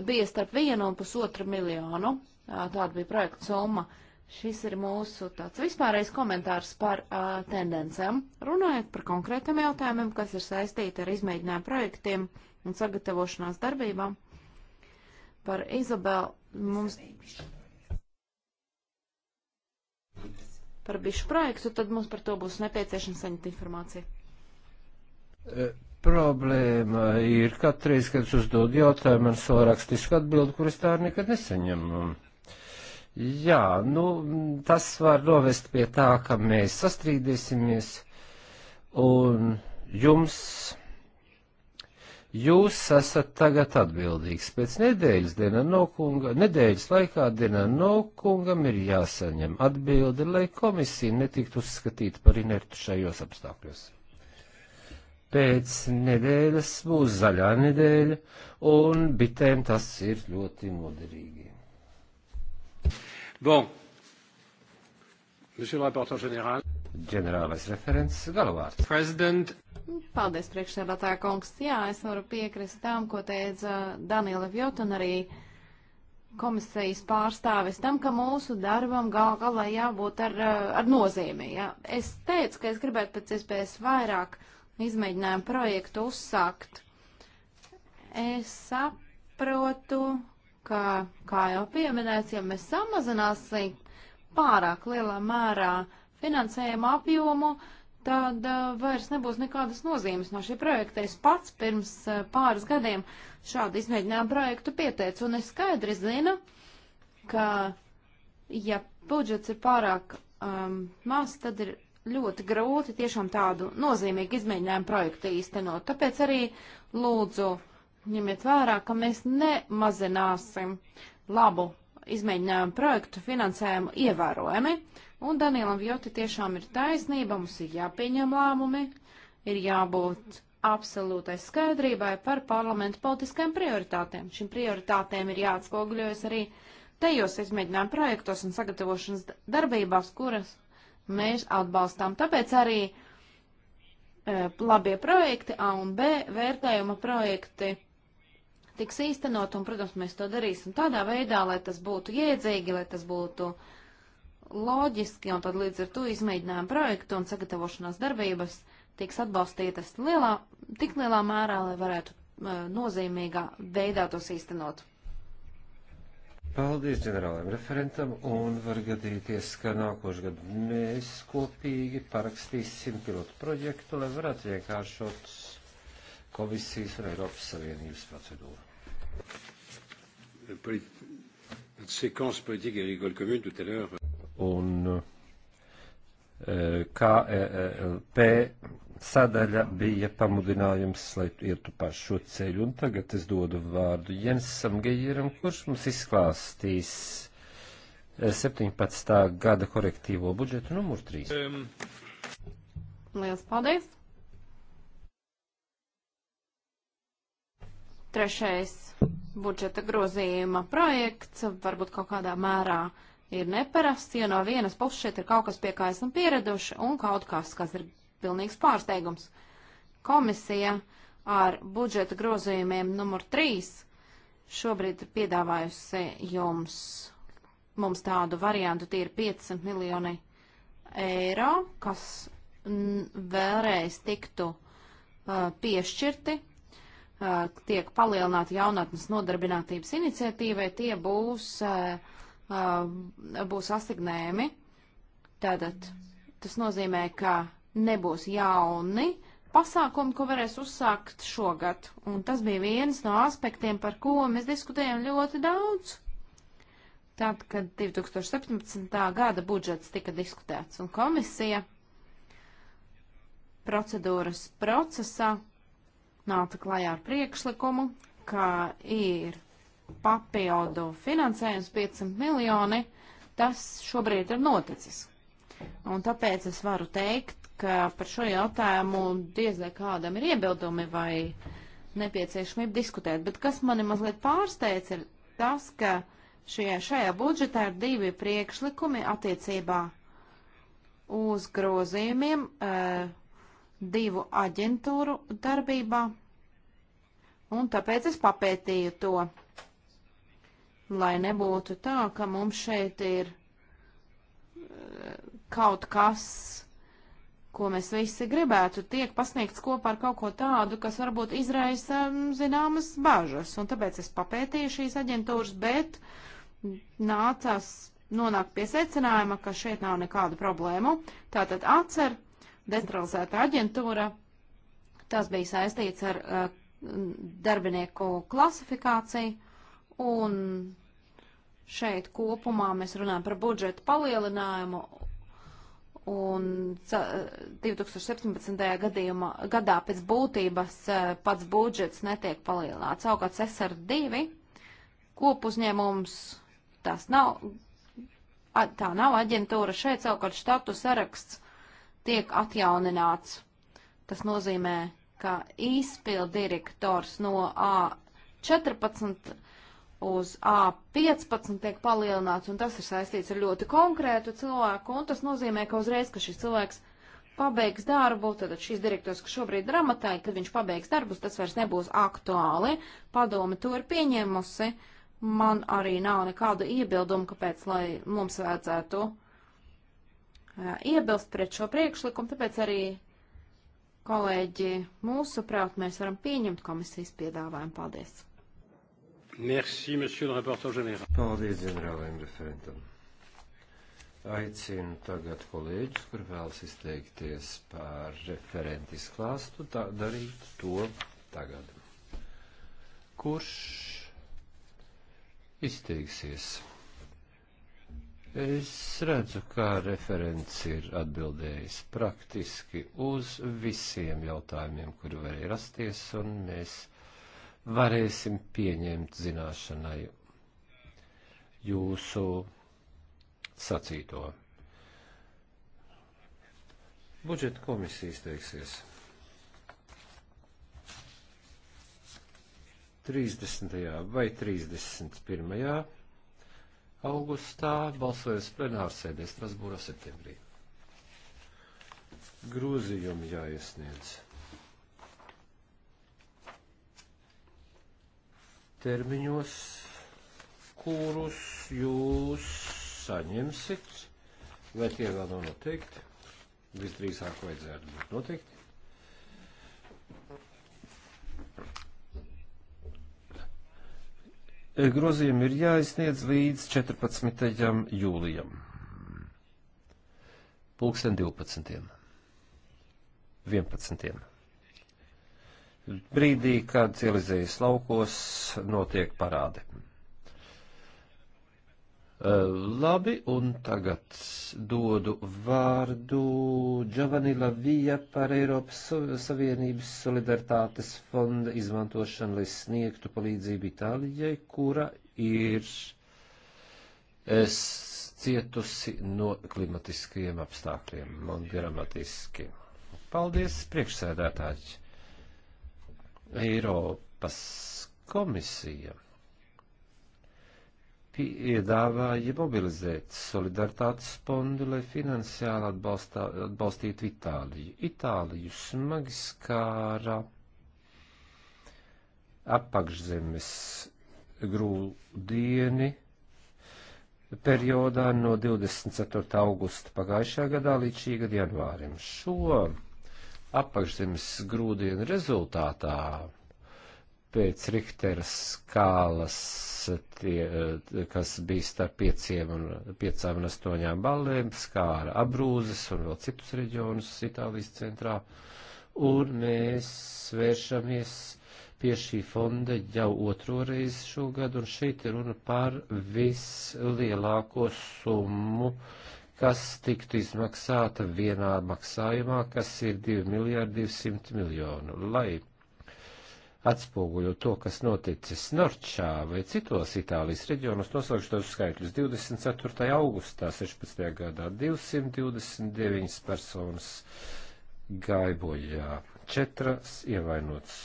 bija starp 1 un 1,5 miljonu, tāda bija projekta summa. Šis ir mūsu tāds vispārējais komentārs par uh, tendencēm. Runājot par konkrētiem jautājumiem, kas ir saistīti ar izmēģinājumu projektiem un sagatavošanās darbībām par Izabelu. Mums par bišu projektu, tad mums par to būs nepieciešams saņemt informāciju. E, problēma ir katreiz, kad es uzdod jautājumu, man savu rakstisku atbildi, kuras tā nekad nesaņemam. Jā, nu, tas var novest pie tā, ka mēs sastrīdēsimies un jums Jūs esat tagad atbildīgs. Pēc nedēļas dienā nokunga, nedēļas laikā dienā nokungam ir jāsaņem atbildi, lai komisija netiktu uzskatīta par inertu šajos apstākļos. Pēc nedēļas būs zaļā nedēļa, un bitēm tas ir ļoti noderīgi. Bon. Monsieur le rapporteur général ģenerālais referents galvārds. President. Paldies, priekšsēdētāja kungs. Jā, es varu piekrist tām, ko teica Daniela Vjot un arī komisijas pārstāvis tam, ka mūsu darbam gal galā jābūt ar, ar nozīmi. Jā. Es teicu, ka es gribētu pēc iespējas vairāk izmēģinājumu projektu uzsākt. Es saprotu, ka, kā jau pieminēts, ja mēs samazināsim pārāk lielā mērā uh, finansējuma apjomu, tad uh, vairs nebūs nekādas nozīmes no šī projekta. Es pats pirms uh, pāris gadiem šādu izmēģinājumu projektu pieteicu, un es skaidri zinu, ka, ja budžets ir pārāk um, maz, tad ir ļoti grūti tiešām tādu nozīmīgu izmēģinājumu projektu īstenot. Tāpēc arī lūdzu ņemiet vērā, ka mēs nemazināsim labu izmēģinājumu projektu finansējumu ievērojami. Uh, Un Danielam Vjoti tiešām ir taisnība, mums ir jāpieņem lēmumi, ir jābūt absolūtai skaidrībai par parlamentu politiskajām prioritātēm. Šīm prioritātēm ir jāatskogļojas arī tajos izmēģinājuma projektos un sagatavošanas darbībās, kuras mēs atbalstām. Tāpēc arī e, labie projekti, A un B vērtējuma projekti tiks īstenot, un, protams, mēs to darīsim tādā veidā, lai tas būtu jēdzīgi, lai tas būtu uh, loģiski, un tad līdz ar to izmēģinājumu projektu un sagatavošanās darbības tiks atbalstītas lielā, tik lielā mērā, lai varētu uh, nozīmīgā veidā tos īstenot. Paldies ģenerālajam referentam, un var gadīties, ka nākošu gadu mēs kopīgi parakstīsim pilotu projektu, lai varētu vienkāršot komisijas un Eiropas Savienības procedūru. Sekvence politika agricole commune tout à l'heure un eh, KLP eh, eh, sadaļa bija pamudinājums, lai ietu pa šo ceļu. Un tagad es dodu vārdu Jensam Geijeram, kurš mums izklāstīs 17. gada korektīvo budžetu numur 3. Um. Lielas paldies! Trešais budžeta grozījuma projekts varbūt kaut kādā mērā uh, ir neparasts, jo no vienas puses šeit ir kaut kas, pie kā esam pieraduši, un kaut kas, kas ir pilnīgs pārsteigums. Komisija ar budžeta grozījumiem numur 3 šobrīd ir piedāvājusi jums mums tādu variantu, tie ir 500 miljoni eiro, kas vēlreiz tiktu uh, piešķirti, uh, tiek palielināti jaunatnes nodarbinātības iniciatīvai, tie būs uh, Uh, būs asignējumi. Tātad tas nozīmē, ka nebūs jauni pasākumi, ko varēs uzsākt šogad. Un tas bija viens no aspektiem, par ko mēs diskutējam ļoti daudz. Tad, kad 2017. gada budžets tika diskutēts un komisija procedūras procesā nāca klajā ar priekšlikumu, ka ir papildu finansējums 500 miljoni, tas šobrīd ir noticis. Un tāpēc es varu teikt, ka par šo jautājumu diezgan kādam ir iebildumi vai nepieciešamība diskutēt. Bet kas mani mazliet pārsteidz, ir tas, ka šajā, šajā budžetā ir divi priekšlikumi attiecībā uz grozījumiem uh, divu aģentūru darbībā. Un tāpēc es papētīju to lai nebūtu tā, ka mums šeit ir eh, kaut kas, ko mēs visi gribētu, tiek pasniegts kopā ar kaut ko tādu, kas varbūt izraisa mm, zināmas bažas. Un tāpēc es papētīju šīs aģentūras, bet nācās nonākt pie secinājuma, ka šeit nav nekādu problēmu. Tātad atcer, decentralizēta aģentūra, tas bija saistīts ar uh, darbinieku klasifikāciju. Un šeit kopumā mēs runājam par budžeta palielinājumu un 2017. gadījumā, gadā pēc būtības e, pats budžets netiek palielināts. Savukārt SR2 kopuzņēmums tas nav, tā nav aģentūra, šeit savukārt štatu saraksts tiek atjaunināts. Tas nozīmē, ka izpildirektors no A14 uz A15 tiek palielināts, un tas ir saistīts ar ļoti konkrētu cilvēku, un tas nozīmē, ka uzreiz, ka šis cilvēks pabeigs darbu, tad šīs direktors, kas šobrīd ir amatā, kad viņš pabeigs darbus, tas vairs nebūs aktuāli. Padome to ir pieņēmusi. Man arī nav nekādu iebildumu, kāpēc, lai mums vajadzētu iebilst pret šo priekšlikumu, tāpēc arī kolēģi mūsuprāt mēs varam pieņemt komisijas piedāvājumu. Paldies! Merci, monsieur le rapporteur général. Paldies, ģenerāliem referentam. Aicinu tagad kolēģus, kur vēlas izteikties par referenti klāstu, tā, darīt to tagad. Kurš izteiksies? Es redzu, kā referents ir atbildējis praktiski uz visiem jautājumiem, kuri varēja rasties, un mēs varēsim pieņemt zināšanai jūsu sacīto. Budžeta komisija izteiksies 30. vai 31. augustā, balsojas plenārsēdē Strasbūrā septembrī. Grūzījumi jāiesniedz. termiņos, kurus jūs saņemsiet, vai tie vēl nav noteikti. Visdrīzāk vajadzētu būt noteikti. Grozījumi ir jāizsniedz līdz 14. jūlijam. Pulksten 12. 11 brīdī, kad Cilizējas laukos notiek parāde. Labi, un tagad dodu vārdu Giovanni Lavija par Eiropas Savienības solidaritātes fonda izmantošanu, lai sniegtu palīdzību Itālijai, kura ir e, cietusi no klimatiskajiem apstākļiem un dramatiski. Paldies, priekšsēdētāji! Eiropas komisija piedāvāja mobilizēt solidaritātes fondu, lai finansiāli atbalstā, atbalstītu Itāliju. Itāliju smagi skāra apakšzemes grūdieni periodā no 24. augusta pagājušā gadā līdz šī gada janvārim. Šo apakšzemes grūdienu rezultātā pēc Richtera skālas, tie, eh, kas bija starp pieciem un, piecām un astoņām ballēm, skāra abrūzes un vēl citus reģionus Itālijas centrā, un mēs vēršamies pie šī fonda jau otro reizi šogad, un šeit ir runa par vislielāko summu uh, kas tiktu izmaksāta vienā maksājumā, kas ir 2 miljārdi 200 miljonu, lai atspoguļo to, kas noticis Norčā vai citos Itālijas reģionos, nosaukšu tos skaitļus 24. augustā 16. gadā 229 personas gāja bojā, 4 ievainots.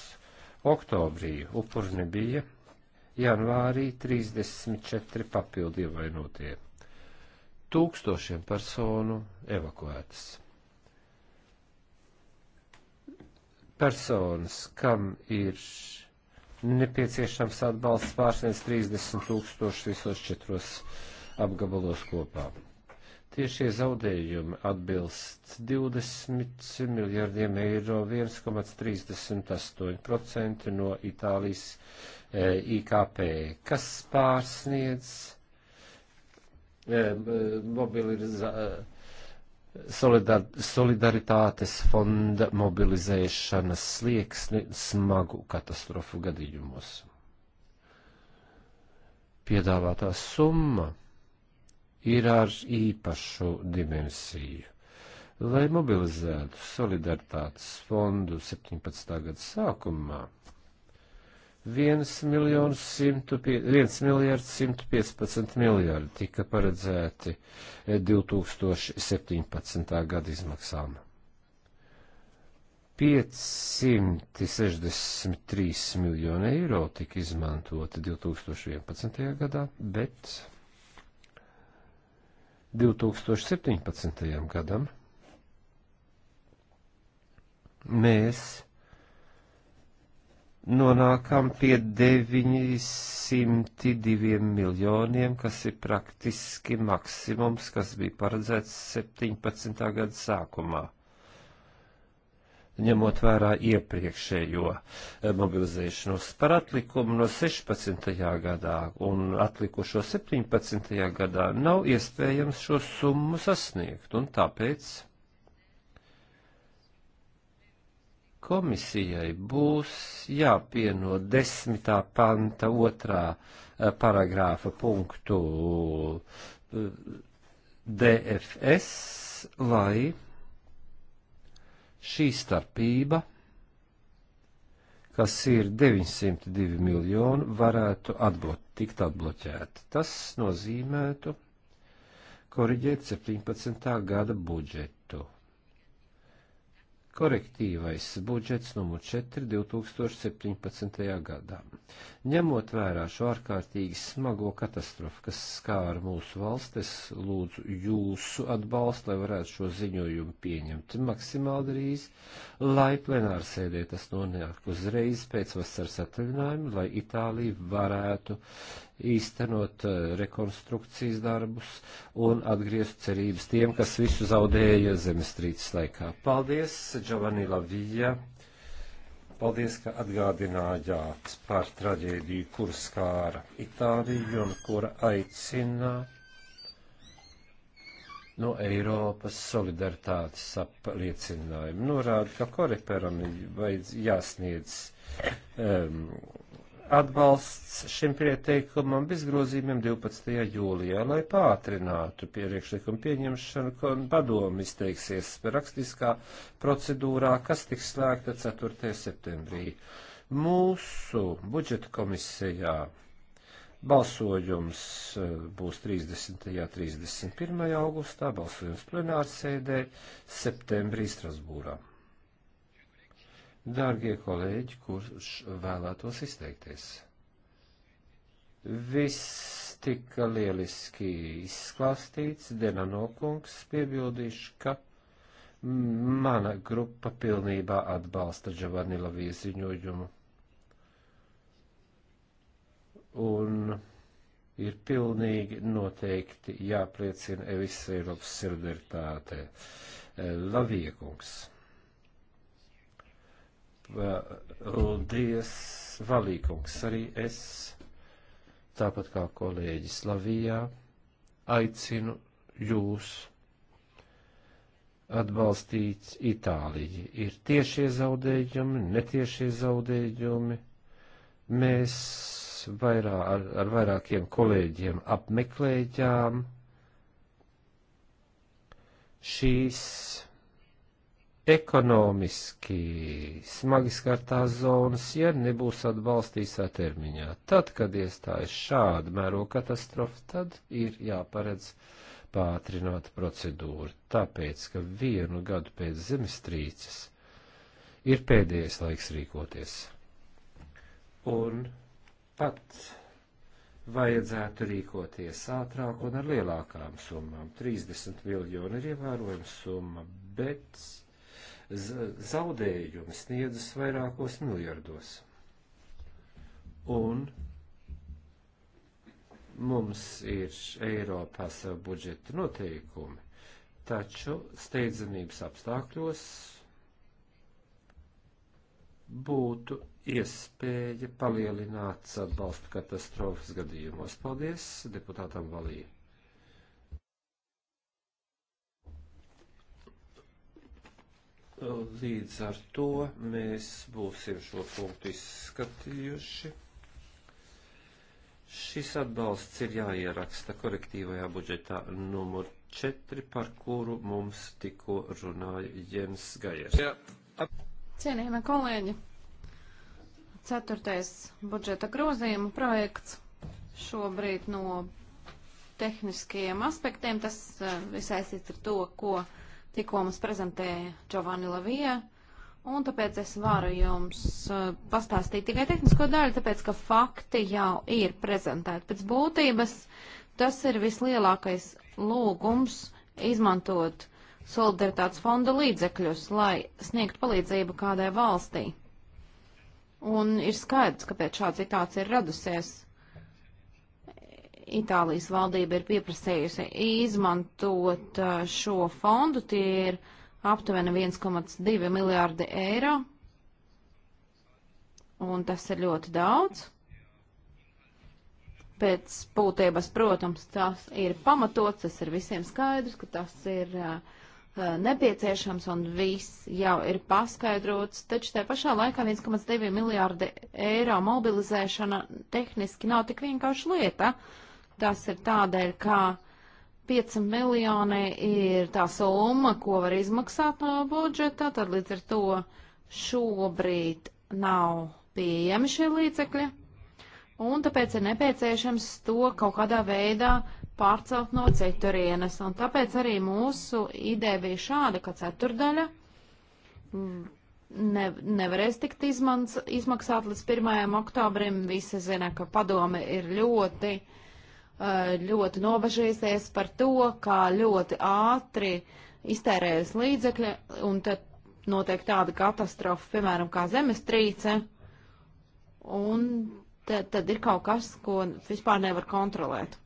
Oktobrī upurs nebija, janvārī 34 papildi ievainotie tūkstošiem personu evakuētas. Personas, kam ir nepieciešams atbalsts pārsniedz 30 tūkstoši visos četros apgabalos kopā. Tiešie zaudējumi atbilst 20 miljardiem eiro, 1,38% no Itālijas e, eh, IKP, kas pārsniedz mobilizā, solidar, solidaritātes fonda mobilizēšanas slieksni smagu katastrofu gadījumos. Piedāvātā summa ir ar īpašu dimensiju. Lai mobilizētu solidaritātes fondu 17. gada sākumā, 1 miljards 115 miljardi tika paredzēti 2017. Eh, gada izmaksām. 563 miljoni eiro tika izmantoti 2011. gadā, bet 2017. gadam mēs nonākam pie 902 miljoniem, kas ir praktiski maksimums, kas bija paredzēts 17. gada sākumā, ņemot vērā iepriekšējo eh, mobilizēšanos par atlikumu no 16. gadā un atlikušo 17. gadā nav iespējams šo summu sasniegt, un tāpēc Komisijai būs jāpieno desmitā panta otrā eh, paragrāfa punktu eh, DFS, lai šī starpība, kas ir 902 miljoni, varētu atbloķ, tikt atbloķēta. Tas nozīmētu koriģēt 17. gada budžetu korektīvais budžets numur 4 2017. gadā. Ņemot vērā šo ārkārtīgi smago katastrofu, kas skāra mūsu valstis, lūdzu jūsu atbalstu, lai varētu šo ziņojumu pieņemt maksimāli drīz, lai plenārsēdē tas nonāk uzreiz pēc vasaras atvaļinājuma, lai Itālija varētu īstenot eh, rekonstrukcijas darbus un atgriezt cerības tiem, kas visu zaudēja zemestrīces laikā. Paldies, Giovanni Lavija! Paldies, ka atgādinājāt par traģēdiju, kur skāra Itāliju un kura aicina no Eiropas solidaritātes apliecinājumu. Norāda, ka koreperam vajadz jāsniedz um, atbalsts šim prieteikumam bez grozījumiem 12. jūlijā, lai pātrinātu priekšlikumu pieņemšanu, un padomi izteiksies rakstiskā procedūrā, kas tiks slēgta 4. septembrī. Mūsu budžeta komisijā balsojums eh, būs 30. un 31. augustā, balsojums plenārsēdē, septembrī Strasbūrā. Dārgie kolēģi, kurš vēlētos izteikties? Viss tika lieliski izklāstīts, Denano kungs piebildīšu, ka mana grupa pilnībā atbalsta Giovanni Lavija ziņojumu. Un ir pilnīgi noteikti jāpriecina visai Eiropas solidaritāte. Lavija kungs. Eh, Paldies, Valīkungs. Arī es, tāpat kā kolēģi Slavijā, aicinu jūs atbalstīt Itāliju. Ir tiešie zaudējumi, netiešie zaudējumi. Mēs vairā, ar, ar vairākiem kolēģiem apmeklējām šīs ekonomiski smagi skartās zonas, ja nebūs atbalstīsā termiņā. Tad, kad iestājas šāda mēroga katastrofa, tad ir jāparedz pātrināt procedūru, tāpēc, ka vienu gadu pēc zemestrīces ir pēdējais laiks rīkoties. Un pat vajadzētu rīkoties ātrāk un ar lielākām summām. 30 miljoni ir ievērojama summa, bet zaudējumi sniedzas vairākos miljardos. Un mums ir Eiropas budžeta noteikumi, taču steidzamības apstākļos būtu iespēja palielināt atbalstu katastrofas gadījumos. Paldies deputātam Valīju. Līdz ar to mēs būsim šo punktu izskatījuši. Šis atbalsts ir jāieraksta korektīvajā budžetā numur 4, par kuru mums tikko runāja Jens Gajers. Jā. Cienījamie kolēģi, ceturtais budžeta grozījuma projekts šobrīd no tehniskajiem aspektiem. Tas eh, visaisīts ar to, ko tikko mums prezentēja Giovanni Lavija, un tāpēc es varu jums eh, pastāstīt tikai tehnisko daļu, tāpēc ka fakti jau ir prezentēti. Pēc būtības tas ir vislielākais lūgums izmantot solidaritātes fonda līdzekļus, lai sniegtu palīdzību kādai valstī. Un ir skaidrs, kāpēc šāda situācija ir radusies. Itālijas valdība ir pieprasējusi izmantot uh, šo fondu. Tie ir aptuveni 1,2 miljārdi eiro. Un tas ir ļoti daudz. Pēc būtības, protams, tas ir pamatots, tas ir visiem skaidrs, ka tas ir uh, uh nepieciešams un viss jau ir paskaidrots, taču tajā pašā laikā 1,2 miljārdi eiro mobilizēšana tehniski nav tik vienkārši lieta. Uh, Tas ir tādēļ, ka 5 miljoni ir tā summa, ko var izmaksāt no budžeta, tad līdz ar to šobrīd nav pieejami šie līdzekļi, un tāpēc ir nepieciešams to kaut kādā veidā pārcelt no ceturienes. Un tāpēc arī mūsu ideja bija šāda, ka ceturdaļa ne, nevarēs tikt izmans, izmaksāt līdz 1. oktobrim. Visi zina, ka padome ir ļoti Eh, ļoti nobažīsies par to, kā ļoti ātri iztērējas līdzekļi, un tad notiek tāda katastrofa, piemēram, kā zemestrīce, un tad, tad ir kaut kas, ko vispār nevar kontrolēt.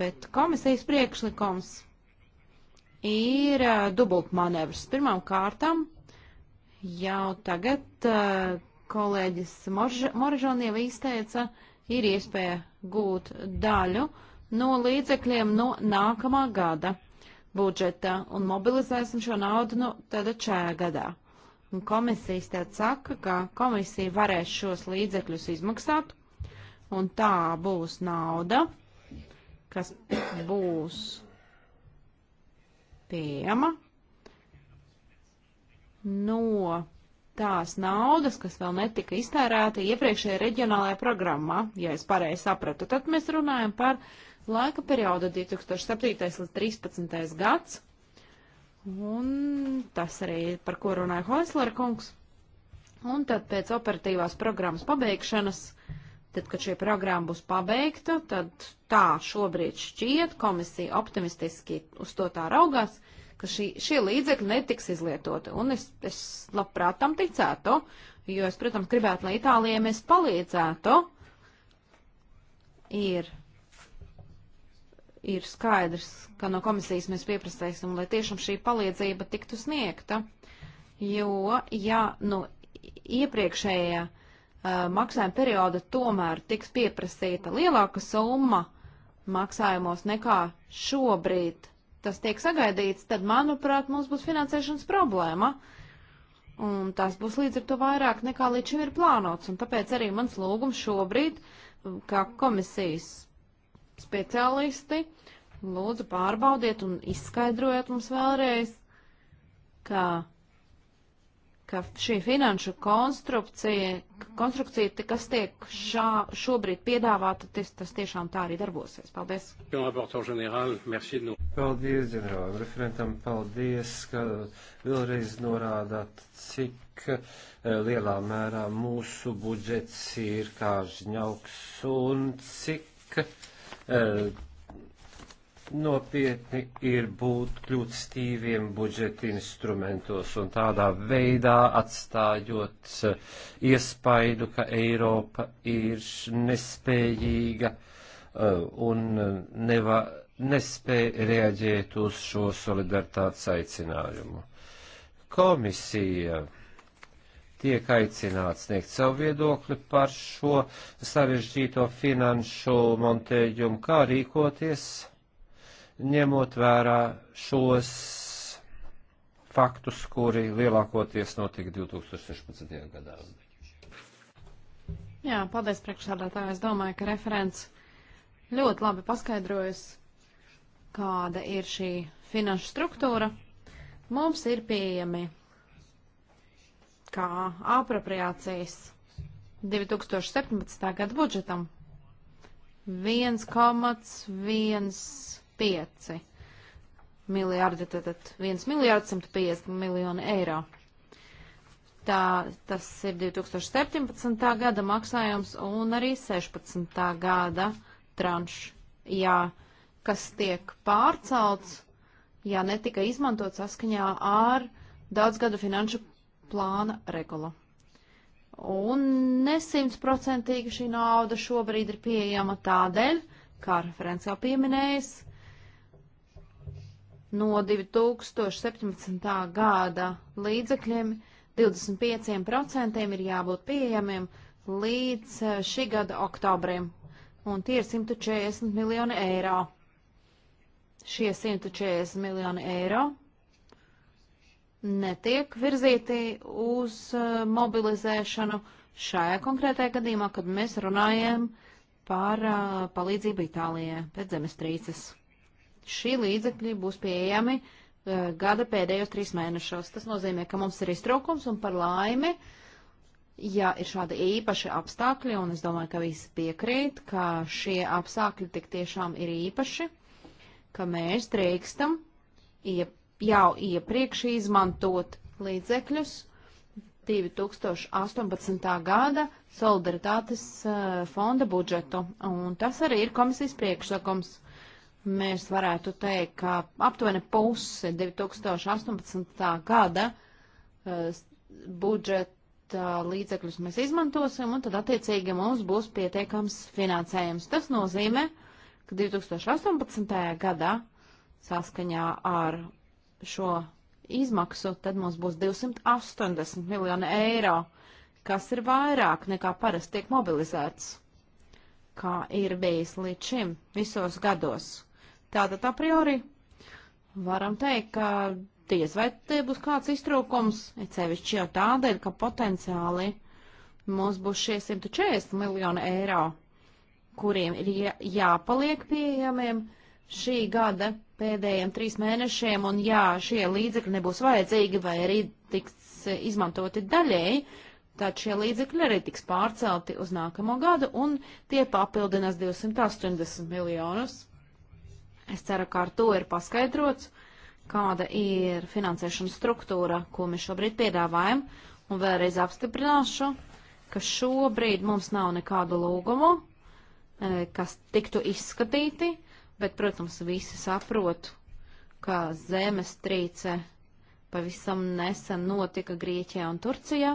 Bet komisijas priekšlikums ir uh, dubultmanevrs. Pirmām kārtām jau tagad uh, kolēģis Morižonieva izteica, ir iespēja gūt daļu no līdzekļiem no nākamā gada budžeta un mobilizēsim šo naudu no nu, tāda šajā gadā. Un komisijas tad saka, ka komisija varēs šos līdzekļus izmaksāt, un tā būs nauda, kas būs pieejama no tās naudas, kas vēl netika iztērēta iepriekšējā reģionālajā programmā, ja es pareizi sapratu. Tad mēs runājam par laika periodu 2007. līdz 2013. gads, un tas arī par ko runāja Hoislera kungs. Un tad pēc operatīvās programmas pabeigšanas, tad, kad šī programma būs pabeigta, tad tā šobrīd šķiet, komisija optimistiski uz to tā raugās, uh, ka šī, šie līdzekļi netiks izlietoti. Un es, es labprāt tam ticētu, jo es, protams, gribētu, lai Itālijai mēs palīdzētu. Ir, ir skaidrs, ka no komisijas mēs pieprasīsim, lai tiešām šī palīdzība tiktu sniegta. Jo, ja no nu, iepriekšējā uh, maksājuma perioda tomēr tiks pieprasīta lielāka summa maksājumos nekā šobrīd, tas tiek sagaidīts, tad, manuprāt, mums būs finansēšanas problēma. Un tas būs līdz ar to vairāk nekā līdz šim ir plānots. Un tāpēc arī mans lūgums šobrīd, kā komisijas speciālisti, lūdzu pārbaudiet un izskaidrojiet mums vēlreiz, ka ka šī finanšu konstrukcija, konstrukcija kas tiek šā, šobrīd piedāvāta, tas, tas tiešām tā arī darbosies. Paldies. Paldies, ģenerālam referentam, paldies, ka vēlreiz norādāt, cik eh, lielā mērā mūsu budžets ir kā žņauks un cik. Uh, nopietni ir būt kļūt stīviem budžeta instrumentos un tādā veidā atstājot eh, iespaidu, ka Eiropa ir nespējīga eh, un eh, neva, nespēja reaģēt uz šo solidaritātes aicinājumu. Komisija tiek aicināts sniegt savu viedokli par šo sarežģīto finanšu montējumu, kā rīkoties ņemot vērā šos faktus, kuri lielākoties notika 2016. gadā. Jā, paldies priekšsādātāji. Es domāju, ka referents ļoti labi paskaidrojas, kāda ir šī finanšu struktūra. Mums ir pieejami kā apropriācijas 2017. gada budžetam 1,1 105 miljardi, tātad 1 miljārds 150 miljoni eiro. Tā, tas ir 2017. gada maksājums un arī 16. gada tranšs, jā, kas tiek pārcelts, ja netika izmantot saskaņā ar daudzgadu finanšu plāna regulu. Un nesimtprocentīgi šī nauda šobrīd ir pieejama tādēļ, kā referents jau pieminējis, no 2017. gada līdzekļiem 25% ir jābūt pieejamiem līdz eh, šī gada oktobrim, un tie ir 140 miljoni eiro. Šie 140 miljoni eiro netiek virzīti uz eh, mobilizēšanu šajā konkrētajā gadījumā, kad mēs runājam par eh, palīdzību Itālijai pēc zemestrīces. Šī līdzekļi būs pieejami uh, gada pēdējos trīs mēnešos. Tas nozīmē, ka mums ir iztraukums un par laimi, ja ir šādi īpaši apstākļi, un es domāju, ka visi piekrīt, ka šie apstākļi tik tiešām ir īpaši, ka mēs drīkstam iep, jau iepriekš izmantot līdzekļus 2018. gada solidaritātes uh, fonda budžetu. Un tas arī ir komisijas priekšsakums. Uh, mēs varētu teikt, ka aptuveni puse 2018. gada uh, budžeta līdzekļus mēs izmantosim, un tad attiecīgi mums būs pietiekams finansējums. Tas nozīmē, ka 2018. gadā saskaņā ar šo izmaksu, tad mums būs 280 miljoni eiro, kas ir vairāk nekā parasti tiek mobilizēts, kā ir bijis līdz šim visos gados. Tātad a priori varam teikt, ka diez vai te būs kāds iztrūkums, it sevišķi jau tādēļ, ka potenciāli mums būs šie 140 miljoni eiro, kuriem ir jā, jāpaliek pieejamiem šī gada pēdējiem trīs mēnešiem, un jā, šie līdzekļi nebūs vajadzīgi vai arī tiks izmantoti daļēji, tad šie līdzekļi arī tiks pārcelti uz nākamo gadu, un tie papildinās 280 miljonus. Es ceru, ka ar to ir paskaidrots, kāda ir finansēšanas struktūra, ko mēs šobrīd piedāvājam, un vēlreiz apstiprināšu, ka šobrīd mums nav nekādu lūgumu, e, kas tiktu izskatīti, bet, protams, visi saprot, ka zemestrīce pavisam nesen notika Grieķijā un Turcijā,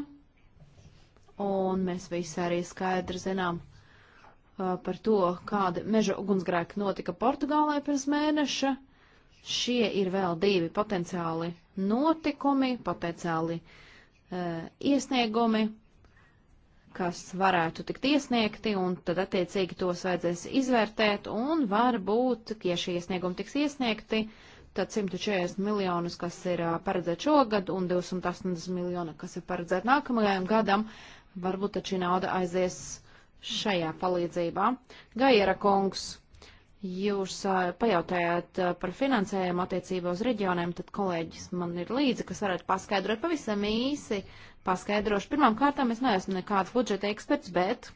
un mēs visi arī skaidri zinām, ka par to, kāda meža ugunsgrēka notika Portugālē pirms mēneša. Šie ir vēl divi potenciāli notikumi, potenciāli uh, iesniegumi, kas varētu tikt iesniegti, un tad attiecīgi tos vajadzēs izvērtēt, un varbūt, ja šie iesniegumi tiks iesniegti, tad 140 miljonus, kas ir uh, paredzēt šogad, un 280 miljonu, kas ir paredzēt nākamajam gadam, varbūt tad šī nauda aizies šajā palīdzībā. Gaiera kungs, jūs pajautājāt par finansējumu attiecībā uz reģioniem, tad kolēģis man ir līdzi, kas varētu paskaidrot pavisam īsi. Paskaidrošu. Pirmām kārtām es neesmu nekāds budžeta eksperts, bet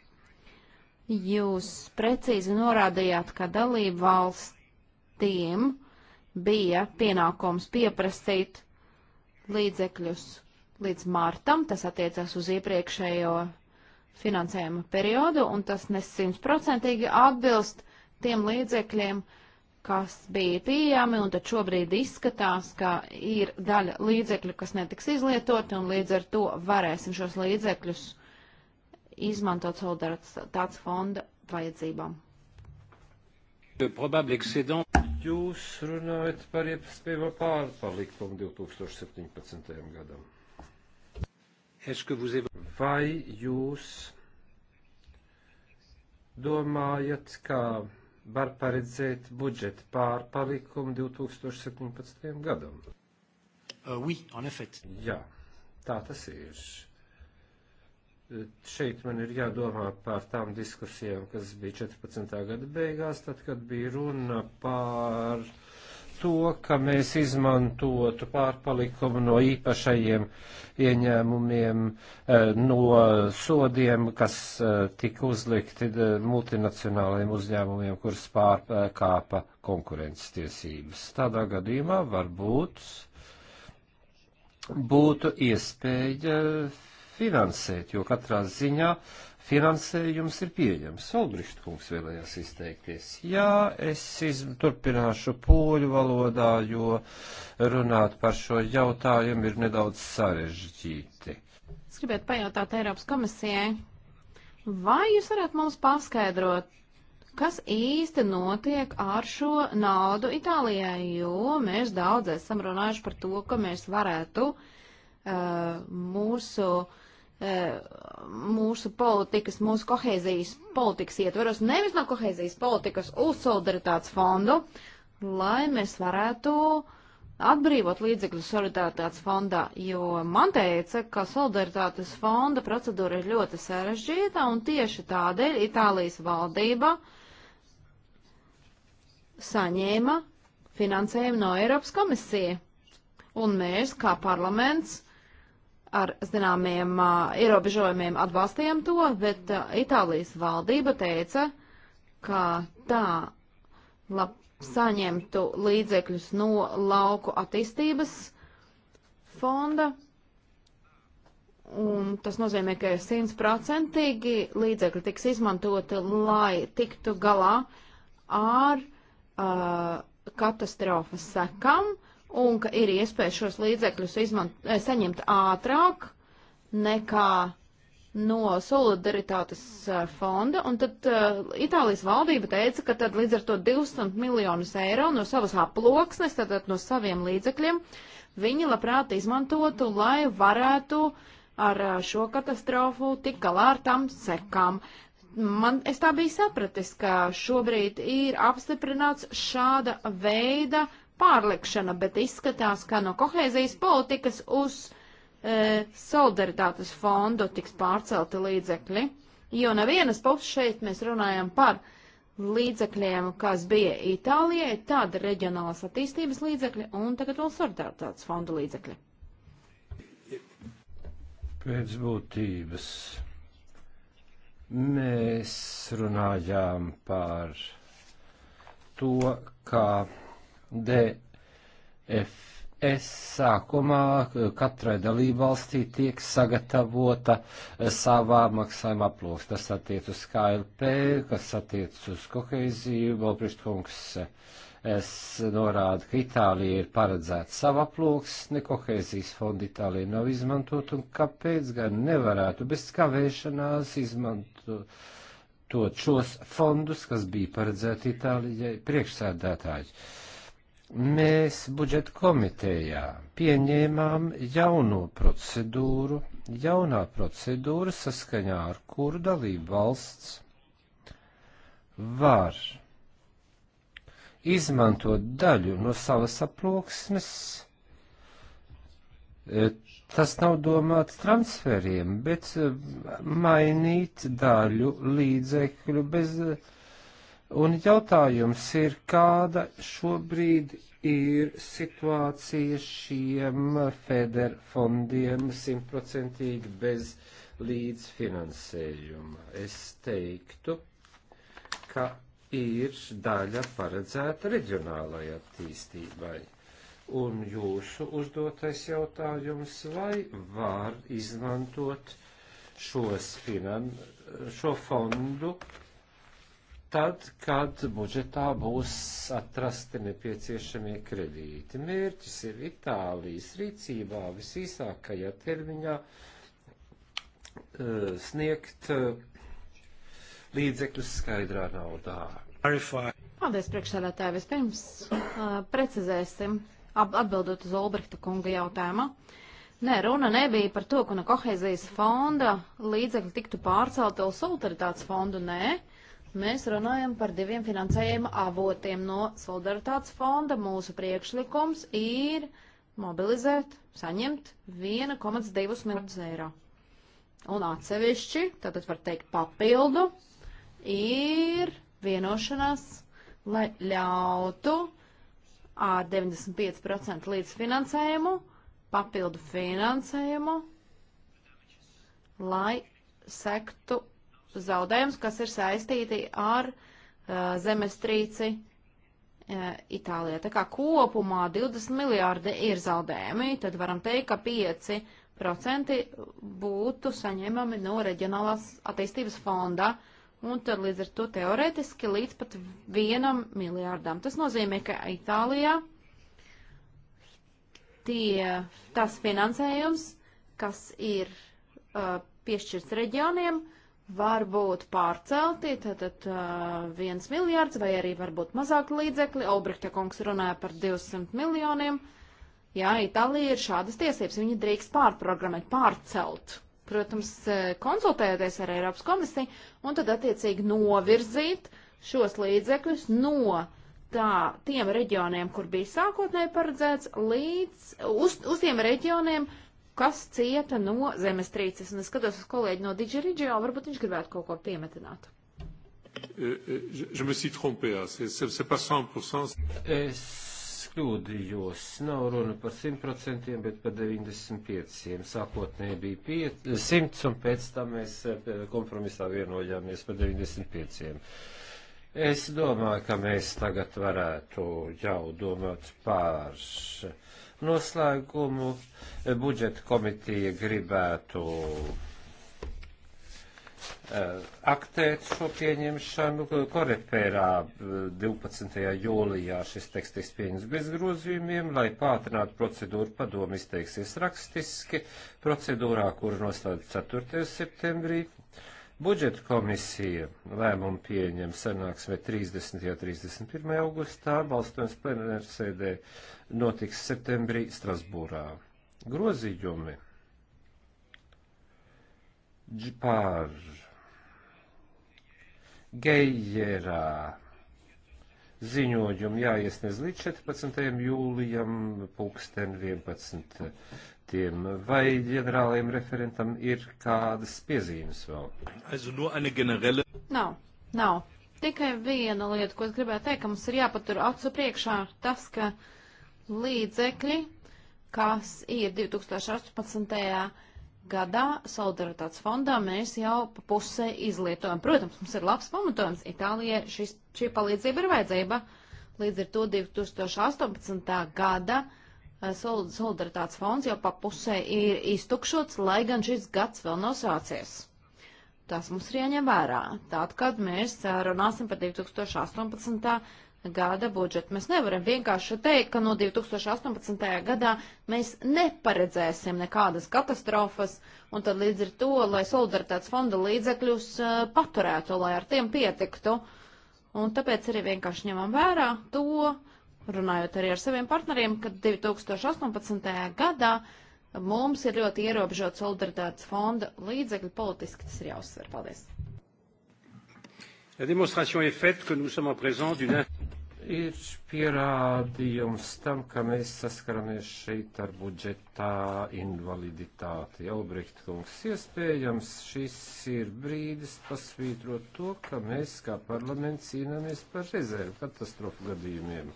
jūs precīzi norādījāt, ka dalību valstīm bija pienākums pieprasīt līdzekļus līdz martam, tas attiecās uz iepriekšējo finansējuma periodu, un tas nesimtprocentīgi atbilst tiem līdzekļiem, kas bija pieejami, un tad šobrīd izskatās, ka ir daļa līdzekļu, kas netiks izlietoti, un līdz ar to varēsim šos līdzekļus izmantot solidaritātes fonda vajadzībām. Jūs runājat par iespējamo pārpalikumu 2017. gadam. Vai jūs domājat, kā var paredzēt budžeta pārpalikumu 2017. gadam? Uh, oui, en effet. Jā, tā tas ir šeit man ir jādomā par tām diskusijām, kas bija 14. gada beigās, tad, kad bija runa par to, ka mēs izmantotu pārpalikumu no īpašajiem ieņēmumiem, eh, no sodiem, kas eh, tika uzlikti eh, multinacionālajiem uzņēmumiem, kuras pārkāpa konkurences tiesības. Tādā gadījumā varbūt būtu iespēja finansēt, jo katrā ziņā uh, finansējums ir pieejams. Solbrišķi kungs vēlējās izteikties. Jā, es turpināšu poļu valodā, jo runāt par šo jautājumu ir nedaudz sarežģīti. Es gribētu pajautāt Eiropas komisijai, vai jūs varētu mums paskaidrot, kas īsti notiek ar šo naudu Itālijai, jo mēs daudz esam runājuši par to, ka mēs varētu uh, mūsu uh, Eh, mūsu politikas, mūsu kohēzijas politikas ietveros, nevis no kohēzijas politikas uz solidaritātes fondu, lai mēs varētu atbrīvot līdzekļu solidaritātes fondā, jo man teica, ka solidaritātes fonda procedūra ir ļoti sarežģīta un tieši tādēļ Itālijas valdība saņēma finansējumu no Eiropas komisija. Un mēs, kā parlaments, ar zināmiem uh, ierobežojumiem atbalstījām to, bet uh, Itālijas valdība teica, ka tā lab, saņemtu līdzekļus no lauku attīstības fonda. Un tas nozīmē, ka simtprocentīgi līdzekļi tiks izmantoti, lai tiktu galā ar uh, katastrofas sekam. Uh, un ka ir iespēja šos līdzekļus izmant, eh, saņemt ātrāk nekā no solidaritātes eh, fonda, un tad uh, Itālijas valdība teica, ka tad līdz ar to 200 miljonus eiro no savas aploksnes, tātad no saviem līdzekļiem, viņi labprāt izmantotu, lai varētu ar šo katastrofu tik galā ar tam sekām. Man, es tā biju sapratis, ka šobrīd ir apstiprināts šāda veida uh, pārlikšana, bet izskatās, ka no kohēzijas politikas uz e, solidaritātes fondu tiks pārcelti līdzekļi, jo no vienas puses šeit mēs runājam par līdzekļiem, kas bija Itālijai, tad reģionālās attīstības līdzekļi un tagad vēl solidaritātes fonda līdzekļi. Pēc būtības mēs runājām par to, kā ka DFS sākumā katrai dalībvalstī tiek sagatavota eh, savā maksājuma aploks. Tas attiec uz KLP, kas attiec uz koheiziju, Balprištkungs es norādu, ka Itālija ir paredzēta sava plūksne, kohēzijas fonda Itālija nav izmantot, un kāpēc gan nevarētu bez kavēšanās izmantot šos fondus, kas bija paredzēti Itālijai priekšsēdētāji. Uh, Mēs budžeta komitejā pieņēmām jauno procedūru, jaunā procedūra saskaņā ar kuru dalību valsts var izmantot daļu no savas aploksnes. E, tas nav domāts transferiem, bet e, mainīt daļu līdzekļu bez. Uh, Un jautājums ir, kāda šobrīd ir situācija šiem feder fondiem simtprocentīgi bez līdzfinansējuma? Es teiktu, ka ir daļa paredzēta reģionālajai attīstībai. Un jūsu uzdotais jautājums, vai var izmantot šos finan, šo fondu tad, kad budžetā būs atrasti nepieciešamie kredīti. Mērķis ir Itālijas rīcībā visīsākajā termiņā eh, sniegt eh, līdzekļus skaidrā naudā. Paldies, priekšsēdētāji. Vispirms uh, precizēsim, atbildot uz Olbrihta kunga jautājumu. Nē, runa nebija par to, ka no kohēzijas fonda līdzekļi tiktu pārcelti uz solidaritātes fondu. Nē, Mēs runājam par diviem finansējuma avotiem no solidaritātes fonda. Mūsu priekšlikums ir mobilizēt, saņemt 1,2 miljardus eiro. Un atsevišķi, tātad var teikt papildu, ir vienošanās, lai ļautu ar 95% līdzfinansējumu, papildu finansējumu, lai sektu zaudējums, kas ir saistīti ar uh, zemestrīci uh, Itālijā. Tā kā kopumā 20 miljārdi ir zaudējumi, tad varam teikt, ka 5% būtu saņemami no reģionālās attīstības fonda. Un tad līdz ar to teoretiski līdz pat vienam miljārdam. Tas nozīmē, ka Itālijā tie, tas finansējums, kas ir uh, piešķirts reģioniem, uh, var būt pārcelti, tātad viens uh, miljards vai arī varbūt mazāk līdzekļi. Obrihta kungs runāja par 200 miljoniem. Jā, Itālija ir šādas tiesības, viņi drīkst pārprogrammēt, pārcelt. Protams, konsultējoties ar Eiropas komisiju un tad attiecīgi novirzīt šos līdzekļus no tā, tiem reģioniem, kur bija sākotnēji paredzēts, līdz uz, uz tiem reģioniem, uh, kas cieta no zemestrīces. Un es skatos uz kolēģi no Digirigio, varbūt viņš gribētu kaut ko piemetināt. Es kļūdījos. Nav runa par 100%, bet par 95%. Sākotnēji bija 5, 100, eh, un pēc tam mēs eh, kompromisā vienojāmies par 95%. Es domāju, ka mēs tagad varētu jau domāt par. Uh, noslēgumu eh, budžeta komiteja gribētu eh, aktēt šo pieņemšanu. Korepērā 12. Eh, jūlijā šis tekstis pieņems bez grozījumiem, lai pātrinātu procedūru padomu izteiksies rakstiski procedūrā, kuru noslēdz 4. septembrī. Budžeta komisija lēmumu pieņem sanāksmē 30. un 31. augustā, balstojums plenārsēdē notiks septembrī Strasbūrā. Grozījumi par Geijerā ziņojumu jāiesniedz līdz 14. jūlijam, pulksten 11 referentiem. Vai ģenerāliem referentam ir kādas piezīmes vēl? Nav, nav. Tikai viena lieta, ko es gribēju teikt, ka mums ir jāpatur acu priekšā tas, ka līdzekļi, kas ir 2018. gadā solidaritātes fondā, mēs jau pa pusē izlietojam. Protams, mums ir labs pamatojums. Itālijai šis, šī palīdzība ir vajadzība. Līdz ar to 2018. gada Eh, solidaritātes fonds jau pa pusē ir iztukšots, lai gan šis gads vēl nav sācies. Tas mums ir jāņem vērā. Tad, kad mēs eh, runāsim par 2018. gada budžetu, mēs nevaram vienkārši teikt, ka no 2018. gadā mēs neparedzēsim nekādas katastrofas, un tad līdz ar to, lai solidaritātes fonda līdzekļus uh, paturētu, lai ar tiem pietiktu. Un tāpēc arī vienkārši ņemam vērā to, runājot arī ar saviem partneriem, ka 2018. gadā mums ir ļoti ierobežot solidaritātes fonda līdzekļu politiski, tas ir jāuzsver. Paldies! Ir pierādījums tam, ka mēs saskaramies šeit ar budžetā invaliditāti. Albrecht kungs, iespējams, šis ir brīdis pasvītrot to, ka mēs kā parlaments cīnāmies par rezervu katastrofu gadījumiem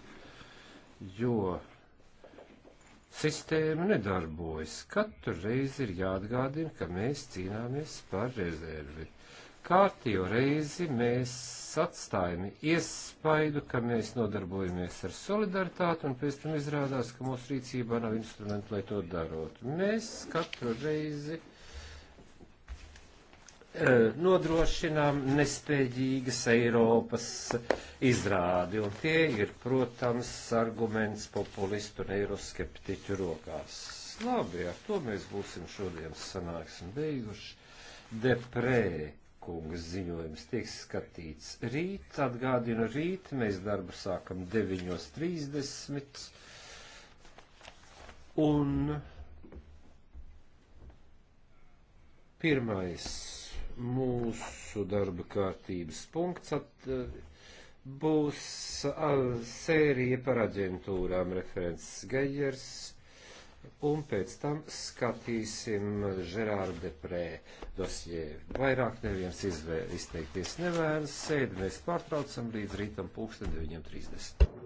jo sistēma nedarbojas. Katru reizi ir jāatgādina, ka mēs cīnāmies par rezervi. Kārtīgo reizi mēs atstājam iespaidu, ka mēs nodarbojamies ar solidaritāti, un pēc tam izrādās, ka mūsu rīcībā nav instrumentu, lai to darot. Mēs katru reizi nodrošinām nespējīgas Eiropas izrādi, un tie ir, protams, arguments populistu un eiroskeptiķu rokās. Labi, ar to mēs būsim šodien sanāksim beiguši. Deprē kungas ziņojums tiek skatīts rīt, atgādinu rīt, mēs darbu sākam 9.30. Un pirmais mūsu darba kārtības punkts at, eh, būs eh, sērija par aģentūrām referents Geijers, un pēc tam skatīsim Žerāru Deprē dosjē. Vairāk neviens izvē, izteikties nevēlas, sēdi mēs pārtraucam līdz rītam pulksten 9.30.